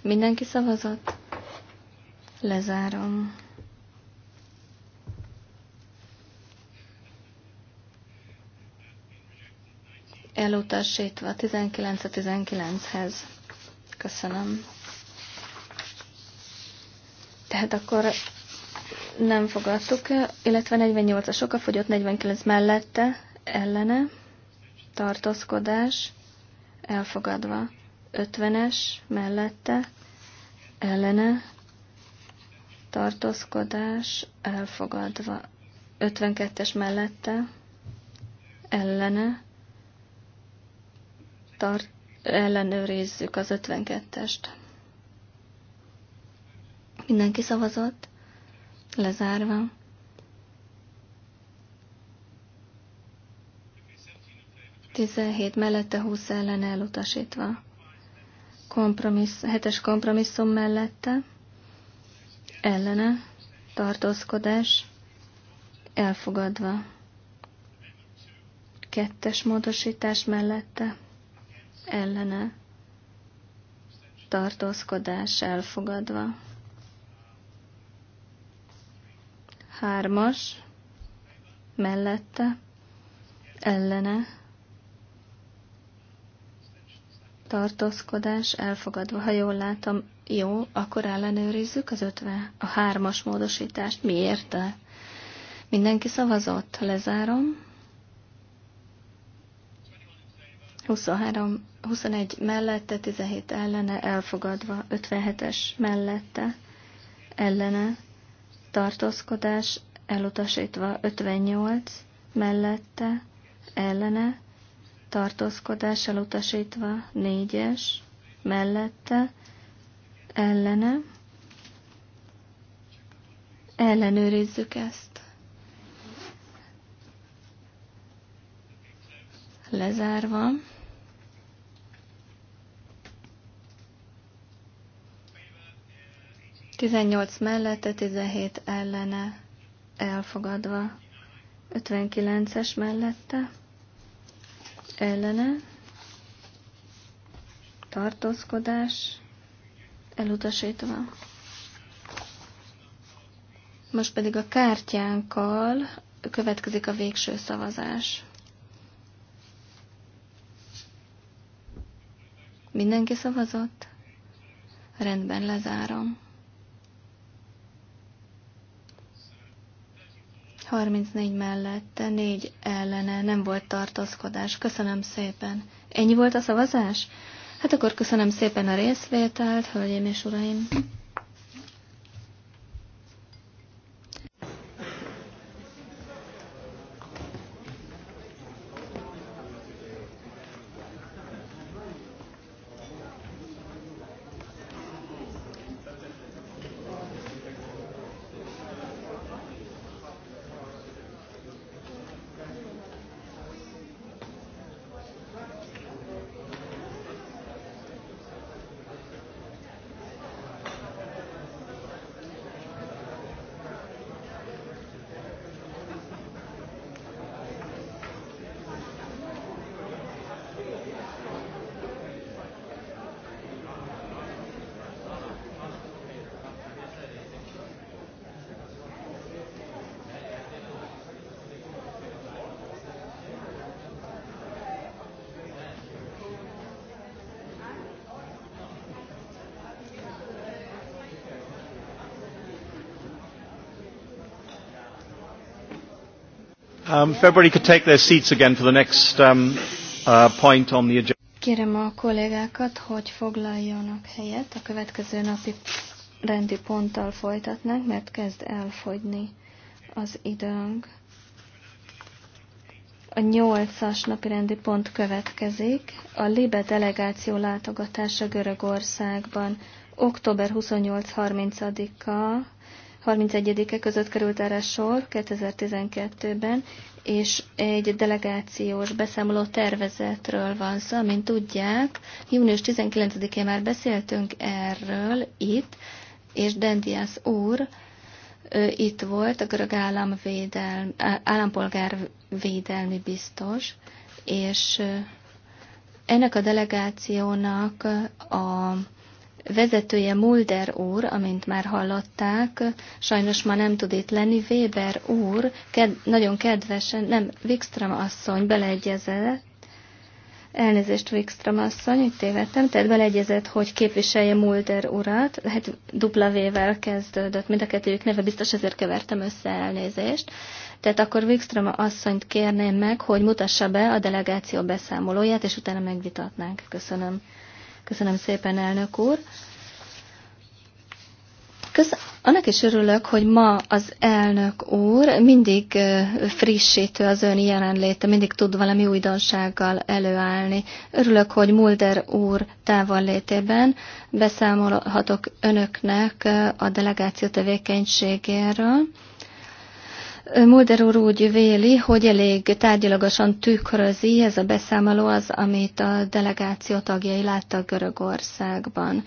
Mindenki szavazott? Lezárom. Elutasítva 19 a 19-hez. Köszönöm. Tehát akkor nem fogadtuk, illetve 48 a soka fogyott, 49 mellette, ellene, tartózkodás, elfogadva ötvenes mellette ellene tartózkodás elfogadva. 52-es mellette ellene tart, ellenőrizzük az 52-est. Mindenki szavazott, lezárva. Tizenhét mellette húsz ellen elutasítva kompromissz, hetes kompromisszum mellette, ellene, tartózkodás, elfogadva. Kettes módosítás mellette, ellene, tartózkodás, elfogadva. Hármas, mellette, ellene, tartózkodás elfogadva. Ha jól látom, jó, akkor ellenőrizzük az ötve, a hármas módosítást. Mi érte? Mindenki szavazott. Lezárom. 23, 21 mellette, 17 ellene, elfogadva. 57-es mellette, ellene, tartózkodás, elutasítva. 58 mellette, ellene, tartózkodás elutasítva, négyes, mellette, ellene, ellenőrizzük ezt. Lezárva. Tizennyolc mellette, tizenhét ellene, elfogadva. 59-es mellette ellene, tartózkodás, elutasítva. Most pedig a kártyánkkal következik a végső szavazás. Mindenki szavazott? Rendben, lezárom. 34 mellette, 4 ellene, nem volt tartózkodás. Köszönöm szépen. Ennyi volt a szavazás? Hát akkor köszönöm szépen a részvételt, hölgyeim és uraim. Um, Kérem a kollégákat, hogy foglaljanak helyet. A következő napi rendi ponttal folytatnánk, mert kezd elfogyni az időnk. A nyolcas napi rendi pont következik. A Libe delegáció látogatása Görögországban október 28-30-a 31-e között került erre sor 2012-ben, és egy delegációs beszámoló tervezetről van szó, amint tudják. Június 19-én már beszéltünk erről itt, és Dendiász úr ő itt volt, a görög államvédelmi, állampolgárvédelmi biztos, és ennek a delegációnak a vezetője Mulder úr, amint már hallották, sajnos ma nem tud itt lenni, Weber úr ked nagyon kedvesen, nem, Wikström asszony beleegyezett, Elnézést, Wikström asszony, itt tévedtem, tehát beleegyezett, hogy képviselje Mulder urat, hát dupla V-vel kezdődött, mind a kettőjük neve, biztos ezért kevertem össze elnézést. Tehát akkor Wikström asszonyt kérném meg, hogy mutassa be a delegáció beszámolóját, és utána megvitatnánk. Köszönöm. Köszönöm szépen, elnök úr. Kösz, annak is örülök, hogy ma az elnök úr mindig frissítő az ön jelenléte, mindig tud valami újdonsággal előállni. Örülök, hogy Mulder úr távollétében beszámolhatok önöknek a delegáció tevékenységéről. Mulder úr úgy véli, hogy elég tárgyalagosan tükrözi ez a beszámoló az, amit a delegáció tagjai láttak Görögországban.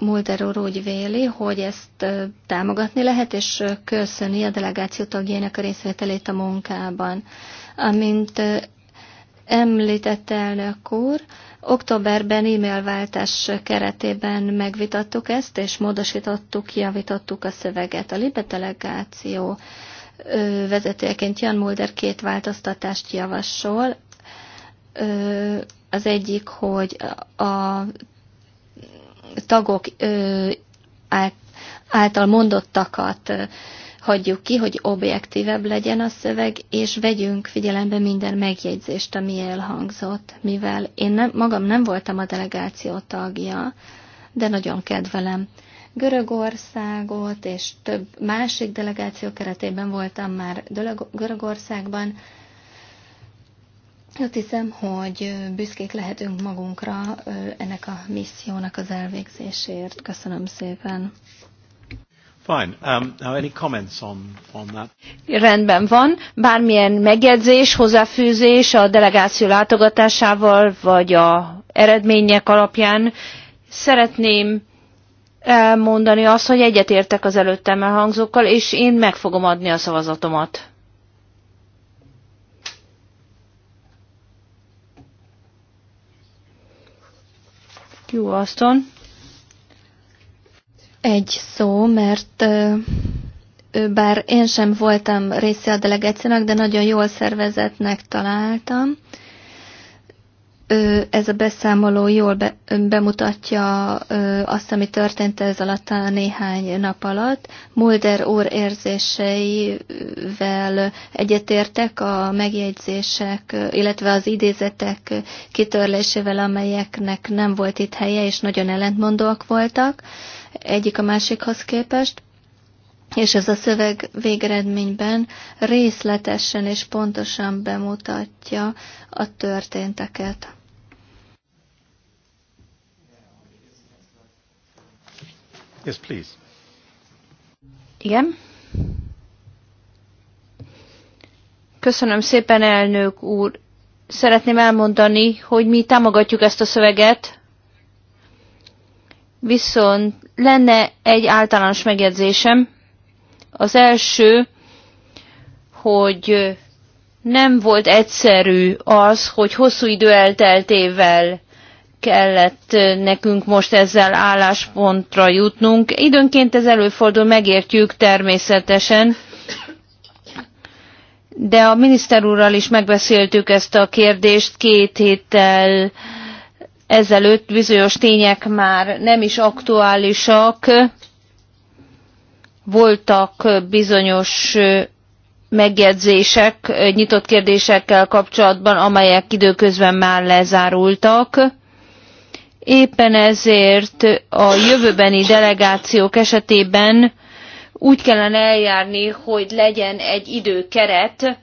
Mulder úr úgy véli, hogy ezt támogatni lehet, és köszöni a delegáció tagjainak a részvételét a munkában. Amint említett elnök úr, Októberben e-mail váltás keretében megvitattuk ezt, és módosítottuk, javítottuk a szöveget. A Libe delegáció vezetőjeként Jan Mulder két változtatást javasol. Az egyik, hogy a tagok által mondottakat hagyjuk ki, hogy objektívebb legyen a szöveg, és vegyünk figyelembe minden megjegyzést, ami elhangzott, mivel én nem, magam nem voltam a delegáció tagja, de nagyon kedvelem. Görögországot és több másik delegáció keretében voltam már Görögországban. Azt hiszem, hogy büszkék lehetünk magunkra ennek a missziónak az elvégzésért. Köszönöm szépen. Um, Rendben van. Bármilyen megjegyzés, hozzáfűzés a delegáció látogatásával, vagy a eredmények alapján szeretném elmondani azt, hogy egyetértek az előttem elhangzókkal, és én meg fogom adni a szavazatomat. Jó, Aston egy szó, mert bár én sem voltam része a delegációnak, de nagyon jól szervezetnek találtam. Ez a beszámoló jól be, bemutatja azt, ami történt ez alatt a néhány nap alatt. Mulder úr érzéseivel egyetértek a megjegyzések, illetve az idézetek kitörlésével, amelyeknek nem volt itt helye, és nagyon ellentmondóak voltak egyik a másikhoz képest, és ez a szöveg végeredményben részletesen és pontosan bemutatja a történteket. Yes, please. Igen. Köszönöm szépen, elnök úr. Szeretném elmondani, hogy mi támogatjuk ezt a szöveget, viszont lenne egy általános megjegyzésem. Az első, hogy nem volt egyszerű az, hogy hosszú idő elteltével kellett nekünk most ezzel álláspontra jutnunk. Időnként ez előfordul, megértjük természetesen, de a miniszter úrral is megbeszéltük ezt a kérdést két héttel ezelőtt bizonyos tények már nem is aktuálisak, voltak bizonyos megjegyzések nyitott kérdésekkel kapcsolatban, amelyek időközben már lezárultak. Éppen ezért a jövőbeni delegációk esetében úgy kellene eljárni, hogy legyen egy időkeret,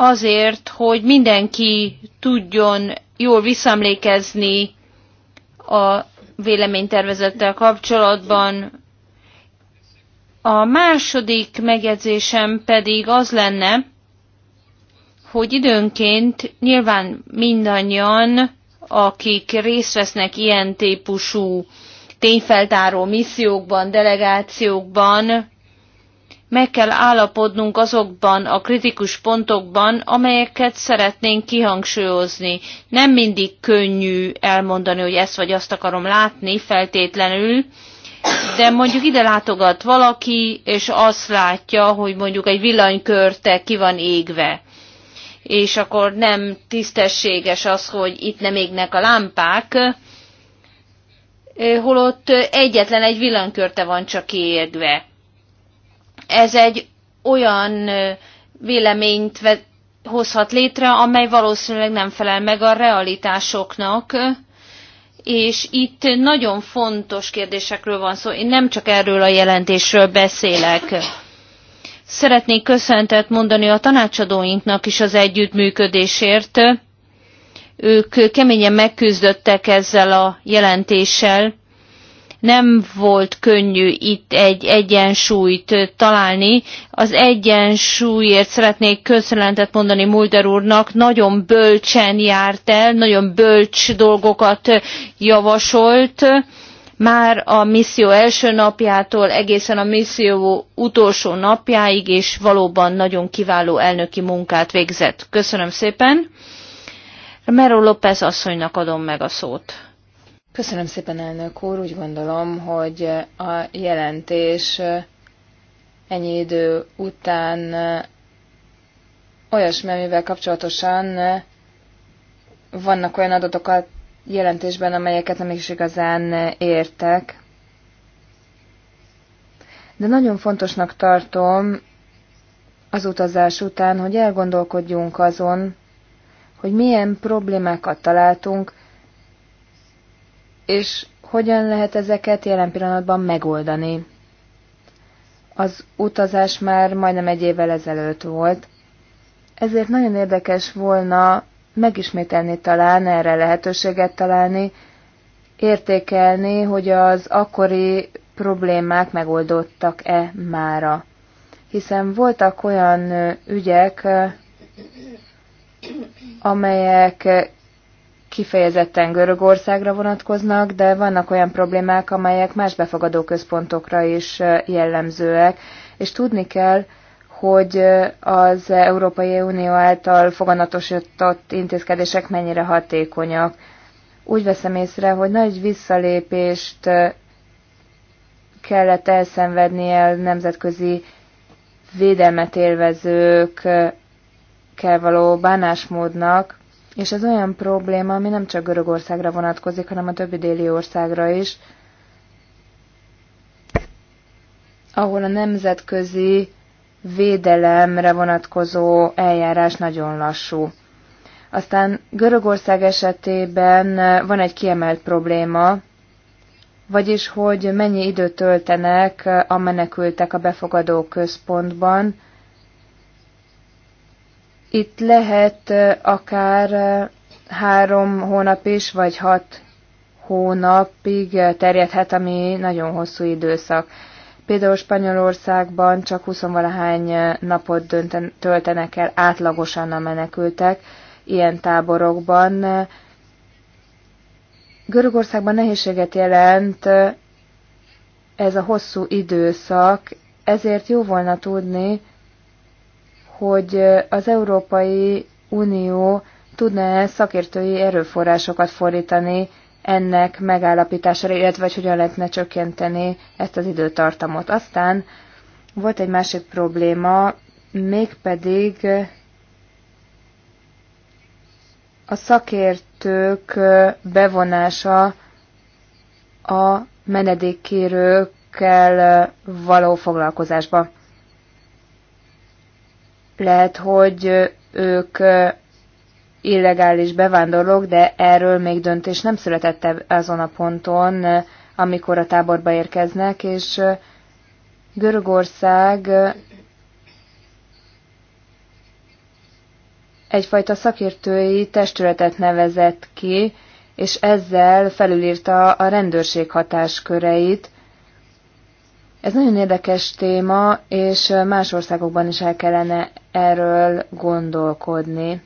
azért, hogy mindenki tudjon jól visszamlékezni a véleménytervezettel kapcsolatban. A második megjegyzésem pedig az lenne, hogy időnként nyilván mindannyian, akik részt vesznek ilyen típusú tényfeltáró missziókban, delegációkban, meg kell állapodnunk azokban a kritikus pontokban, amelyeket szeretnénk kihangsúlyozni. Nem mindig könnyű elmondani, hogy ezt vagy azt akarom látni feltétlenül, de mondjuk ide látogat valaki, és azt látja, hogy mondjuk egy villanykörte ki van égve és akkor nem tisztességes az, hogy itt nem égnek a lámpák, holott egyetlen egy villanykörte van csak kiégve ez egy olyan véleményt hozhat létre, amely valószínűleg nem felel meg a realitásoknak, és itt nagyon fontos kérdésekről van szó. Én nem csak erről a jelentésről beszélek. Szeretnék köszöntet mondani a tanácsadóinknak is az együttműködésért. Ők keményen megküzdöttek ezzel a jelentéssel, nem volt könnyű itt egy egyensúlyt találni. Az egyensúlyért szeretnék köszönetet mondani Mulder úrnak, nagyon bölcsen járt el, nagyon bölcs dolgokat javasolt már a misszió első napjától egészen a misszió utolsó napjáig, és valóban nagyon kiváló elnöki munkát végzett. Köszönöm szépen. Mero López asszonynak adom meg a szót. Köszönöm szépen, elnök úr. Úgy gondolom, hogy a jelentés ennyi idő után olyasmi, amivel kapcsolatosan vannak olyan adatok a jelentésben, amelyeket nem is igazán értek. De nagyon fontosnak tartom az utazás után, hogy elgondolkodjunk azon, hogy milyen problémákat találtunk, és hogyan lehet ezeket jelen pillanatban megoldani? Az utazás már majdnem egy évvel ezelőtt volt, ezért nagyon érdekes volna megismételni talán, erre lehetőséget találni, értékelni, hogy az akkori problémák megoldottak-e mára. Hiszen voltak olyan ügyek, amelyek kifejezetten Görögországra vonatkoznak, de vannak olyan problémák, amelyek más befogadó központokra is jellemzőek, és tudni kell, hogy az Európai Unió által foganatosított intézkedések mennyire hatékonyak. Úgy veszem észre, hogy nagy visszalépést kellett elszenvednie a nemzetközi védelmet élvezőkkel való bánásmódnak, és ez olyan probléma, ami nem csak Görögországra vonatkozik, hanem a többi déli országra is, ahol a nemzetközi védelemre vonatkozó eljárás nagyon lassú. Aztán Görögország esetében eh, van egy kiemelt probléma, vagyis hogy mennyi időt töltenek eh, a menekültek a befogadó központban, itt lehet akár három hónap is, vagy hat hónapig terjedhet, ami nagyon hosszú időszak. Például Spanyolországban csak 20-valahány napot dönten, töltenek el átlagosan a menekültek ilyen táborokban. Görögországban nehézséget jelent ez a hosszú időszak, ezért jó volna tudni, hogy az Európai Unió tudna-e szakértői erőforrásokat fordítani ennek megállapítására, illetve hogy hogyan lehetne csökkenteni ezt az időtartamot. Aztán volt egy másik probléma, mégpedig a szakértők bevonása a menedékkérőkkel való foglalkozásba. Lehet, hogy ők illegális bevándorlók, de erről még döntés nem született e- azon a ponton, amikor a táborba érkeznek, és Görögország egyfajta szakértői testületet nevezett ki, és ezzel felülírta a rendőrség hatásköreit, ez nagyon érdekes téma, és más országokban is el kellene erről gondolkodni.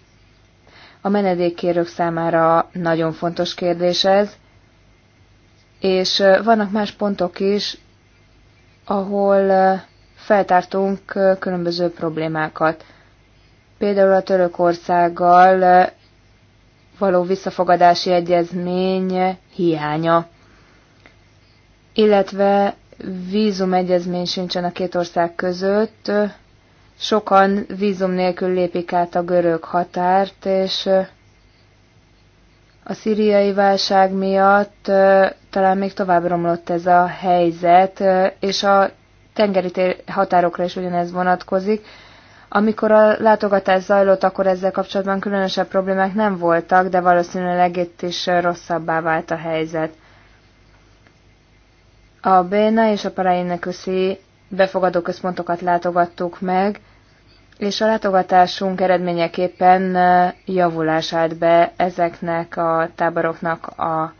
A menedékkérők számára nagyon fontos kérdés ez, és vannak más pontok is, ahol feltártunk különböző problémákat. Például a Törökországgal való visszafogadási egyezmény hiánya, illetve vízumegyezmény sincsen a két ország között. Sokan vízum nélkül lépik át a görög határt, és a szíriai válság miatt talán még tovább romlott ez a helyzet, és a tengeri határokra is ugyanez vonatkozik. Amikor a látogatás zajlott, akkor ezzel kapcsolatban különösebb problémák nem voltak, de valószínűleg itt is rosszabbá vált a helyzet. A Béna és a közé befogadó központokat látogattuk meg, és a látogatásunk eredményeképpen javulás állt be ezeknek a táboroknak a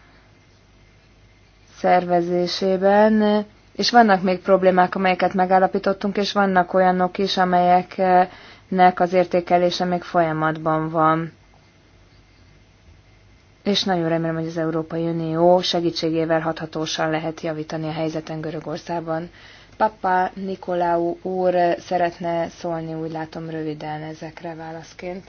szervezésében, és vannak még problémák, amelyeket megállapítottunk, és vannak olyanok is, amelyeknek az értékelése még folyamatban van és nagyon remélem, hogy az Európai Unió segítségével hathatósan lehet javítani a helyzeten Görögországban. Papa Nikolau úr szeretne szólni, úgy látom röviden ezekre válaszként.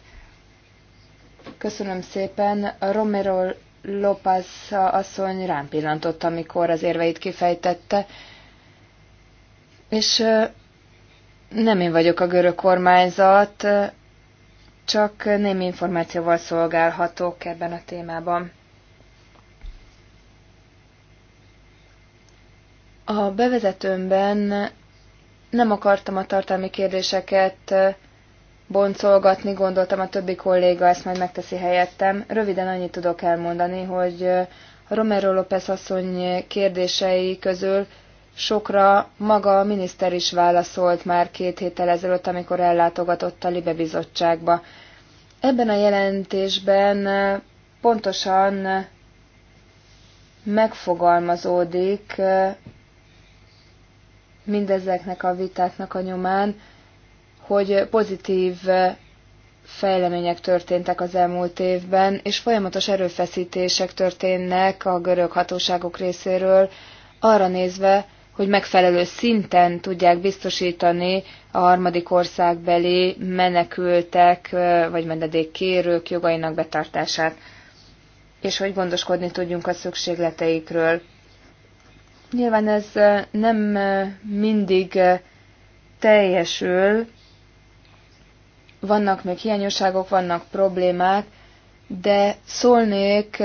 Köszönöm szépen. A Romero López asszony rám pillantott, amikor az érveit kifejtette, és nem én vagyok a görög kormányzat, csak némi információval szolgálhatok ebben a témában. A bevezetőmben nem akartam a tartalmi kérdéseket boncolgatni, gondoltam a többi kolléga ezt majd megteszi helyettem. Röviden annyit tudok elmondani, hogy Romero López asszony kérdései közül Sokra maga a miniszter is válaszolt már két héttel ezelőtt, amikor ellátogatott a Libe bizottságba. Ebben a jelentésben eh, pontosan eh, megfogalmazódik eh, mindezeknek a vitáknak a nyomán, hogy pozitív fejlemények történtek az elmúlt évben, és folyamatos erőfeszítések történnek a görög hatóságok részéről, arra nézve, hogy megfelelő szinten tudják biztosítani a harmadik országbeli menekültek vagy menedékkérők jogainak betartását, és hogy gondoskodni tudjunk a szükségleteikről. Nyilván ez nem mindig teljesül, vannak még hiányosságok, vannak problémák, de szólnék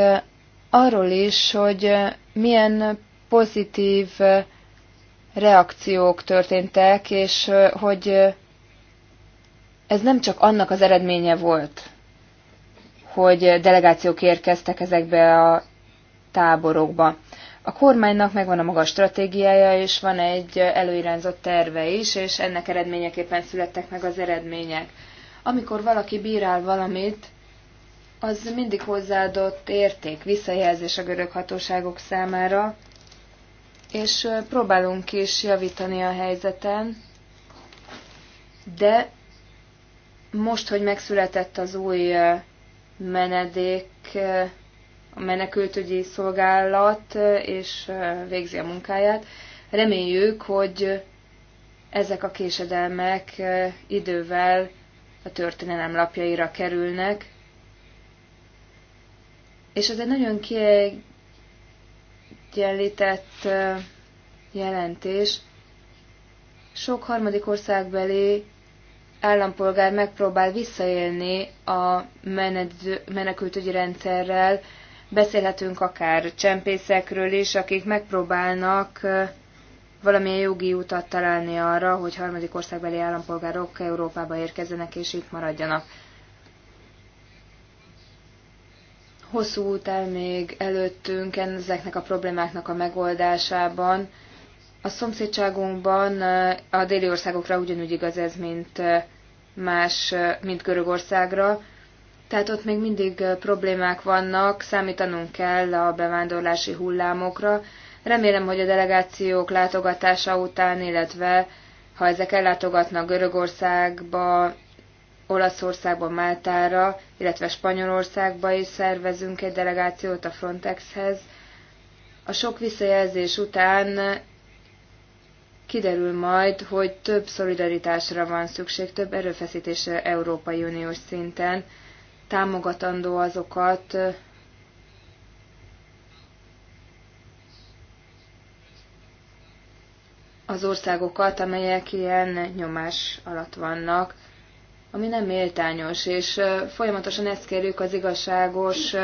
arról is, hogy milyen pozitív uh, reakciók történtek, és hogy ez nem csak annak az eredménye volt, hogy delegációk érkeztek ezekbe a táborokba. A kormánynak megvan a maga stratégiája, és van egy előirányzott terve is, és ennek eredményeképpen születtek meg az eredmények. Amikor valaki bírál valamit, az mindig hozzáadott érték, visszajelzés a görög hatóságok számára, és próbálunk is javítani a helyzeten, de most, hogy megszületett az új menedék, a menekültügyi szolgálat, és végzi a munkáját, reméljük, hogy ezek a késedelmek idővel a történelem lapjaira kerülnek, és ez egy nagyon kiegyenlített jelentés. Sok harmadik országbeli állampolgár megpróbál visszaélni a menekültügyi rendszerrel. Beszélhetünk akár csempészekről is, akik megpróbálnak valamilyen jogi utat találni arra, hogy harmadik országbeli állampolgárok Európába érkezzenek és itt maradjanak. hosszú út el még előttünk ezeknek a problémáknak a megoldásában. A szomszédságunkban eh, a déli országokra ugyanúgy igaz ez, mint eh, más, eh, mint Görögországra. Tehát ott még mindig problémák vannak, számítanunk kell a bevándorlási hullámokra. Remélem, hogy a delegációk látogatása után, illetve ha ezek ellátogatnak Görögországba, Olaszországba, Máltára, illetve Spanyolországba is szervezünk egy delegációt a Frontexhez. A sok visszajelzés után kiderül majd, hogy több szolidaritásra van szükség, több erőfeszítésre Európai Uniós szinten. Támogatandó azokat, az országokat, amelyek ilyen nyomás alatt vannak ami nem méltányos, és folyamatosan ezt kérjük az igazságos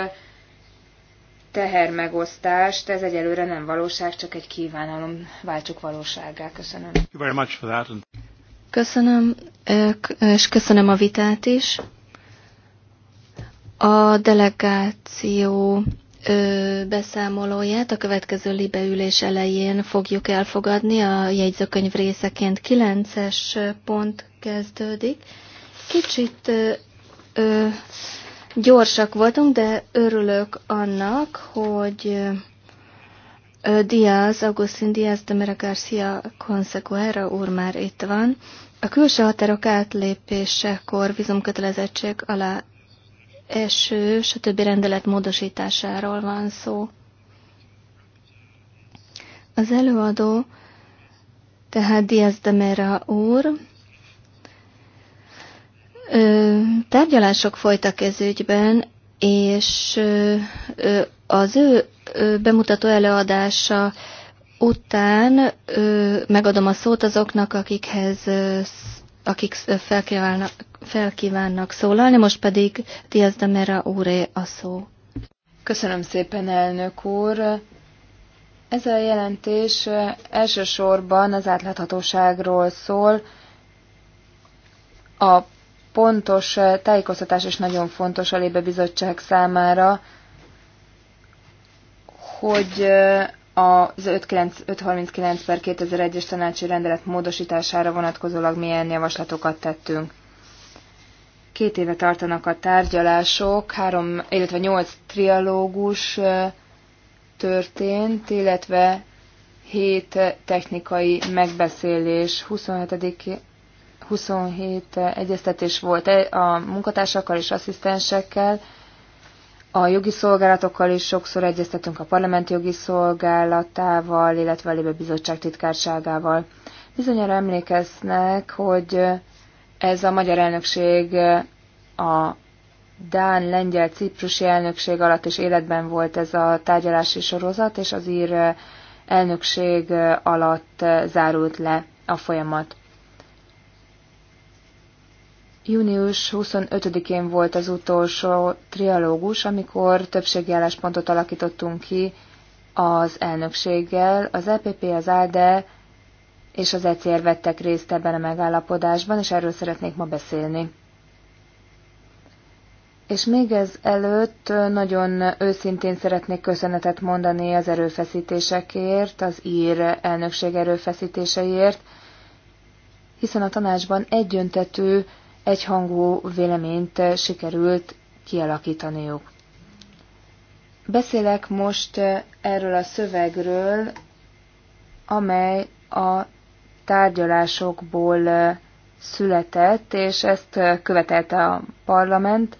tehermegosztást, ez egyelőre nem valóság, csak egy kívánalom, váltsuk valósággá. Köszönöm. Köszönöm, és köszönöm a vitát is. A delegáció beszámolóját a következő libeülés elején fogjuk elfogadni. A jegyzőkönyv részeként 9-es pont kezdődik. Kicsit ö, gyorsak voltunk, de örülök annak, hogy ö, Diaz, Augustin Diaz de Mera Garcia Consecuera úr már itt van. A külső határok átlépésekor vizumkötelezettség alá eső, stb. rendelet módosításáról van szó. Az előadó, tehát Diaz de Mera úr, Ö, tárgyalások folytak ez ügyben, és ö, az ő ö, bemutató előadása után ö, megadom a szót azoknak, akikhez, ö, akik felkívánnak, felkívánnak szólalni, most pedig Diaz de Mera úré a szó. Köszönöm szépen, elnök úr! Ez a jelentés elsősorban az átláthatóságról szól, a pontos eh, tájékoztatás is nagyon fontos a Lébe Bizottság számára, hogy eh, az 539 per 2001-es tanácsi rendelet módosítására vonatkozólag milyen javaslatokat tettünk. Két éve tartanak a tárgyalások, három, illetve nyolc trialógus eh, történt, illetve hét technikai megbeszélés 27 27 egyeztetés volt e- a munkatársakkal és asszisztensekkel, a jogi szolgálatokkal is sokszor egyeztetünk a parlament jogi szolgálatával, illetve a Lébe Bizottság titkárságával. Bizonyára emlékeznek, hogy ez a magyar elnökség a Dán, Lengyel, Ciprusi elnökség alatt is életben volt ez a tárgyalási sorozat, és az ír elnökség alatt zárult le a folyamat. Június 25-én volt az utolsó trialógus, amikor többségi álláspontot alakítottunk ki az elnökséggel. Az EPP, az ALDE és az ECR vettek részt ebben a megállapodásban, és erről szeretnék ma beszélni. És még ez előtt nagyon őszintén szeretnék köszönetet mondani az erőfeszítésekért, az ír elnökség erőfeszítéseiért, hiszen a tanácsban egyöntetű egyhangú véleményt sikerült kialakítaniuk. Beszélek most erről a szövegről, amely a tárgyalásokból született, és ezt követelte a parlament.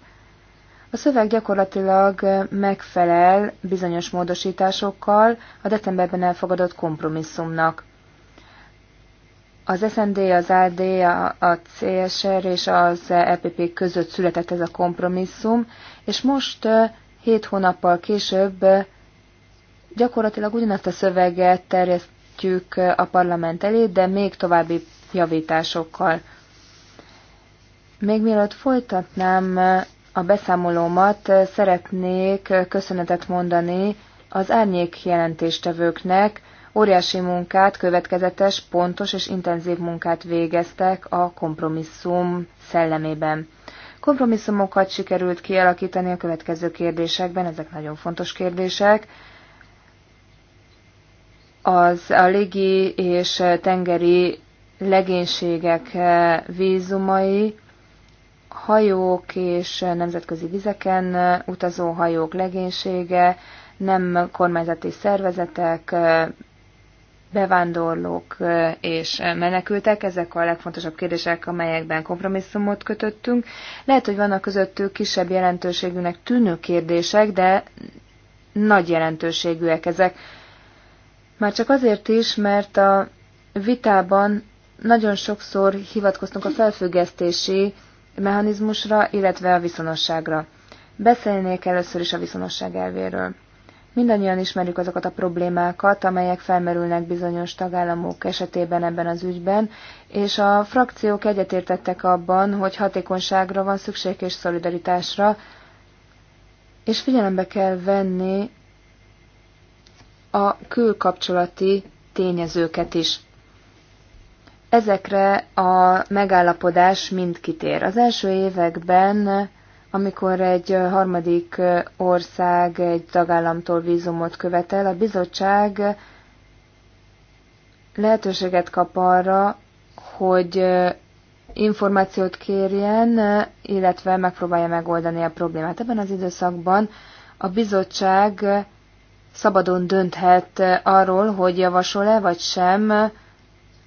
A szöveg gyakorlatilag megfelel bizonyos módosításokkal a decemberben elfogadott kompromisszumnak. Az SND, az AD, a CSR és az EPP között született ez a kompromisszum, és most hét hónappal később gyakorlatilag ugyanazt a szöveget terjesztjük a parlament elé, de még további javításokkal. Még mielőtt folytatnám a beszámolómat, szeretnék köszönetet mondani az árnyék jelentéstevőknek, Óriási munkát, következetes, pontos és intenzív munkát végeztek a kompromisszum szellemében. Kompromisszumokat sikerült kialakítani a következő kérdésekben, ezek nagyon fontos kérdések. Az a légi és tengeri legénységek vízumai, hajók és nemzetközi vizeken utazó hajók legénysége, nem kormányzati szervezetek, bevándorlók és menekültek, ezek a legfontosabb kérdések, amelyekben kompromisszumot kötöttünk. Lehet, hogy vannak közöttük kisebb jelentőségűnek tűnő kérdések, de nagy jelentőségűek ezek. Már csak azért is, mert a vitában nagyon sokszor hivatkoztunk a felfüggesztési mechanizmusra, illetve a viszonosságra. Beszélnék először is a viszonosság elvéről. Mindannyian ismerjük azokat a problémákat, amelyek felmerülnek bizonyos tagállamok esetében ebben az ügyben, és a frakciók egyetértettek abban, hogy hatékonyságra van szükség és szolidaritásra, és figyelembe kell venni a külkapcsolati tényezőket is. Ezekre a megállapodás mind kitér. Az első években amikor egy harmadik ország egy tagállamtól vízumot követel, a bizottság lehetőséget kap arra, hogy információt kérjen, illetve megpróbálja megoldani a problémát. Ebben az időszakban a bizottság szabadon dönthet arról, hogy javasol-e vagy sem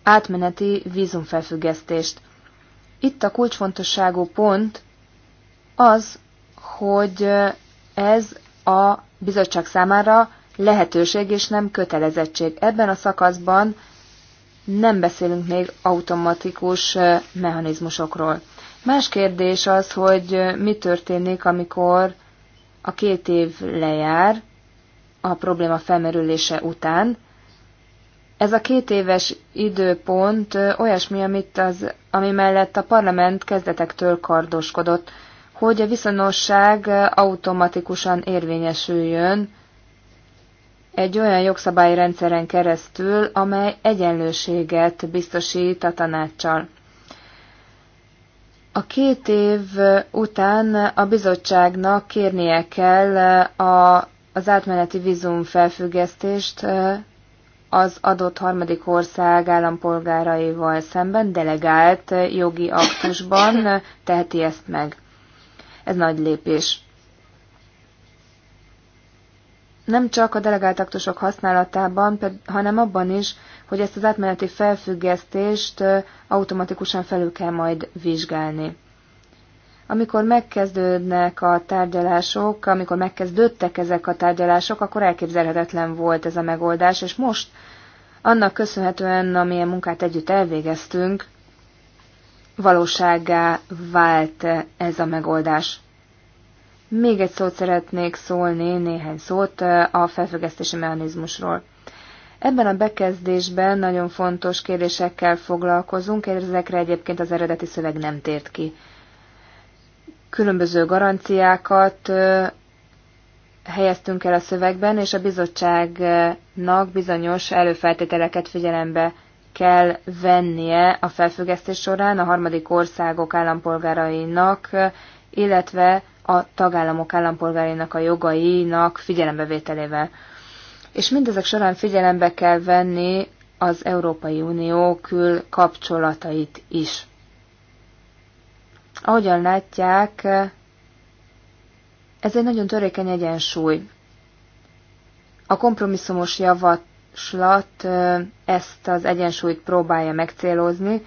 átmeneti vízumfelfüggesztést. Itt a kulcsfontosságú pont, az, hogy ez a bizottság számára lehetőség és nem kötelezettség. Ebben a szakaszban nem beszélünk még automatikus mechanizmusokról. Más kérdés az, hogy mi történik, amikor a két év lejár a probléma felmerülése után. Ez a két éves időpont olyasmi, amit az, ami mellett a parlament kezdetektől kardoskodott hogy a viszonosság automatikusan érvényesüljön egy olyan jogszabályrendszeren keresztül, amely egyenlőséget biztosít a tanácssal. A két év után a bizottságnak kérnie kell a, az átmeneti vízum felfüggesztést az adott harmadik ország állampolgáraival szemben delegált jogi aktusban teheti ezt meg. Ez nagy lépés. Nem csak a delegált aktusok használatában, hanem abban is, hogy ezt az átmeneti felfüggesztést automatikusan felül kell majd vizsgálni. Amikor megkezdődnek a tárgyalások, amikor megkezdődtek ezek a tárgyalások, akkor elképzelhetetlen volt ez a megoldás, és most annak köszönhetően, amilyen munkát együtt elvégeztünk, valóságá vált ez a megoldás. Még egy szót szeretnék szólni, néhány szót a felfüggesztési mechanizmusról. Ebben a bekezdésben nagyon fontos kérdésekkel foglalkozunk, ezekre egyébként az eredeti szöveg nem tért ki. Különböző garanciákat helyeztünk el a szövegben, és a bizottságnak bizonyos előfeltételeket figyelembe kell vennie a felfüggesztés során a harmadik országok állampolgárainak, illetve a tagállamok állampolgárainak a jogainak figyelembevételével. És mindezek során figyelembe kell venni az Európai Unió kül kapcsolatait is. Ahogyan látják, ez egy nagyon törékeny egyensúly. A kompromisszumos javat, javaslat ezt az egyensúlyt próbálja megcélozni,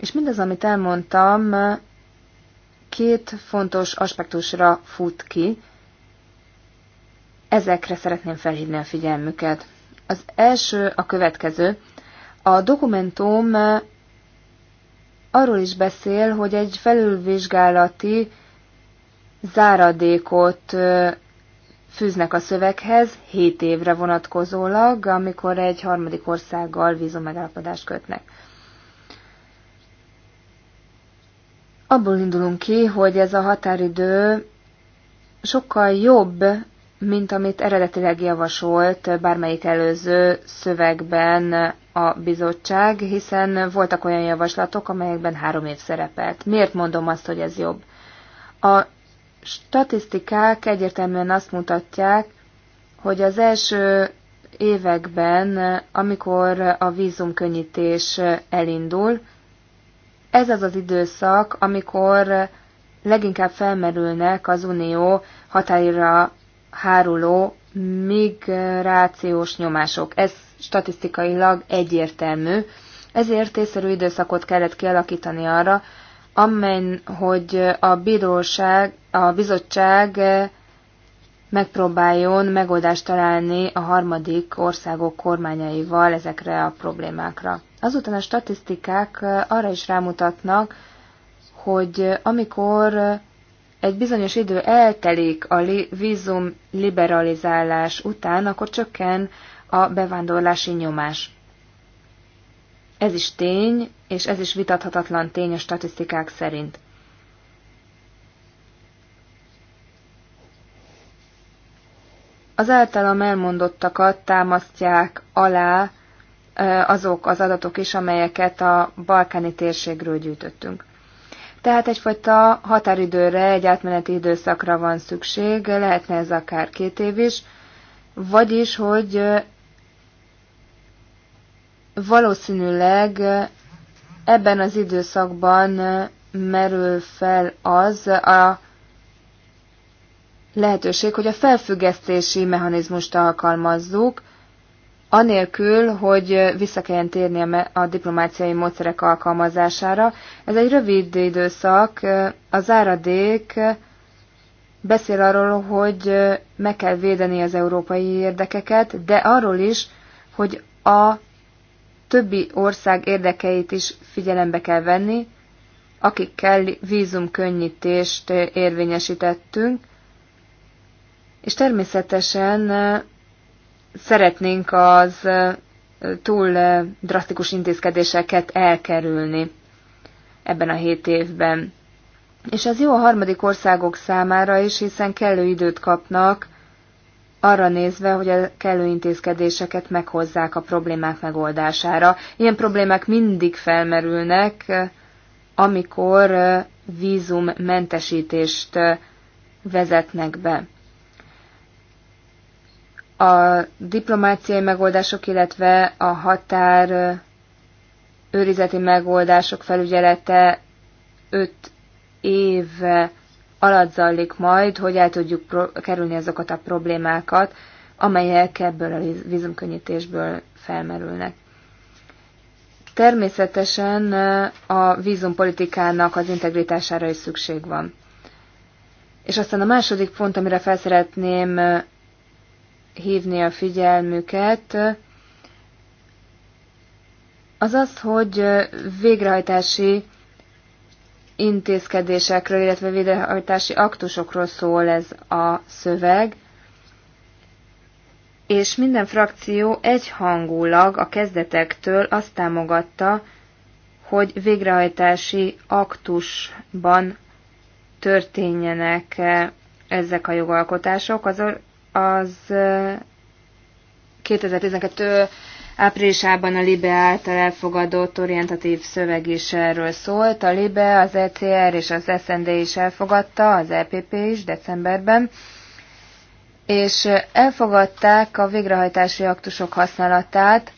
és mindaz, amit elmondtam, két fontos aspektusra fut ki. Ezekre szeretném felhívni a figyelmüket. Az első a következő. A dokumentum arról is beszél, hogy egy felülvizsgálati záradékot fűznek a szöveghez 7 évre vonatkozólag, amikor egy harmadik országgal vízumegállapodást kötnek. Abból indulunk ki, hogy ez a határidő sokkal jobb, mint amit eredetileg javasolt bármelyik előző szövegben a bizottság, hiszen voltak olyan javaslatok, amelyekben három év szerepelt. Miért mondom azt, hogy ez jobb? A statisztikák egyértelműen azt mutatják, hogy az első években, amikor a vízumkönnyítés elindul, ez az az időszak, amikor leginkább felmerülnek az unió hatáira háruló migrációs nyomások. Ez statisztikailag egyértelmű, ezért észszerű időszakot kellett kialakítani arra, amen, hogy a bíróság, a bizottság megpróbáljon megoldást találni a harmadik országok kormányaival ezekre a problémákra. Azután a statisztikák arra is rámutatnak, hogy amikor egy bizonyos idő eltelik a vízum liberalizálás után, akkor csökken a bevándorlási nyomás. Ez is tény, és ez is vitathatatlan tény a statisztikák szerint. Az általam elmondottakat támasztják alá azok az adatok is, amelyeket a balkáni térségről gyűjtöttünk. Tehát egyfajta határidőre, egy átmeneti időszakra van szükség, lehetne ez akár két év is, vagyis, hogy valószínűleg ebben az időszakban merül fel az a lehetőség, hogy a felfüggesztési mechanizmust alkalmazzuk, anélkül, hogy vissza kelljen térni a diplomáciai módszerek alkalmazására. Ez egy rövid időszak, az áradék beszél arról, hogy meg kell védeni az európai érdekeket, de arról is, hogy a többi ország érdekeit is figyelembe kell venni, akikkel vízumkönnyítést érvényesítettünk, és természetesen szeretnénk az túl drasztikus intézkedéseket elkerülni ebben a hét évben. És ez jó a harmadik országok számára is, hiszen kellő időt kapnak arra nézve, hogy a kellő intézkedéseket meghozzák a problémák megoldására. Ilyen problémák mindig felmerülnek, eh, amikor eh, vízummentesítést eh, vezetnek be. A diplomáciai megoldások, illetve a határ őrizeti megoldások felügyelete 5 év alatt zajlik majd, hogy el tudjuk kerülni azokat a problémákat, amelyek ebből a vízumkönnyítésből felmerülnek. Természetesen eh, a vízumpolitikának az integritására is szükség van. És aztán a második pont, amire felszeretném eh, hívni a figyelmüket, eh, az az, hogy végrehajtási intézkedésekről, illetve védelhajtási aktusokról szól ez a szöveg, és minden frakció egyhangulag a kezdetektől azt támogatta, hogy végrehajtási aktusban történjenek ezek a jogalkotások. Az, az 2012. Áprilisában a LIBE által elfogadott orientatív szöveg is erről szólt. A LIBE, az ECR és az SND is elfogadta, az EPP is decemberben, és elfogadták a végrehajtási aktusok használatát,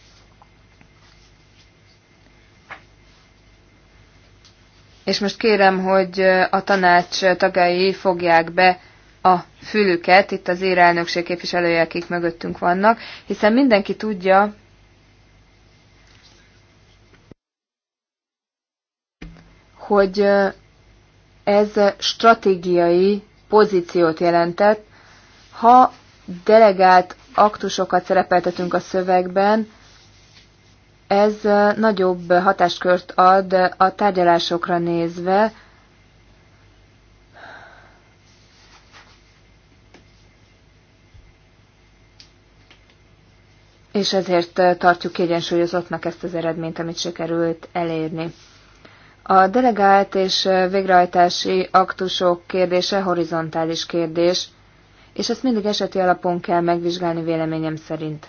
és most kérem, hogy a tanács tagjai fogják be a fülüket, itt az írelnökség képviselője, akik mögöttünk vannak, hiszen mindenki tudja, hogy ez stratégiai pozíciót jelentett. Ha delegált aktusokat szerepeltetünk a szövegben, ez nagyobb hatáskört ad a tárgyalásokra nézve, és ezért tartjuk kiegyensúlyozottnak ezt az eredményt, amit sikerült elérni. A delegált és végrehajtási aktusok kérdése horizontális kérdés, és ezt mindig eseti alapon kell megvizsgálni véleményem szerint.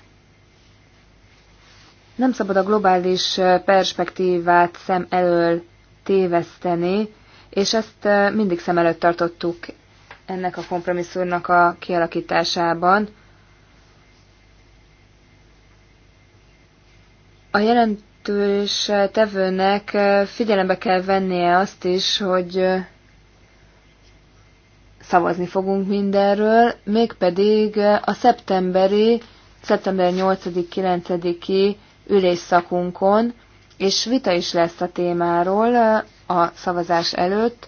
Nem szabad a globális perspektívát szem elől téveszteni, és ezt mindig szem előtt tartottuk ennek a kompromisszumnak a kialakításában. A jelent és tevőnek eh, figyelembe kell vennie azt is, hogy eh, szavazni fogunk mindenről, mégpedig eh, a szeptemberi, szeptember 8-9-i ülésszakunkon, és vita is lesz a témáról a szavazás előtt.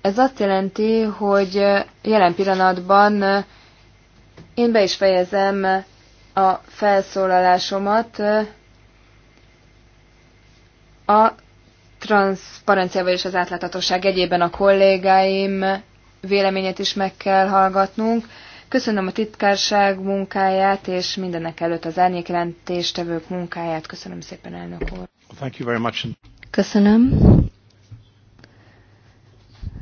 Ez azt jelenti, hogy jelen pillanatban én be is fejezem a felszólalásomat, a transzparenciával és az átláthatóság egyében a kollégáim véleményét is meg kell hallgatnunk. Köszönöm a titkárság munkáját, és mindenek előtt az árnyékjelentéstevők munkáját. Köszönöm szépen, elnök úr. Thank you very much. Köszönöm.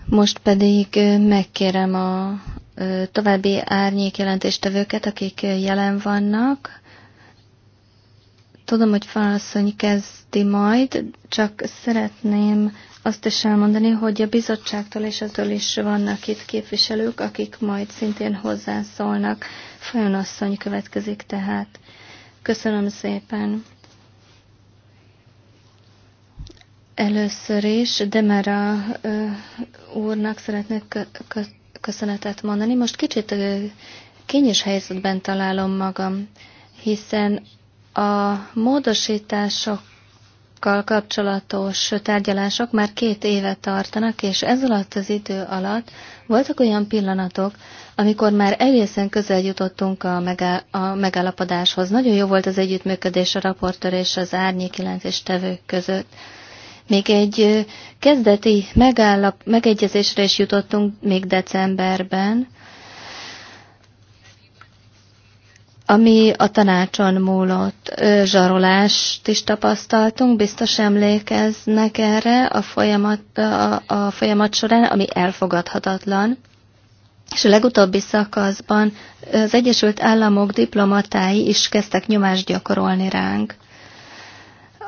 Most pedig megkérem a további árnyékjelentéstevőket, akik jelen vannak. Tudom, hogy falasszony kezdi majd, csak szeretném azt is elmondani, hogy a bizottságtól és aztól is vannak itt képviselők, akik majd szintén hozzászólnak. Fajon következik tehát. Köszönöm szépen. Először is Demera úrnak szeretnék köszönetet mondani. Most kicsit kényes helyzetben találom magam, hiszen a módosításokkal kapcsolatos tárgyalások már két éve tartanak, és ez alatt az idő alatt voltak olyan pillanatok, amikor már egészen közel jutottunk a, megá a megállapodáshoz. Nagyon jó volt az együttműködés a raportőr és az és tevők között. Még egy kezdeti megállap, megegyezésre is jutottunk még decemberben, ami a tanácson múlott zsarolást is tapasztaltunk, biztos emlékeznek erre a folyamat, a, a folyamat során, ami elfogadhatatlan. És a legutóbbi szakaszban az Egyesült Államok diplomatái is kezdtek nyomást gyakorolni ránk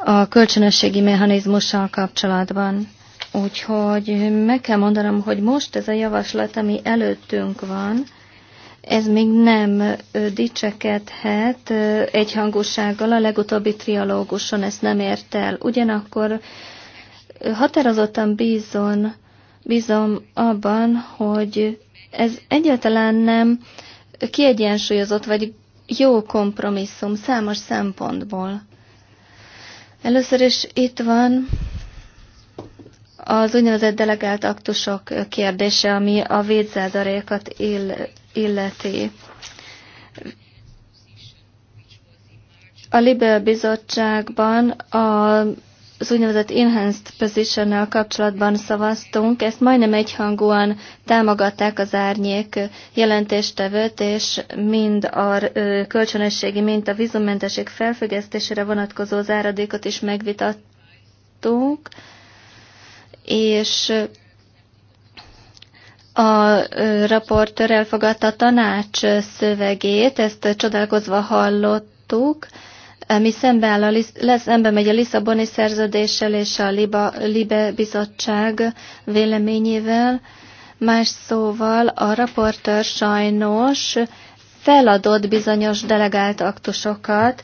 a kölcsönösségi mechanizmussal kapcsolatban. Úgyhogy meg kell mondanom, hogy most ez a javaslat, ami előttünk van, ez még nem dicsekedhet egyhangossággal, a legutóbbi trialóguson ezt nem ért el. Ugyanakkor határozottan bízom, bízom abban, hogy ez egyáltalán nem kiegyensúlyozott, vagy jó kompromisszum számos szempontból. Először is itt van az úgynevezett delegált aktusok kérdése, ami a védzázarékat ill, illeti. A Libel Bizottságban a az úgynevezett Enhanced Position-nel kapcsolatban szavaztunk, ezt majdnem egyhangúan támogatták az árnyék jelentéstevőt, és mind a kölcsönösségi, mind a vízummentesség felfüggesztésére vonatkozó záradékot is megvitattuk, és a raportőr elfogadta a tanács szövegét, ezt csodálkozva hallottuk, ami e, szembe, áll a, lesz, szembe megy a Lisszaboni szerződéssel és a Liba, Libe bizottság véleményével. Más szóval a raportőr sajnos feladott bizonyos delegált aktusokat,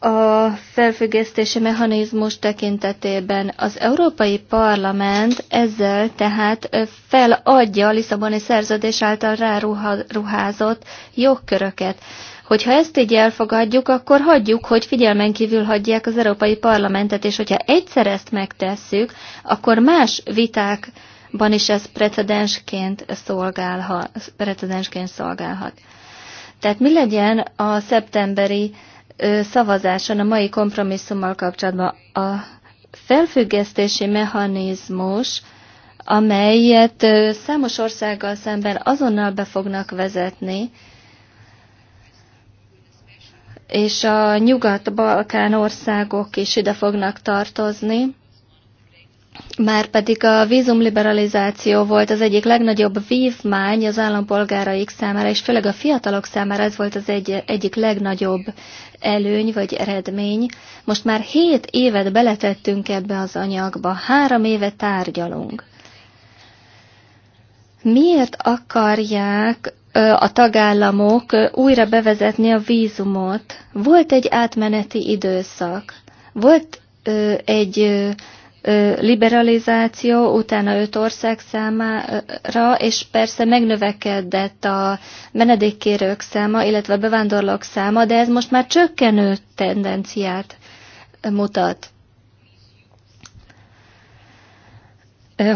a felfüggesztési mechanizmus tekintetében. Az Európai Parlament ezzel tehát feladja a Lisszaboni szerződés által ráruházott jogköröket. Hogyha ezt így elfogadjuk, akkor hagyjuk, hogy figyelmen kívül hagyják az Európai Parlamentet, és hogyha egyszer ezt megtesszük, akkor más vitákban is ez precedensként szolgálhat. Precedensként szolgálhat. Tehát mi legyen a szeptemberi szavazáson a mai kompromisszummal kapcsolatban a felfüggesztési mechanizmus, amelyet számos országgal szemben azonnal be fognak vezetni, és a nyugat-balkán országok is ide fognak tartozni már pedig a vízumliberalizáció volt az egyik legnagyobb vívmány az állampolgáraik számára, és főleg a fiatalok számára ez volt az egy, egyik legnagyobb előny vagy eredmény. Most már hét évet beletettünk ebbe az anyagba, három éve tárgyalunk. Miért akarják a tagállamok újra bevezetni a vízumot? Volt egy átmeneti időszak, volt egy liberalizáció, utána öt ország számára, és persze megnövekedett a menedékkérők száma, illetve a bevándorlók száma, de ez most már csökkenő tendenciát mutat.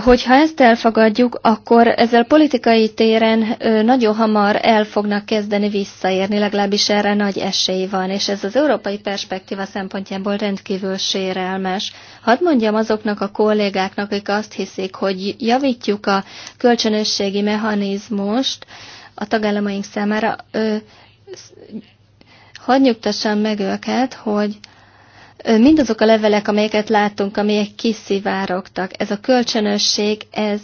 Hogyha ezt elfogadjuk, akkor ezzel politikai téren nagyon hamar el fognak kezdeni visszaérni, legalábbis erre nagy esély van, és ez az európai perspektíva szempontjából rendkívül sérelmes. Hadd mondjam azoknak a kollégáknak, akik azt hiszik, hogy javítjuk a kölcsönösségi mechanizmust a tagállamaink számára, hadd nyugtassam meg őket, hogy mindazok a levelek, amelyeket láttunk, amelyek kiszivárogtak, ez a kölcsönösség, ez,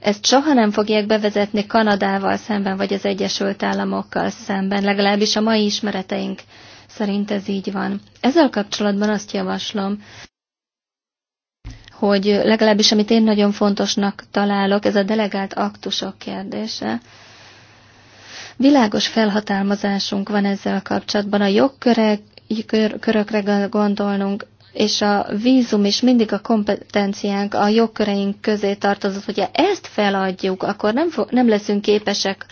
ez soha nem fogják bevezetni Kanadával szemben, vagy az Egyesült Államokkal szemben, legalábbis a mai ismereteink szerint ez így van. Ezzel kapcsolatban azt javaslom, hogy legalábbis amit én nagyon fontosnak találok, ez a delegált aktusok kérdése. Világos felhatalmazásunk van ezzel kapcsolatban. A jogkörek, körökre gondolnunk, és a vízum is mindig a kompetenciánk, a jogköreink közé tartozott, hogyha ezt feladjuk, akkor nem, fog, nem leszünk képesek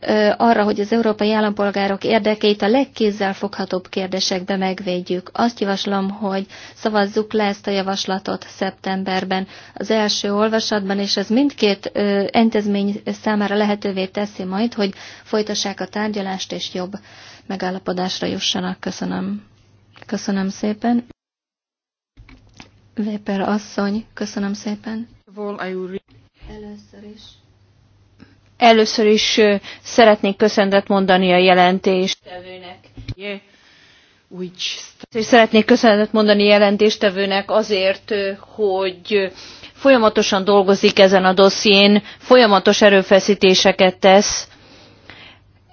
ö, arra, hogy az európai állampolgárok érdekeit a foghatóbb kérdésekbe megvédjük. Azt javaslom, hogy szavazzuk le ezt a javaslatot szeptemberben az első olvasatban, és ez mindkét ö, intézmény számára lehetővé teszi majd, hogy folytassák a tárgyalást és jobb megállapodásra jussanak. Köszönöm. Köszönöm szépen. Véper asszony, köszönöm szépen. Először is. Először is szeretnék köszöntet mondani a jelentéstevőnek. Yeah. És szeretnék köszönetet mondani jelentéstevőnek azért, hogy folyamatosan dolgozik ezen a dosszién, folyamatos erőfeszítéseket tesz,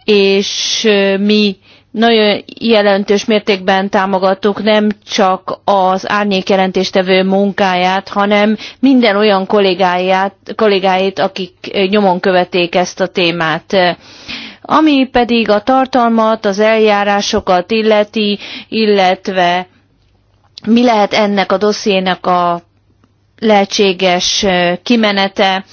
és mi nagyon jelentős mértékben támogattuk nem csak az árnyék jelentéstevő munkáját, hanem minden olyan kollégáját, kollégáit, akik nyomon követték ezt a témát. Ami pedig a tartalmat, az eljárásokat illeti, illetve mi lehet ennek a dossziének a lehetséges kimenete,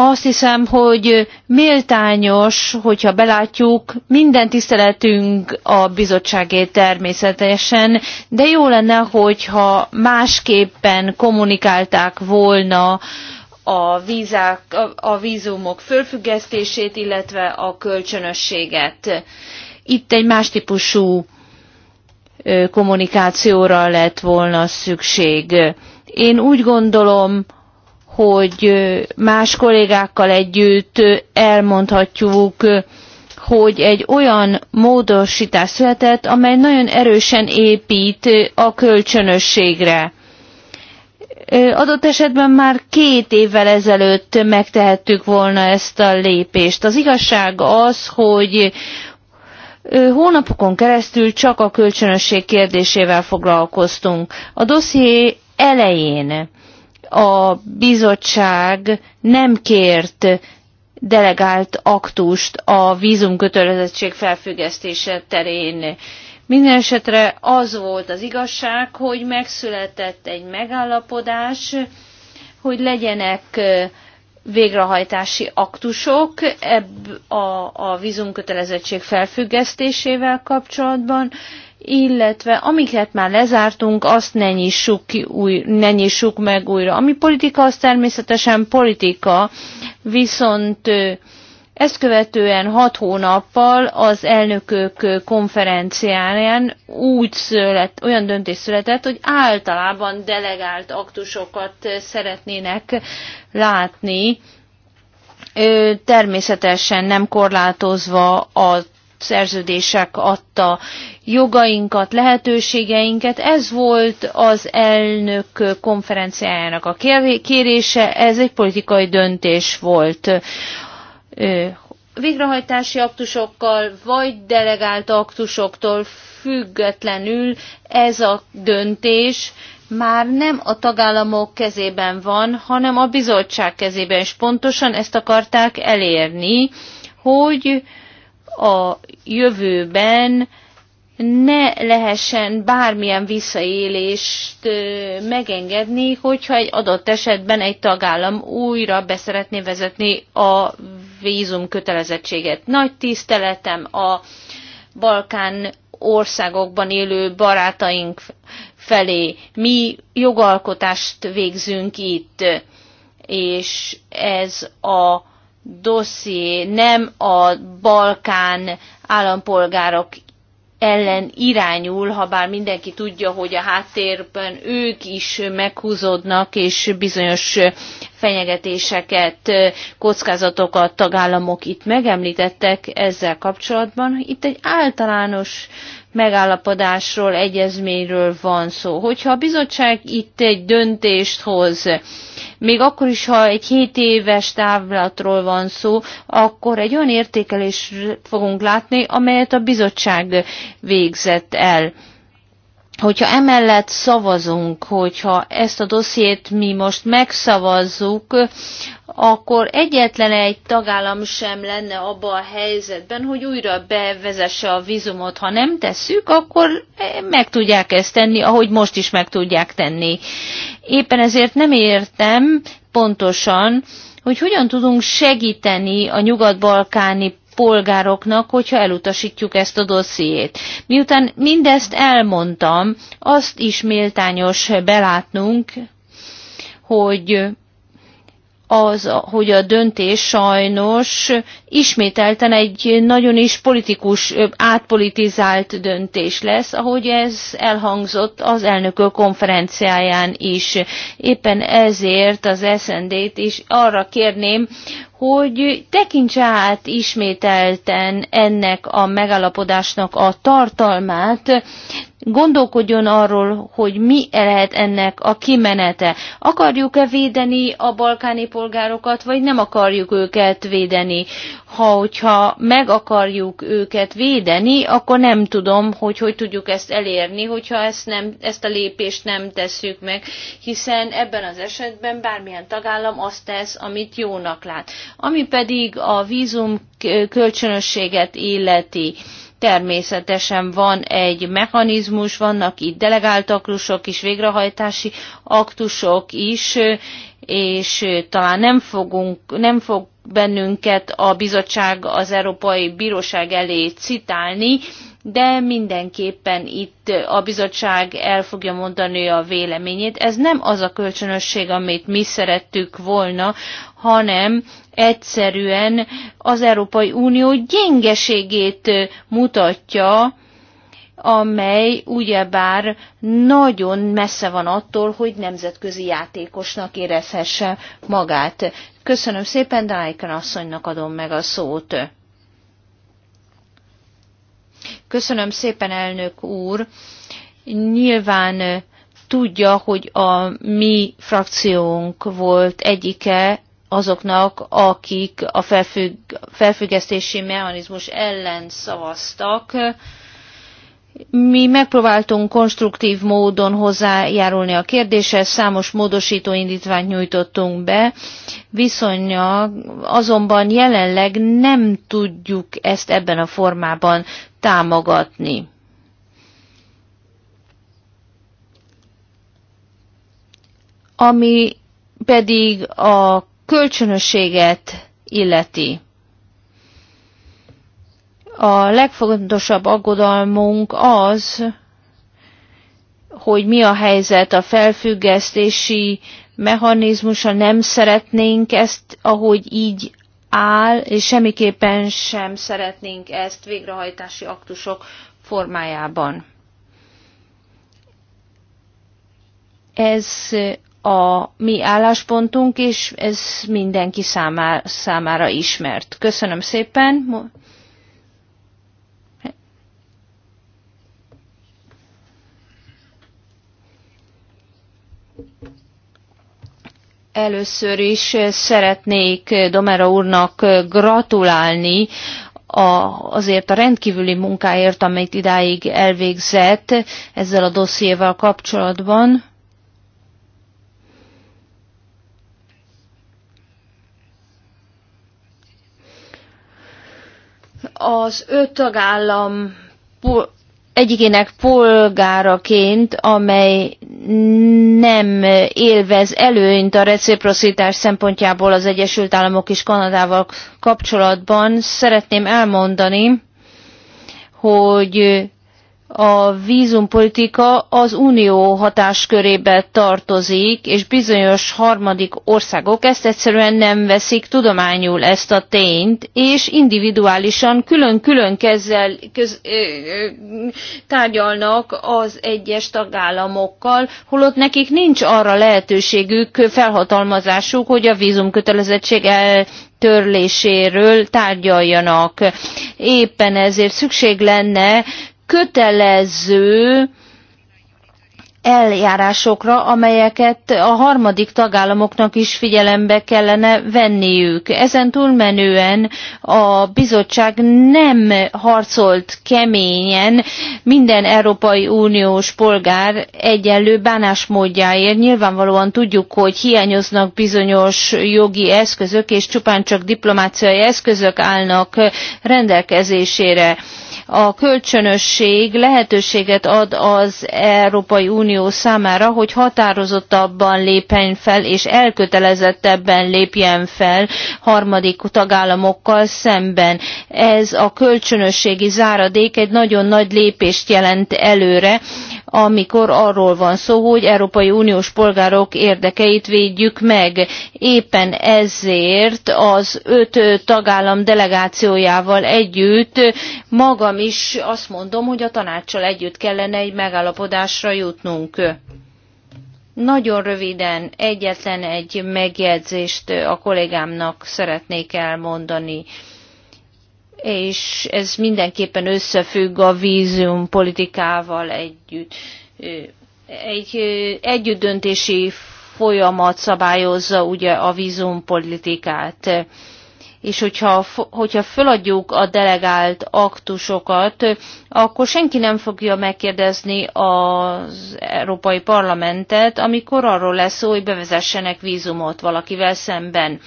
azt hiszem, hogy méltányos, hogyha belátjuk, minden tiszteletünk a bizottságét természetesen, de jó lenne, hogyha másképpen kommunikálták volna a, vízák, a vízumok fölfüggesztését, illetve a kölcsönösséget. Itt egy más típusú kommunikációra lett volna szükség. Én úgy gondolom, hogy más kollégákkal együtt elmondhatjuk, hogy egy olyan módosítás született, amely nagyon erősen épít a kölcsönösségre. Adott esetben már két évvel ezelőtt megtehettük volna ezt a lépést. Az igazság az, hogy hónapokon keresztül csak a kölcsönösség kérdésével foglalkoztunk. A dosszié elején a bizottság nem kért delegált aktust a vízumkötelezettség felfüggesztése terén. Minden esetre az volt az igazság, hogy megszületett egy megállapodás, hogy legyenek végrehajtási aktusok ebb a, a vízumkötelezettség felfüggesztésével kapcsolatban, illetve amiket már lezártunk, azt ne nyissuk, ki új, ne nyissuk meg újra. Ami politika, az természetesen politika, viszont ezt követően hat hónappal az elnökök konferenciáján úgy szület, olyan döntés született, hogy általában delegált aktusokat szeretnének látni, természetesen nem korlátozva a szerződések adta jogainkat, lehetőségeinket. Ez volt az elnök konferenciájának a kérése, ez egy politikai döntés volt végrehajtási aktusokkal vagy delegált aktusoktól függetlenül ez a döntés már nem a tagállamok kezében van, hanem a bizottság kezében, és pontosan ezt akarták elérni, hogy a jövőben ne lehessen bármilyen visszaélést megengedni, hogyha egy adott esetben egy tagállam újra beszeretné vezetni a vízum kötelezettséget. Nagy tiszteletem a Balkán országokban élő barátaink felé. Mi jogalkotást végzünk itt, és ez a dosszié nem a Balkán állampolgárok ellen irányul, ha bár mindenki tudja, hogy a háttérben ők is meghúzódnak, és bizonyos fenyegetéseket, kockázatokat tagállamok itt megemlítettek ezzel kapcsolatban. Itt egy általános megállapodásról, egyezményről van szó. Hogyha a bizottság itt egy döntést hoz, még akkor is, ha egy 7 éves távlatról van szó, akkor egy olyan értékelést fogunk látni, amelyet a bizottság végzett el hogyha emellett szavazunk, hogyha ezt a dossziét mi most megszavazzuk, akkor egyetlen egy tagállam sem lenne abban a helyzetben, hogy újra bevezesse a vízumot. Ha nem tesszük, akkor meg tudják ezt tenni, ahogy most is meg tudják tenni. Éppen ezért nem értem pontosan, hogy hogyan tudunk segíteni a nyugat-balkáni polgároknak, hogyha elutasítjuk ezt a dossziét. Miután mindezt elmondtam, azt is méltányos belátnunk, hogy az, hogy a döntés sajnos ismételten egy nagyon is politikus, átpolitizált döntés lesz, ahogy ez elhangzott az elnökök konferenciáján is. Éppen ezért az SND-t is arra kérném, hogy tekintse át ismételten ennek a megállapodásnak a tartalmát, gondolkodjon arról, hogy mi lehet ennek a kimenete. Akarjuk-e védeni a balkáni polgárokat, vagy nem akarjuk őket védeni? Ha, hogyha meg akarjuk őket védeni, akkor nem tudom, hogy hogy tudjuk ezt elérni, hogyha ezt, nem, ezt a lépést nem tesszük meg, hiszen ebben az esetben bármilyen tagállam azt tesz, amit jónak lát. Ami pedig a vízum kölcsönösséget illeti. Természetesen van egy mechanizmus, vannak itt delegált aktusok is, végrehajtási aktusok is, és talán nem, fogunk, nem fog bennünket a bizottság az Európai Bíróság elé citálni, de mindenképpen itt a bizottság el fogja mondani a véleményét. Ez nem az a kölcsönösség, amit mi szerettük volna, hanem egyszerűen az Európai Unió gyengeségét mutatja, amely ugyebár nagyon messze van attól, hogy nemzetközi játékosnak érezhesse magát. Köszönöm szépen, Dájkan asszonynak adom meg a szót. Köszönöm szépen, elnök úr. Nyilván eh, tudja, hogy a mi frakciónk volt egyike azoknak, akik a felfüggesztési mechanizmus ellen szavaztak, mi megpróbáltunk konstruktív módon hozzájárulni a kérdéshez, számos módosító indítványt nyújtottunk be, viszonya azonban jelenleg nem tudjuk ezt ebben a formában támogatni. Ami pedig a kölcsönösséget illeti. A legfontosabb aggodalmunk az, hogy mi a helyzet a felfüggesztési mechanizmusa, nem szeretnénk ezt, ahogy így áll, és semmiképpen sem szeretnénk ezt végrehajtási aktusok formájában. Ez a mi álláspontunk, és ez mindenki számára, számára ismert. Köszönöm szépen! Először is szeretnék Domera úrnak gratulálni a, azért a rendkívüli munkáért, amit idáig elvégzett ezzel a dossziéval kapcsolatban. Az öt tagállam egyikének polgáraként, amely nem élvez előnyt a reciprocitás szempontjából az Egyesült Államok és Kanadával kapcsolatban, szeretném elmondani, hogy a vízumpolitika az unió hatáskörébe tartozik, és bizonyos harmadik országok ezt egyszerűen nem veszik tudományul ezt a tényt, és individuálisan külön-külön kezel, köz, ö, ö, tárgyalnak az egyes tagállamokkal, holott nekik nincs arra lehetőségük, felhatalmazásuk, hogy a vízumkötelezettség el, törléséről tárgyaljanak. Éppen ezért szükség lenne kötelező eljárásokra, amelyeket a harmadik tagállamoknak is figyelembe kellene venniük. Ezen túlmenően a bizottság nem harcolt keményen minden Európai Uniós polgár egyenlő bánásmódjáért. Nyilvánvalóan tudjuk, hogy hiányoznak bizonyos jogi eszközök, és csupán csak diplomáciai eszközök állnak rendelkezésére a kölcsönösség lehetőséget ad az Európai Unió számára, hogy határozottabban lépjen fel és elkötelezettebben lépjen fel harmadik tagállamokkal szemben. Ez a kölcsönösségi záradék egy nagyon nagy lépést jelent előre, amikor arról van szó, hogy Európai Uniós polgárok érdekeit védjük meg. Éppen ezért az öt tagállam delegációjával együtt magam is azt mondom, hogy a tanáccsal együtt kellene egy megállapodásra jutnunk. Nagyon röviden egyetlen egy megjegyzést a kollégámnak szeretnék elmondani és ez mindenképpen összefügg a vízumpolitikával együtt. Egy együttdöntési folyamat szabályozza ugye a vízumpolitikát. És hogyha, hogyha föladjuk a delegált aktusokat, akkor senki nem fogja megkérdezni az Európai Parlamentet, amikor arról lesz szó, hogy bevezessenek vízumot valakivel szemben.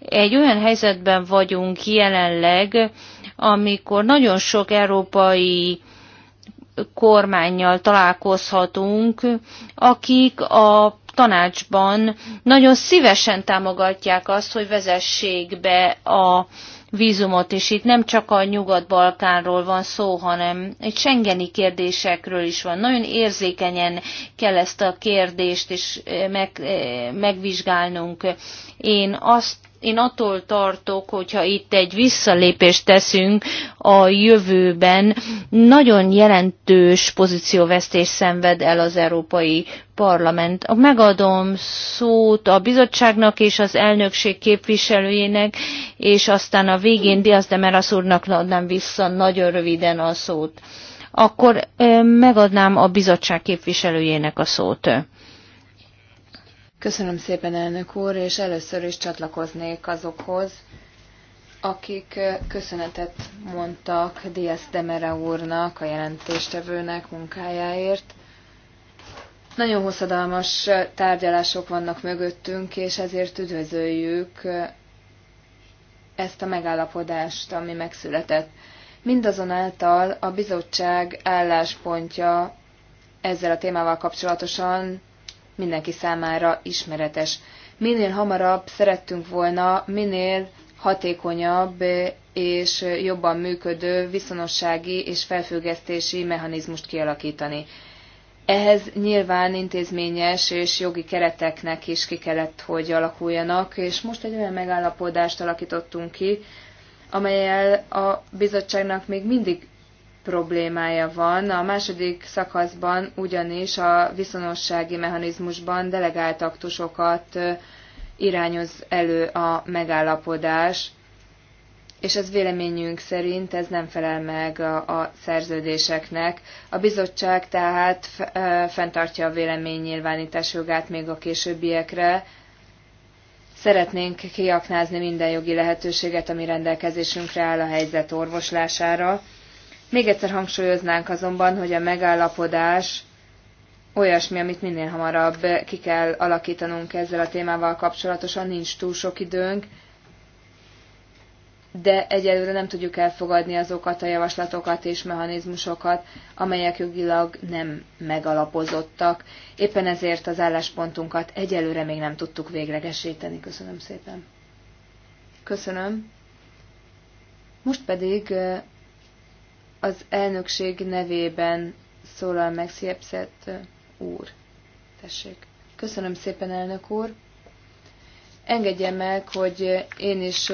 Egy olyan helyzetben vagyunk jelenleg, amikor nagyon sok európai kormányjal találkozhatunk, akik a tanácsban nagyon szívesen támogatják azt, hogy vezessék be a vízumot, és itt nem csak a Nyugat-Balkánról van szó, hanem egy sengeni kérdésekről is van. Nagyon érzékenyen kell ezt a kérdést is eh, meg, eh, megvizsgálnunk. Én azt én attól tartok, hogyha itt egy visszalépést teszünk a jövőben, nagyon jelentős pozícióvesztés szenved el az Európai Parlament. Megadom szót a bizottságnak és az elnökség képviselőjének, és aztán a végén Diaz de Meras úrnak adnám vissza nagyon röviden a szót. Akkor megadnám a bizottság képviselőjének a szót. Köszönöm szépen, elnök úr, és először is csatlakoznék azokhoz, akik köszönetet mondtak Diaz Demere úrnak, a jelentéstevőnek munkájáért. Nagyon hosszadalmas tárgyalások vannak mögöttünk, és ezért üdvözöljük ezt a megállapodást, ami megszületett. Mindazonáltal a bizottság álláspontja ezzel a témával kapcsolatosan mindenki számára ismeretes. Minél hamarabb szerettünk volna, minél hatékonyabb és jobban működő viszonossági és felfüggesztési mechanizmust kialakítani. Ehhez nyilván intézményes és jogi kereteknek is ki kellett, hogy alakuljanak, és most egy olyan megállapodást alakítottunk ki, amelyel a bizottságnak még mindig problémája van. A második szakaszban ugyanis a viszonossági mechanizmusban delegált aktusokat irányoz elő a megállapodás, és ez véleményünk szerint ez nem felel meg a, a szerződéseknek. A bizottság tehát fenntartja a véleménynyilvánítás jogát még a későbbiekre. Szeretnénk kiaknázni minden jogi lehetőséget, ami rendelkezésünkre áll a helyzet orvoslására még egyszer hangsúlyoznánk azonban, hogy a megállapodás olyasmi, amit minél hamarabb ki kell alakítanunk ezzel a témával kapcsolatosan, nincs túl sok időnk, de egyelőre nem tudjuk elfogadni azokat a javaslatokat és mechanizmusokat, amelyek jogilag nem megalapozottak. Éppen ezért az álláspontunkat egyelőre még nem tudtuk véglegesíteni. Köszönöm szépen. Köszönöm. Most pedig az elnökség nevében szólal meg Sziepszett úr. Tessék. Köszönöm szépen, elnök úr. Engedje meg, hogy én is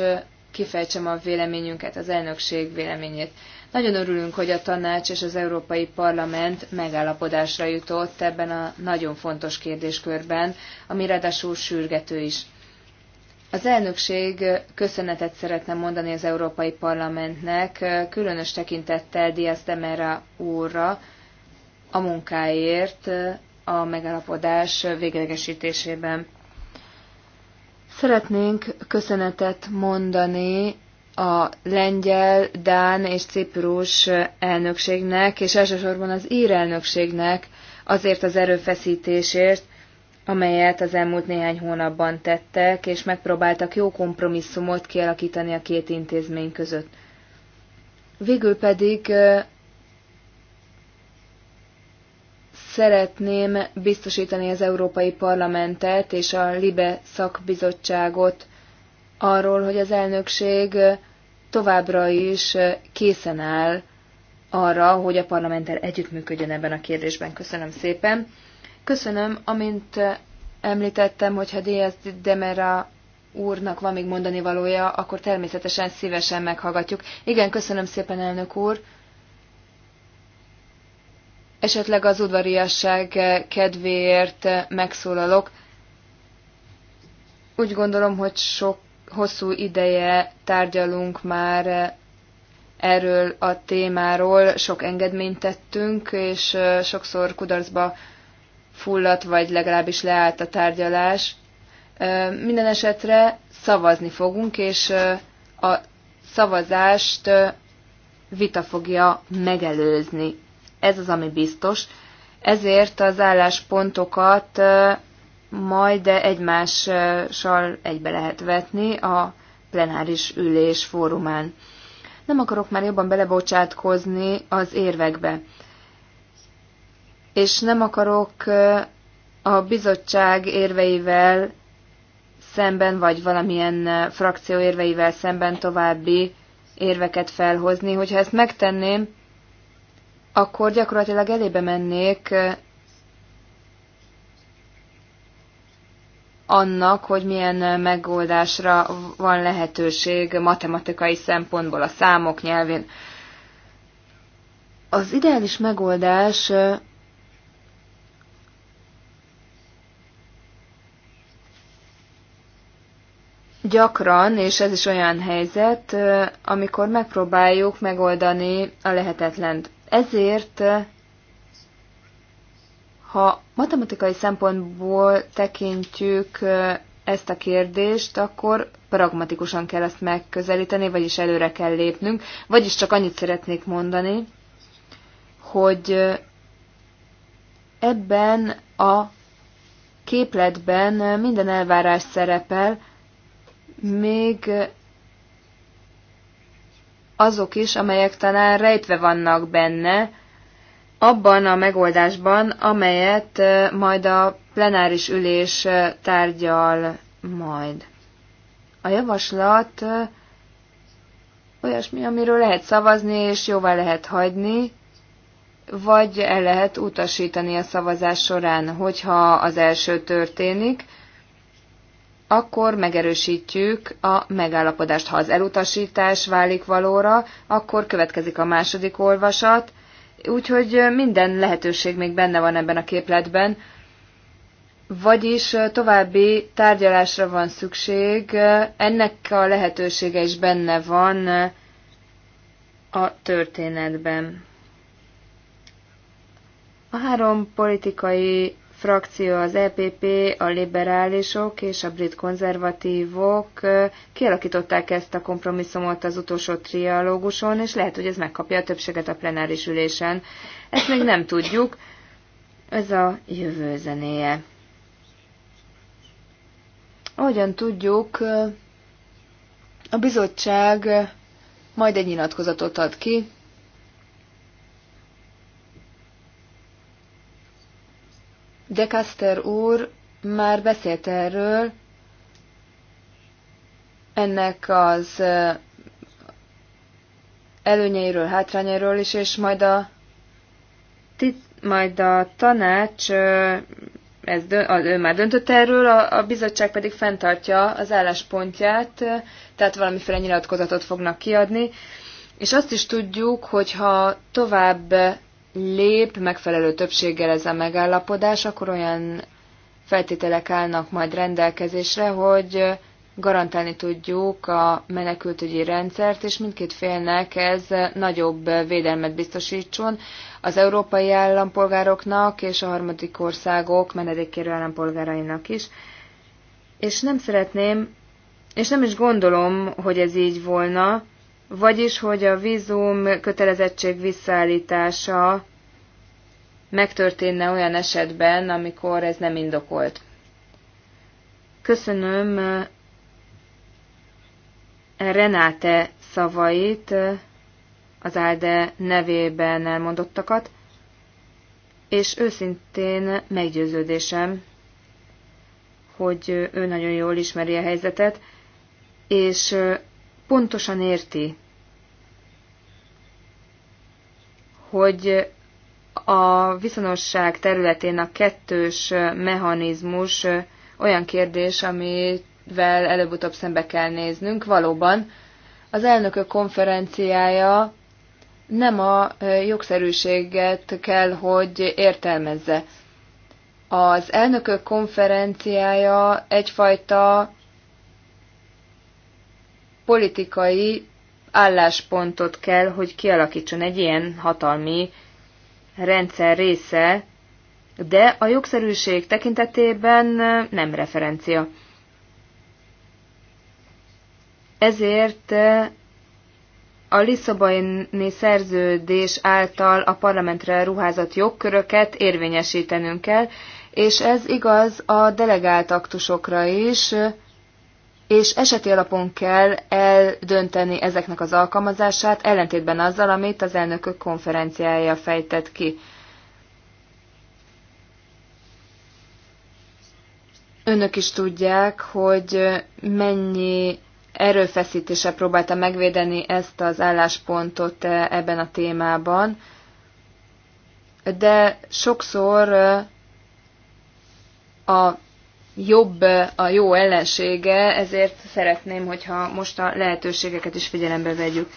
kifejtsem a véleményünket, az elnökség véleményét. Nagyon örülünk, hogy a tanács és az Európai Parlament megállapodásra jutott ebben a nagyon fontos kérdéskörben, ami ráadásul sürgető is. Az elnökség köszönetet szeretne mondani az Európai Parlamentnek, különös tekintettel Diaz Mera úrra a munkáért a megállapodás véglegesítésében. Szeretnénk köszönetet mondani a lengyel, dán és ciprus elnökségnek, és elsősorban az ír elnökségnek azért az erőfeszítésért, amelyet az elmúlt néhány hónapban tettek, és megpróbáltak jó kompromisszumot kialakítani a két intézmény között. Végül pedig szeretném biztosítani az Európai Parlamentet és a LIBE szakbizottságot arról, hogy az elnökség továbbra is készen áll arra, hogy a parlamenttel együttműködjön ebben a kérdésben. Köszönöm szépen! Köszönöm, amint eh, említettem, hogyha Diaz Demera úrnak van még mondani valója, akkor természetesen szívesen meghallgatjuk. Igen, köszönöm szépen, elnök úr. Esetleg az udvariasság eh, kedvéért eh, megszólalok. Úgy gondolom, hogy sok hosszú ideje tárgyalunk már erről a témáról, sok engedményt tettünk, és sokszor kudarcba fulladt, vagy legalábbis leállt a tárgyalás. Minden esetre szavazni fogunk, és a szavazást vita fogja megelőzni. Ez az, ami biztos. Ezért az álláspontokat majd egymással egybe lehet vetni a plenáris ülés fórumán. Nem akarok már jobban belebocsátkozni az érvekbe és nem akarok a bizottság érveivel szemben, vagy valamilyen frakció érveivel szemben további érveket felhozni. Hogyha ezt megtenném, akkor gyakorlatilag elébe mennék annak, hogy milyen megoldásra van lehetőség matematikai szempontból a számok nyelvén. Az ideális megoldás gyakran, és ez is olyan helyzet, amikor megpróbáljuk megoldani a lehetetlent. Ezért, ha matematikai szempontból tekintjük ezt a kérdést, akkor pragmatikusan kell ezt megközelíteni, vagyis előre kell lépnünk. Vagyis csak annyit szeretnék mondani, hogy ebben a képletben minden elvárás szerepel, még azok is, amelyek talán rejtve vannak benne, abban a megoldásban, amelyet majd a plenáris ülés tárgyal majd. A javaslat olyasmi, amiről lehet szavazni és jóvá lehet hagyni, vagy el lehet utasítani a szavazás során, hogyha az első történik, akkor megerősítjük a megállapodást. Ha az elutasítás válik valóra, akkor következik a második olvasat, úgyhogy minden lehetőség még benne van ebben a képletben, vagyis további tárgyalásra van szükség, ennek a lehetősége is benne van a történetben. A három politikai frakció az EPP, a liberálisok és a brit konzervatívok kialakították ezt a kompromisszumot az utolsó trialóguson, és lehet, hogy ez megkapja a többséget a plenáris ülésen. Ezt még nem tudjuk. Ez a jövő zenéje. Ahogyan tudjuk, a bizottság majd egy nyilatkozatot ad ki, De Caster úr már beszélt erről, ennek az előnyeiről, hátrányairól is, és majd a, tit, majd a tanács, ez dö, ő már döntött erről, a, a bizottság pedig fenntartja az álláspontját, tehát valamiféle nyilatkozatot fognak kiadni, és azt is tudjuk, hogy ha tovább lép, megfelelő többséggel ez a megállapodás, akkor olyan feltételek állnak majd rendelkezésre, hogy garantálni tudjuk a menekültügyi rendszert, és mindkét félnek ez nagyobb védelmet biztosítson az európai állampolgároknak és a harmadik országok menedékkérő állampolgárainak is. És nem szeretném, és nem is gondolom, hogy ez így volna, vagyis hogy a vízum kötelezettség visszaállítása megtörténne olyan esetben, amikor ez nem indokolt. Köszönöm eh, Renáte szavait, eh, az Álde nevében elmondottakat, és őszintén meggyőződésem, hogy ő nagyon jól ismeri a helyzetet, és eh, pontosan érti, hogy a viszonosság területén a kettős mechanizmus olyan kérdés, amivel előbb-utóbb szembe kell néznünk. Valóban az elnökök konferenciája nem a jogszerűséget kell, hogy értelmezze. Az elnökök konferenciája egyfajta politikai álláspontot kell, hogy kialakítson egy ilyen hatalmi rendszer része, de a jogszerűség tekintetében nem referencia. Ezért a Lisszaboni szerződés által a parlamentre ruházott jogköröket érvényesítenünk kell, és ez igaz a delegált aktusokra is, és eseti alapon kell eldönteni ezeknek az alkalmazását, ellentétben azzal, amit az elnökök konferenciája fejtett ki. Önök is tudják, hogy mennyi erőfeszítése próbálta megvédeni ezt az álláspontot ebben a témában, de sokszor a jobb a jó ellensége, ezért szeretném, hogyha most a lehetőségeket is figyelembe vegyük.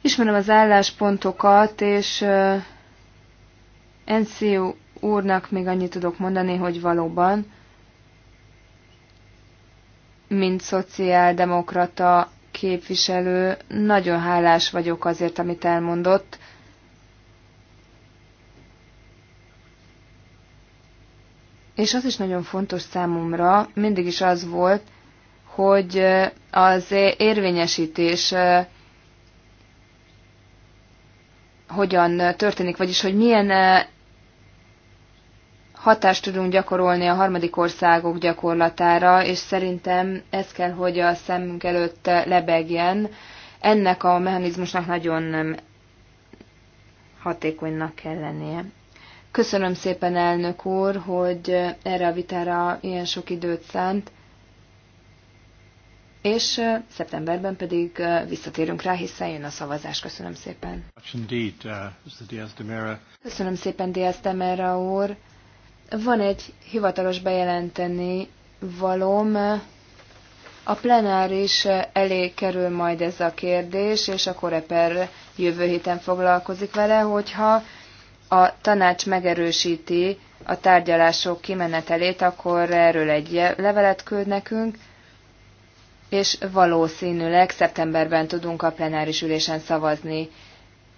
Ismerem az álláspontokat, és uh, NCU úrnak még annyit tudok mondani, hogy valóban, mint szociáldemokrata képviselő, nagyon hálás vagyok azért, amit elmondott, és az is nagyon fontos számomra, mindig is az volt, hogy az érvényesítés hogyan történik, vagyis hogy milyen hatást tudunk gyakorolni a harmadik országok gyakorlatára, és szerintem ez kell, hogy a szemünk előtt lebegjen. Ennek a mechanizmusnak nagyon hatékonynak kell lennie. Köszönöm szépen, elnök úr, hogy erre a vitára ilyen sok időt szánt, és szeptemberben pedig visszatérünk rá, hiszen jön a szavazás. Köszönöm szépen. Uh, Köszönöm szépen, Diaz Demera úr. Van egy hivatalos bejelenteni valom. A plenáris elé kerül majd ez a kérdés, és a Koreper jövő héten foglalkozik vele, hogyha a tanács megerősíti a tárgyalások kimenetelét, akkor erről egy levelet küld nekünk, és valószínűleg szeptemberben tudunk a plenáris ülésen szavazni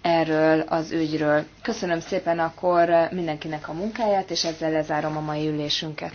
erről az ügyről. Köszönöm szépen akkor mindenkinek a munkáját, és ezzel lezárom a mai ülésünket.